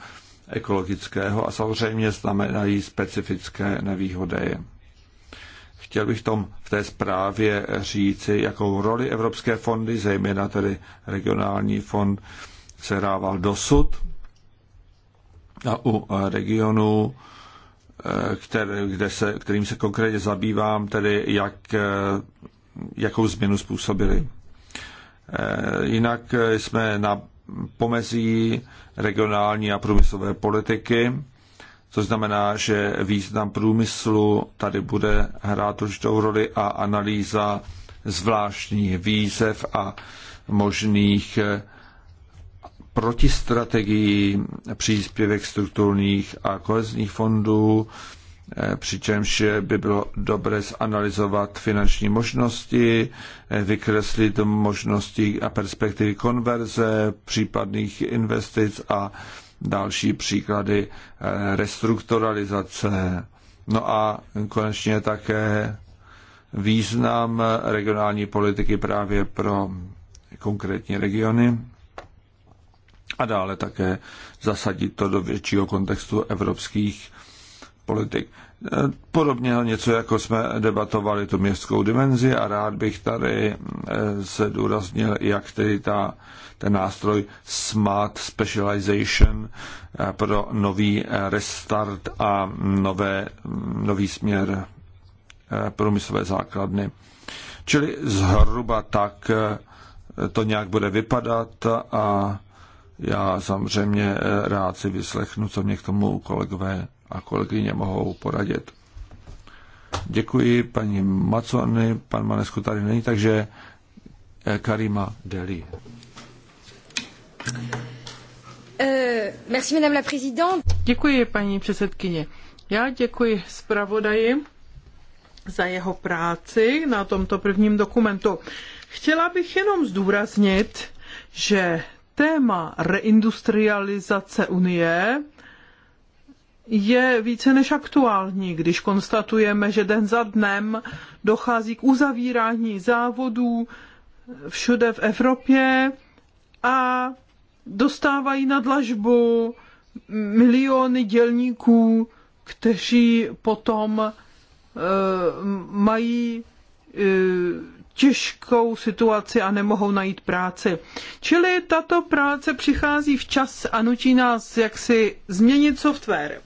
ekologického a samozřejmě znamenají specifické nevýhody. Chtěl bych tom v té zprávě říci, jakou roli evropské fondy, zejména tedy regionální fond, sehrával dosud a u regionů, které, kde se, kterým se konkrétně zabývám, tedy jak, jakou změnu způsobili. Jinak jsme na pomezí regionální a průmyslové politiky, což znamená, že význam průmyslu tady bude hrát určitou roli a analýza zvláštních výzev a možných eh, protistrategií, příspěvek strukturních a kohezních fondů, Eh, přičemž by bylo dobré zanalizovat finanční možnosti, eh, vykreslit možnosti a perspektivy konverze, případných investic a další příklady eh, restrukturalizace. No a konečně také význam regionální politiky právě pro konkrétní regiony a dále také zasadit to do většího kontextu evropských politik. Eh, podobně něco, jako jsme debatovali tu městskou dimenzi a rád bych tady eh, se důraznil, jak tedy ta, ten nástroj Smart Specialization eh, pro nový restart a nové, mm, nový směr průmyslové základny. Čili zhruba tak to nějak bude vypadat a já samozřejmě rád si vyslechnu, co mě k tomu kolegové a kolegyně mohou poradit. Děkuji paní Macony, pan Manesko tady není, takže eh, Karima Deli. Eh, děkuji, paní předsedkyně. Já děkuji zpravodaji za jeho práci na tomto prvním dokumentu. Chtěla bych jenom zdůraznit, že téma reindustrializace Unie je více než aktuální, když konstatujeme, že den za dnem dochází k uzavírání závodů všude v Evropě a dostávají na dlažbu miliony dělníků, kteří potom eh, mají eh, těžkou situaci a nemohou najít práci. Čili tato práce přichází včas a nutí nás jaksi změnit software.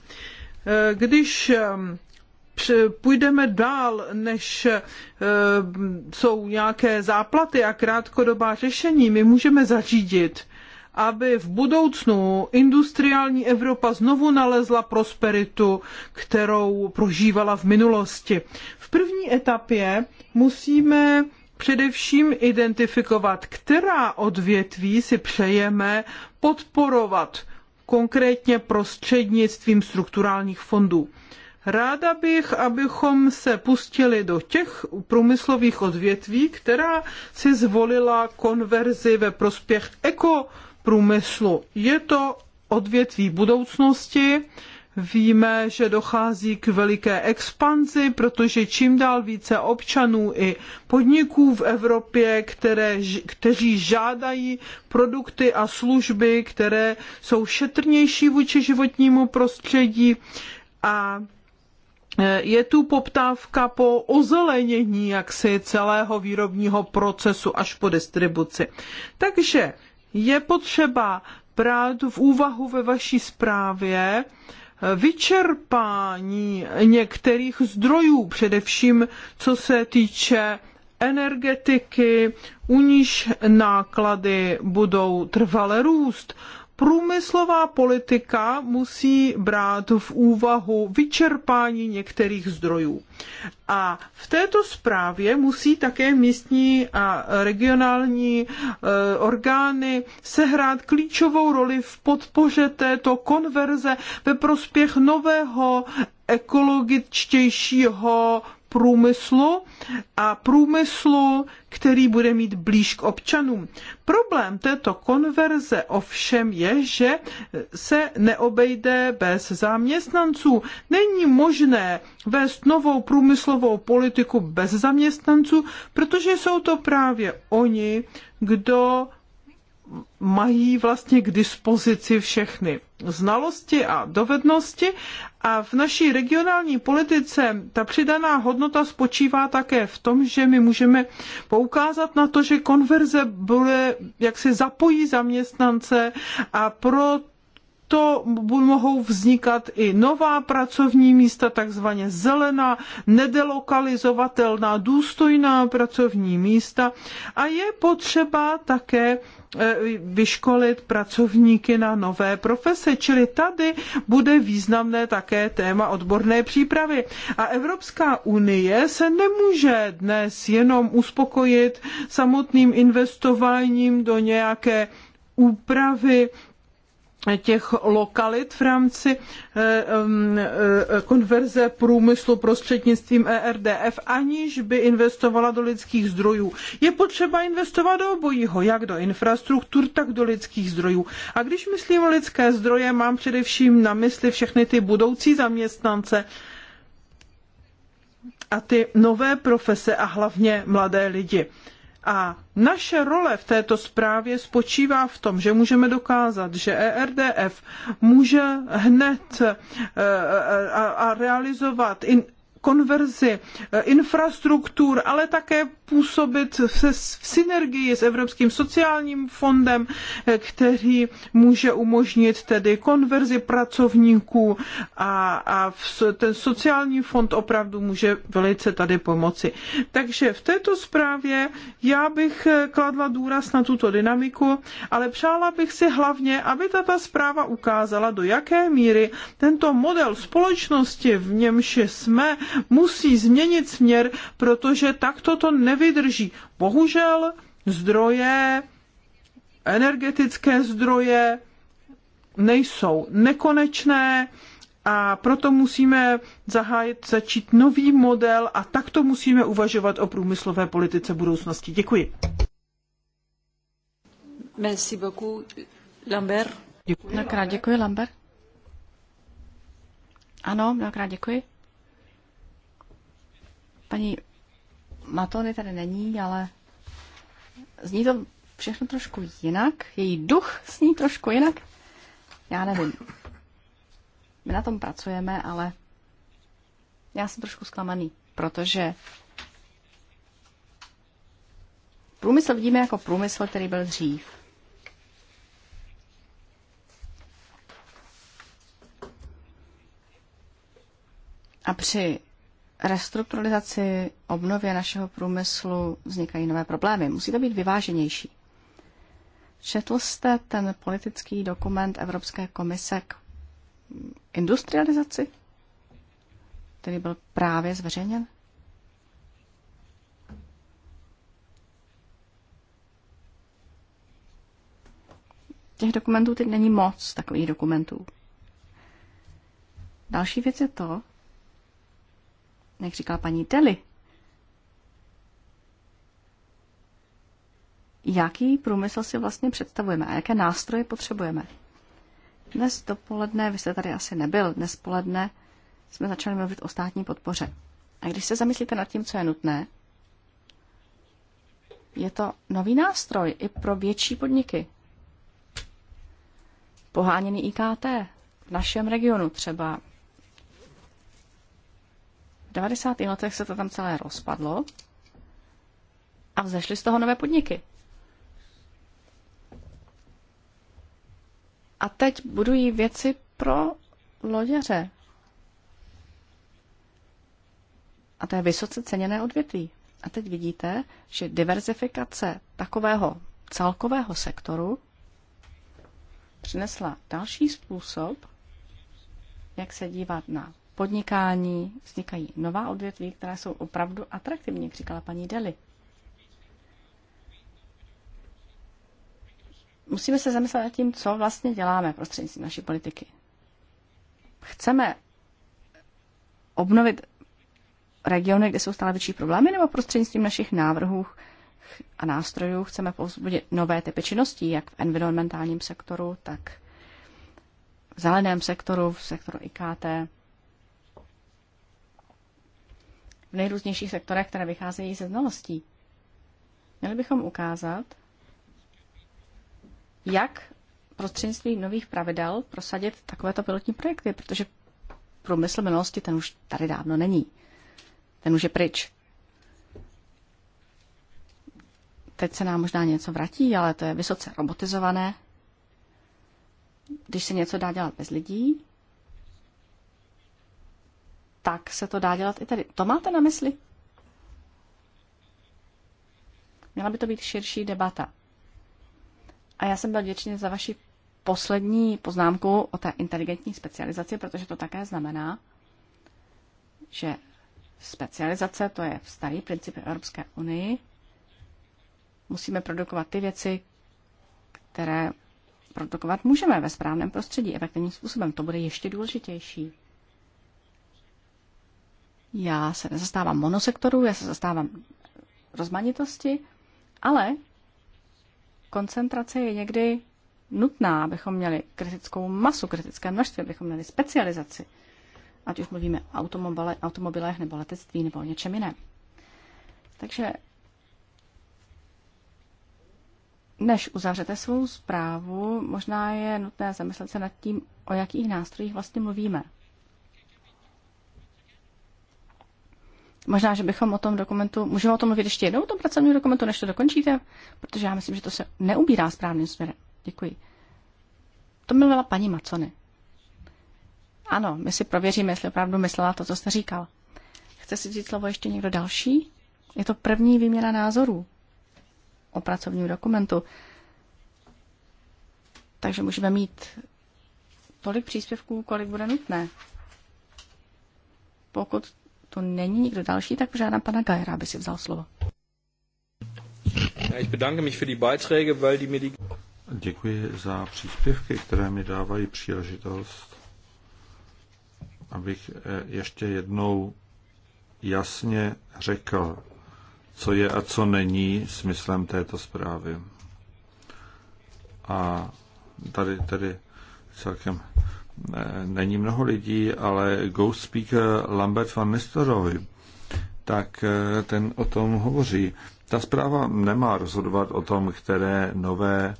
Eh, když ehm, půjdeme dál, než eh, jsou nějaké záplaty a krátkodobá řešení, my můžeme zařídit, aby v budoucnu industriální Evropa znovu nalezla prosperitu, kterou prožívala v minulosti. V první etapě musíme především identifikovat, která odvětví si přejeme podporovat konkrétně prostřednictvím strukturálních fondů. Ráda bych, abychom se pustili do těch průmyslových odvětví, která si zvolila konverzi ve prospěch ekoprůmyslu. Je to odvětví budoucnosti, Víme, že dochází k veliké expanzi, protože čím dál více občanů i podniků v Evropě, které, kteří žádají produkty a služby, které jsou šetrnější vůči životnímu prostředí a e, je tu poptávka po ozelenění jaksi celého výrobního procesu až po distribuci. Takže je potřeba brát v úvahu ve vaší zprávě, vyčerpání některých zdrojů, především co se týče energetiky, u níž náklady budou trvale růst. Průmyslová politika musí brát v úvahu vyčerpání některých zdrojů. A v této zprávě musí také místní a regionální e, orgány sehrát klíčovou roli v podpoře této konverze ve prospěch nového ekologičtějšího průmyslu a průmyslu, který bude mít blíž k občanům. Problém této konverze ovšem je, že se neobejde bez zaměstnanců. Není možné vést novou průmyslovou politiku bez zaměstnanců, protože jsou to právě oni, kdo mají vlastně k dispozici všechny znalosti a dovednosti a v naší regionální politice ta přidaná hodnota spočívá také v tom, že my můžeme poukázat na to, že konverze bude, jak se zapojí zaměstnance a pro to mohou vznikat i nová pracovní místa, takzvaně zelená, nedelokalizovatelná, důstojná pracovní místa a je potřeba také e, vyškolit pracovníky na nové profese, čili tady bude významné také téma odborné přípravy. A Evropská unie se nemůže dnes jenom uspokojit samotným investováním do nějaké úpravy těch lokalit v rámci eh, eh, konverze průmyslu prostřednictvím ERDF, aniž by investovala do lidských zdrojů. Je potřeba investovat do obojího, jak do infrastruktur, tak do lidských zdrojů. A když myslím o lidské zdroje, mám především na mysli všechny ty budoucí zaměstnance a ty nové profese a hlavně mladé lidi. A naše role v této zprávě spočívá v tom, že můžeme dokázat, že ERDF může hned eh, eh, eh, a, realizovat konverzi eh, infrastruktur, ale také působit se, v synergii s Evropským sociálním fondem, eh, který může umožnit tedy konverzi pracovníků a, a ten sociální fond opravdu může velice tady pomoci. Takže v této zprávě já bych eh, kladla důraz na tuto dynamiku, ale přála bych si hlavně, aby tato zpráva ukázala, do jaké míry tento model společnosti, v němž jsme musí změnit směr, protože takto to nevydrží. Bohužel zdroje, energetické zdroje nejsou nekonečné, a proto musíme zahájit, začít nový model a takto musíme uvažovat o průmyslové politice budoucnosti. Děkuji. Merci beaucoup, Lambert. Děkuji. Lambert. Ano, mnohokrát děkuji. Paní Matony tady není, ale zní to všechno trošku jinak. Její duch zní trošku jinak. Já nevím. My na tom pracujeme, ale já jsem trošku zklamaný, protože průmysl vidíme jako průmysl, který byl dřív. A při restrukturalizaci, obnově našeho průmyslu vznikají nové problémy. Musí to být vyváženější. Četl jste ten politický dokument Evropské komise k industrializaci, který byl právě zveřejněn? Těch dokumentů teď není moc, takových dokumentů. Další věc je to, jak říkala paní Deli, jaký průmysl si vlastně představujeme a jaké nástroje potřebujeme. Dnes dopoledne, vy jste tady asi nebyl, dnes poledne jsme začali mluvit o státní podpoře. A když se zamyslíte nad tím, co je nutné, je to nový nástroj i pro větší podniky. Poháněný IKT v našem regionu třeba 90. letech se to tam celé rozpadlo a vzešly z toho nové podniky. A teď budují věci pro loděře. A to je vysoce ceněné odvětví. A teď vidíte, že diverzifikace takového celkového sektoru přinesla další způsob, jak se dívat na podnikání vznikají nová odvětví, která jsou opravdu atraktivní, jak říkala paní Deli. Musíme se zamyslet nad tím, co vlastně děláme prostřednictvím naší politiky. Chceme obnovit regiony, kde jsou stále větší problémy, nebo prostřednictvím našich návrhů a nástrojů chceme povzbudit nové typy činností, jak v environmentálním sektoru, tak v zeleném sektoru, v sektoru IKT, v nejrůznějších sektorech, které vycházejí ze znalostí. Měli bychom ukázat, jak prostřednictvím nových pravidel prosadit takovéto pilotní projekty, protože průmysl minulosti ten už tady dávno není. Ten už je pryč. Teď se nám možná něco vrátí, ale to je vysoce robotizované. Když se něco dá dělat bez lidí, tak se to dá dělat i tady. To máte na mysli? Měla by to být širší debata. A já jsem byl vděčný za vaši poslední poznámku o té inteligentní specializaci, protože to také znamená, že specializace, to je starý princip Evropské unii, musíme produkovat ty věci, které produkovat můžeme ve správném prostředí, efektivním způsobem. To bude ještě důležitější. Já se nezastávám monosektoru, já se zastávám rozmanitosti, ale koncentrace je někdy nutná, abychom měli kritickou masu, kritické množství, abychom měli specializaci. Ať už mluvíme o automobile, automobilech nebo letectví nebo o něčem jiném. Takže než uzavřete svou zprávu, možná je nutné zamyslet se nad tím, o jakých nástrojích vlastně mluvíme. Možná, že bychom o tom dokumentu, můžeme o tom mluvit ještě jednou, o tom pracovním dokumentu, než to dokončíte, protože já myslím, že to se neubírá správným směrem. Děkuji. To mluvila paní Macony. Ano, my si prověříme, jestli opravdu myslela to, co jste říkal. Chce si vzít slovo ještě někdo další? Je to první výměna názorů o pracovním dokumentu. Takže můžeme mít tolik příspěvků, kolik bude nutné. Pokud tu není nikdo další, tak požádám pana Gajera, aby si vzal slovo. Děkuji za příspěvky, které mi dávají příležitost, abych eh, ještě jednou jasně řekl, co je a co není smyslem této zprávy. A tady, tady celkem není mnoho lidí, ale ghost speaker Lambert van Nistelrooy, tak eh, ten o tom hovoří. Ta zpráva nemá rozhodovat o tom, které nové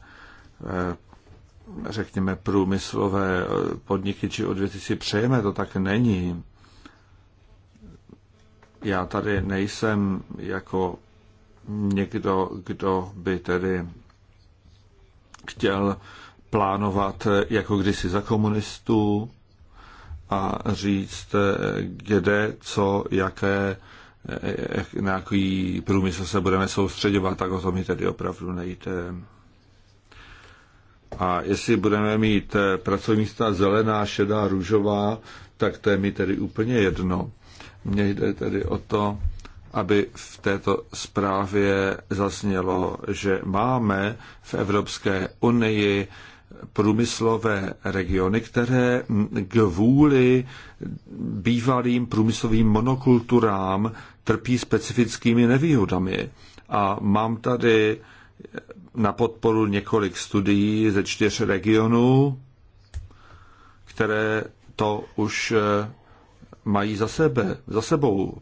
eh, řekněme, průmyslové eh, podniky či odvěty si přejeme, to tak není. Já tady nejsem jako někdo, kdo by tedy chtěl plánovat eh, jako kdysi za komunistů a říct, eh, kde, co, jaké, eh, na jaký průmysl se budeme soustředovat, tak o to mi tedy opravdu nejde. A jestli budeme mít pracovní místa zelená, šedá, růžová, tak to je mi tedy úplně jedno. Mně jde tedy o to, aby v této zprávě zasnělo, že máme v Evropské unii průmyslové regiony, které kvůli bývalým průmyslovým monokulturám trpí specifickými nevýhodami. A mám tady na podporu několik studií ze čtyř regionů, které to už eh, mají za, sebe, za sebou.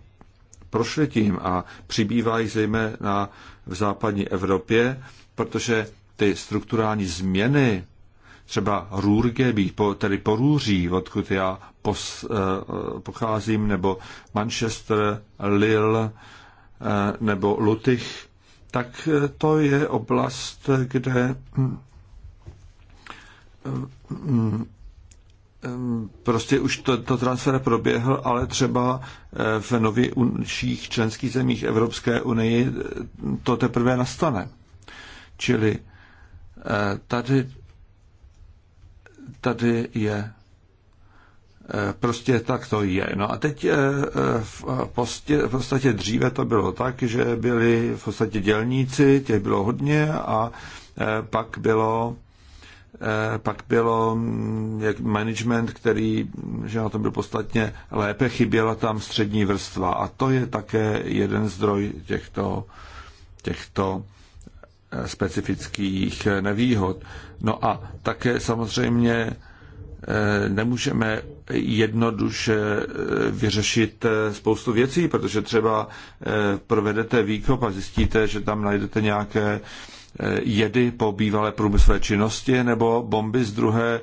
Prošli tím a přibývají zejména v západní Evropě, protože ty strukturální změny třeba Růrgebí, po, tedy Porůří, odkud já pos, eh, pocházím, nebo Manchester, Lille, eh, nebo Lutych, tak eh, to je oblast, kde hm, hm, hm, prostě už to, to transfer proběhl, ale třeba eh, v novějších členských zemích Evropské unii eh, to teprve nastane. Čili tady tady je eh, prostě tak to je. No a teď eh, eh, v podstatě dříve to bylo tak, že byli v podstatě dělníci, těch bylo hodně a pak bylo pak bylo mm, jak management, který, že na tom byl podstatně lépe, chyběla tam střední vrstva a to je také jeden zdroj těchto, těchto specifických nevýhod. No a také samozřejmě eh, nemůžeme jednoduše eh, vyřešit eh, spoustu věcí, protože třeba provedete výkop a zjistíte, že tam najdete nějaké jedy po bývalé průmyslové činnosti nebo bomby z druhé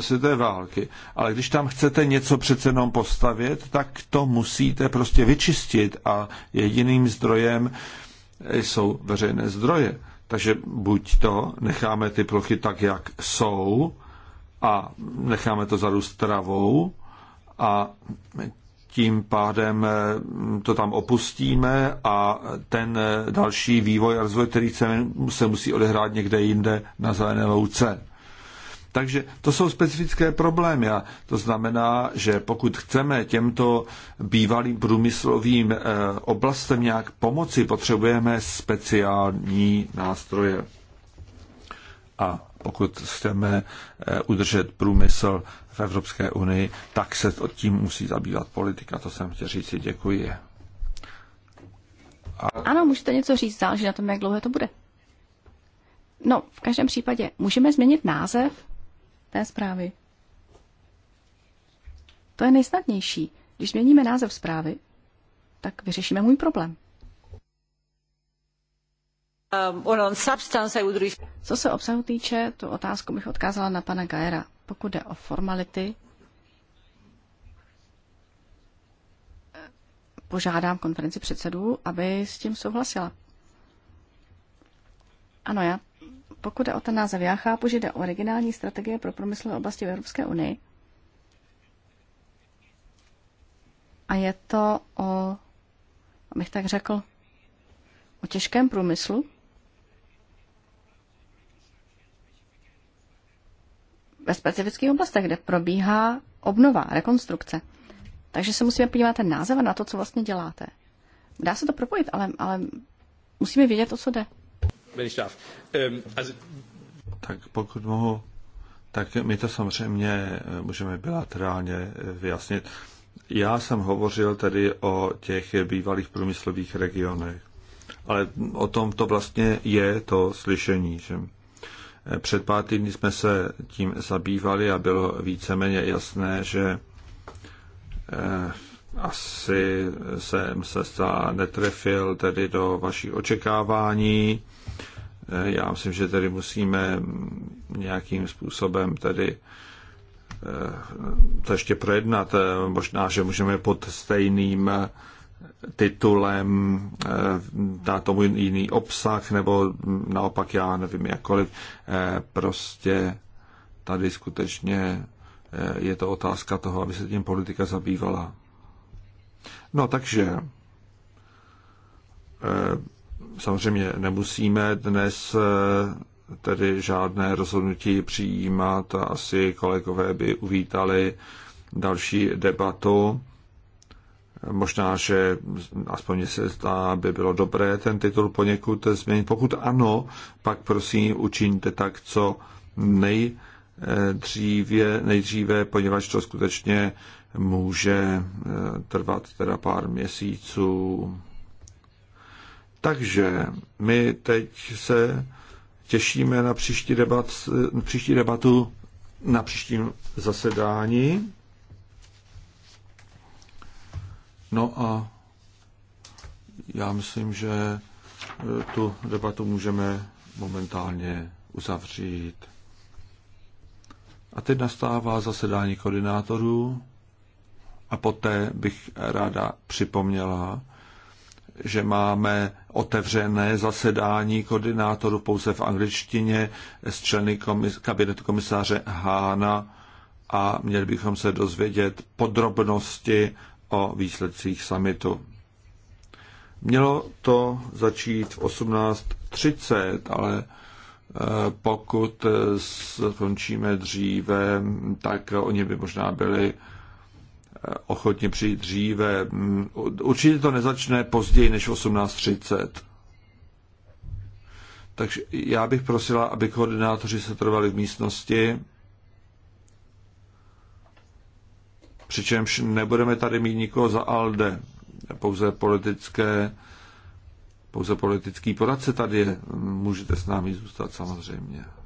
světové války. Ale když tam chcete něco přece jenom postavit, tak to musíte prostě vyčistit a jediným zdrojem jsou veřejné zdroje. Takže buď to necháme ty plochy tak, jak jsou, a necháme to zarůst travou a tím pádem eh, to tam opustíme a ten eh, další vývoj a rozvoj, který se, se musí odehrát někde jinde na zelené louce. Takže to jsou specifické problémy a to znamená, že pokud chceme těmto bývalým průmyslovým eh, oblastem nějak pomoci, potřebujeme speciální nástroje. A pokud chceme eh, udržet průmysl v Evropské unii, tak se tím musí zabývat politika. To jsem chtěl říct. Děkuji. A... Ano, můžete něco říct, záleží na tom, jak dlouho to bude. No, v každém případě, můžeme změnit název? té zprávy. To je nejsnadnější. Když změníme název zprávy, tak vyřešíme můj problém. Um, Co se obsahu týče, tu otázku bych odkázala na pana Gajera. Pokud jde o formality, požádám konferenci předsedů, aby s tím souhlasila. Ano, já pokud jde o ten název, já chápu, že jde o originální strategie pro průmyslové oblasti v Evropské unii. A je to o, abych tak řekl, o těžkém průmyslu. Ve specifických oblastech, kde probíhá obnova, rekonstrukce. Takže se musíme podívat ten název a na to, co vlastně děláte. Dá se to propojit, ale, ale musíme vědět, o co jde wenn ich darf. Ähm, also... Tak pokud mohu, tak my to samozřejmě eh, můžeme bilaterálně eh, vyjasnit. Já jsem hovořil tedy o těch bývalých průmyslových regionech, ale o tom to vlastně je to slyšení, že eh, před pár týdny jsme se tím zabývali a bylo víceméně jasné, že asi jsem se zcela netrefil tedy do vašich očekávání. Eh, já myslím, že tady musíme nějakým způsobem tady eh, to ještě projednat. Eh, možná, že můžeme pod stejným titulem dát tomu jiný obsah, nebo naopak já nevím, jakkoliv. Prostě tady skutečně je to otázka toho, aby se tím politika zabývala. No takže Samozřejmě nemusíme dnes eh, tedy žádné rozhodnutí přijímat a asi kolegové by uvítali další debatu. Možná, že aspoň se zdá, by bylo dobré ten titul poněkud změnit. Pokud ano, pak prosím učiňte tak, co nejdříve, nejdříve poněvadž to skutečně může eh, trvat teda pár měsíců, takže my teď se těšíme na příští, debat, na příští debatu na příštím zasedání. No a já myslím, že eh, tu debatu můžeme momentálně uzavřít. A teď nastává zasedání koordinátorů a poté bych ráda připomněla, že máme otevřené zasedání koordinátorů pouze v angličtině s členy komis- kabinetu komisáře Hána a měli bychom se dozvědět podrobnosti o výsledcích summitu. Mělo to začít v 18.30, ale eh, pokud eh, skončíme dříve, tak oni by možná byli ochotně přijít dříve. Určitě to nezačne později než 18.30. Takže já bych prosila, aby koordinátoři se trvali v místnosti, přičemž nebudeme tady mít nikoho za ALDE, pouze politické pouze politický poradce tady je, můžete s námi zůstat samozřejmě.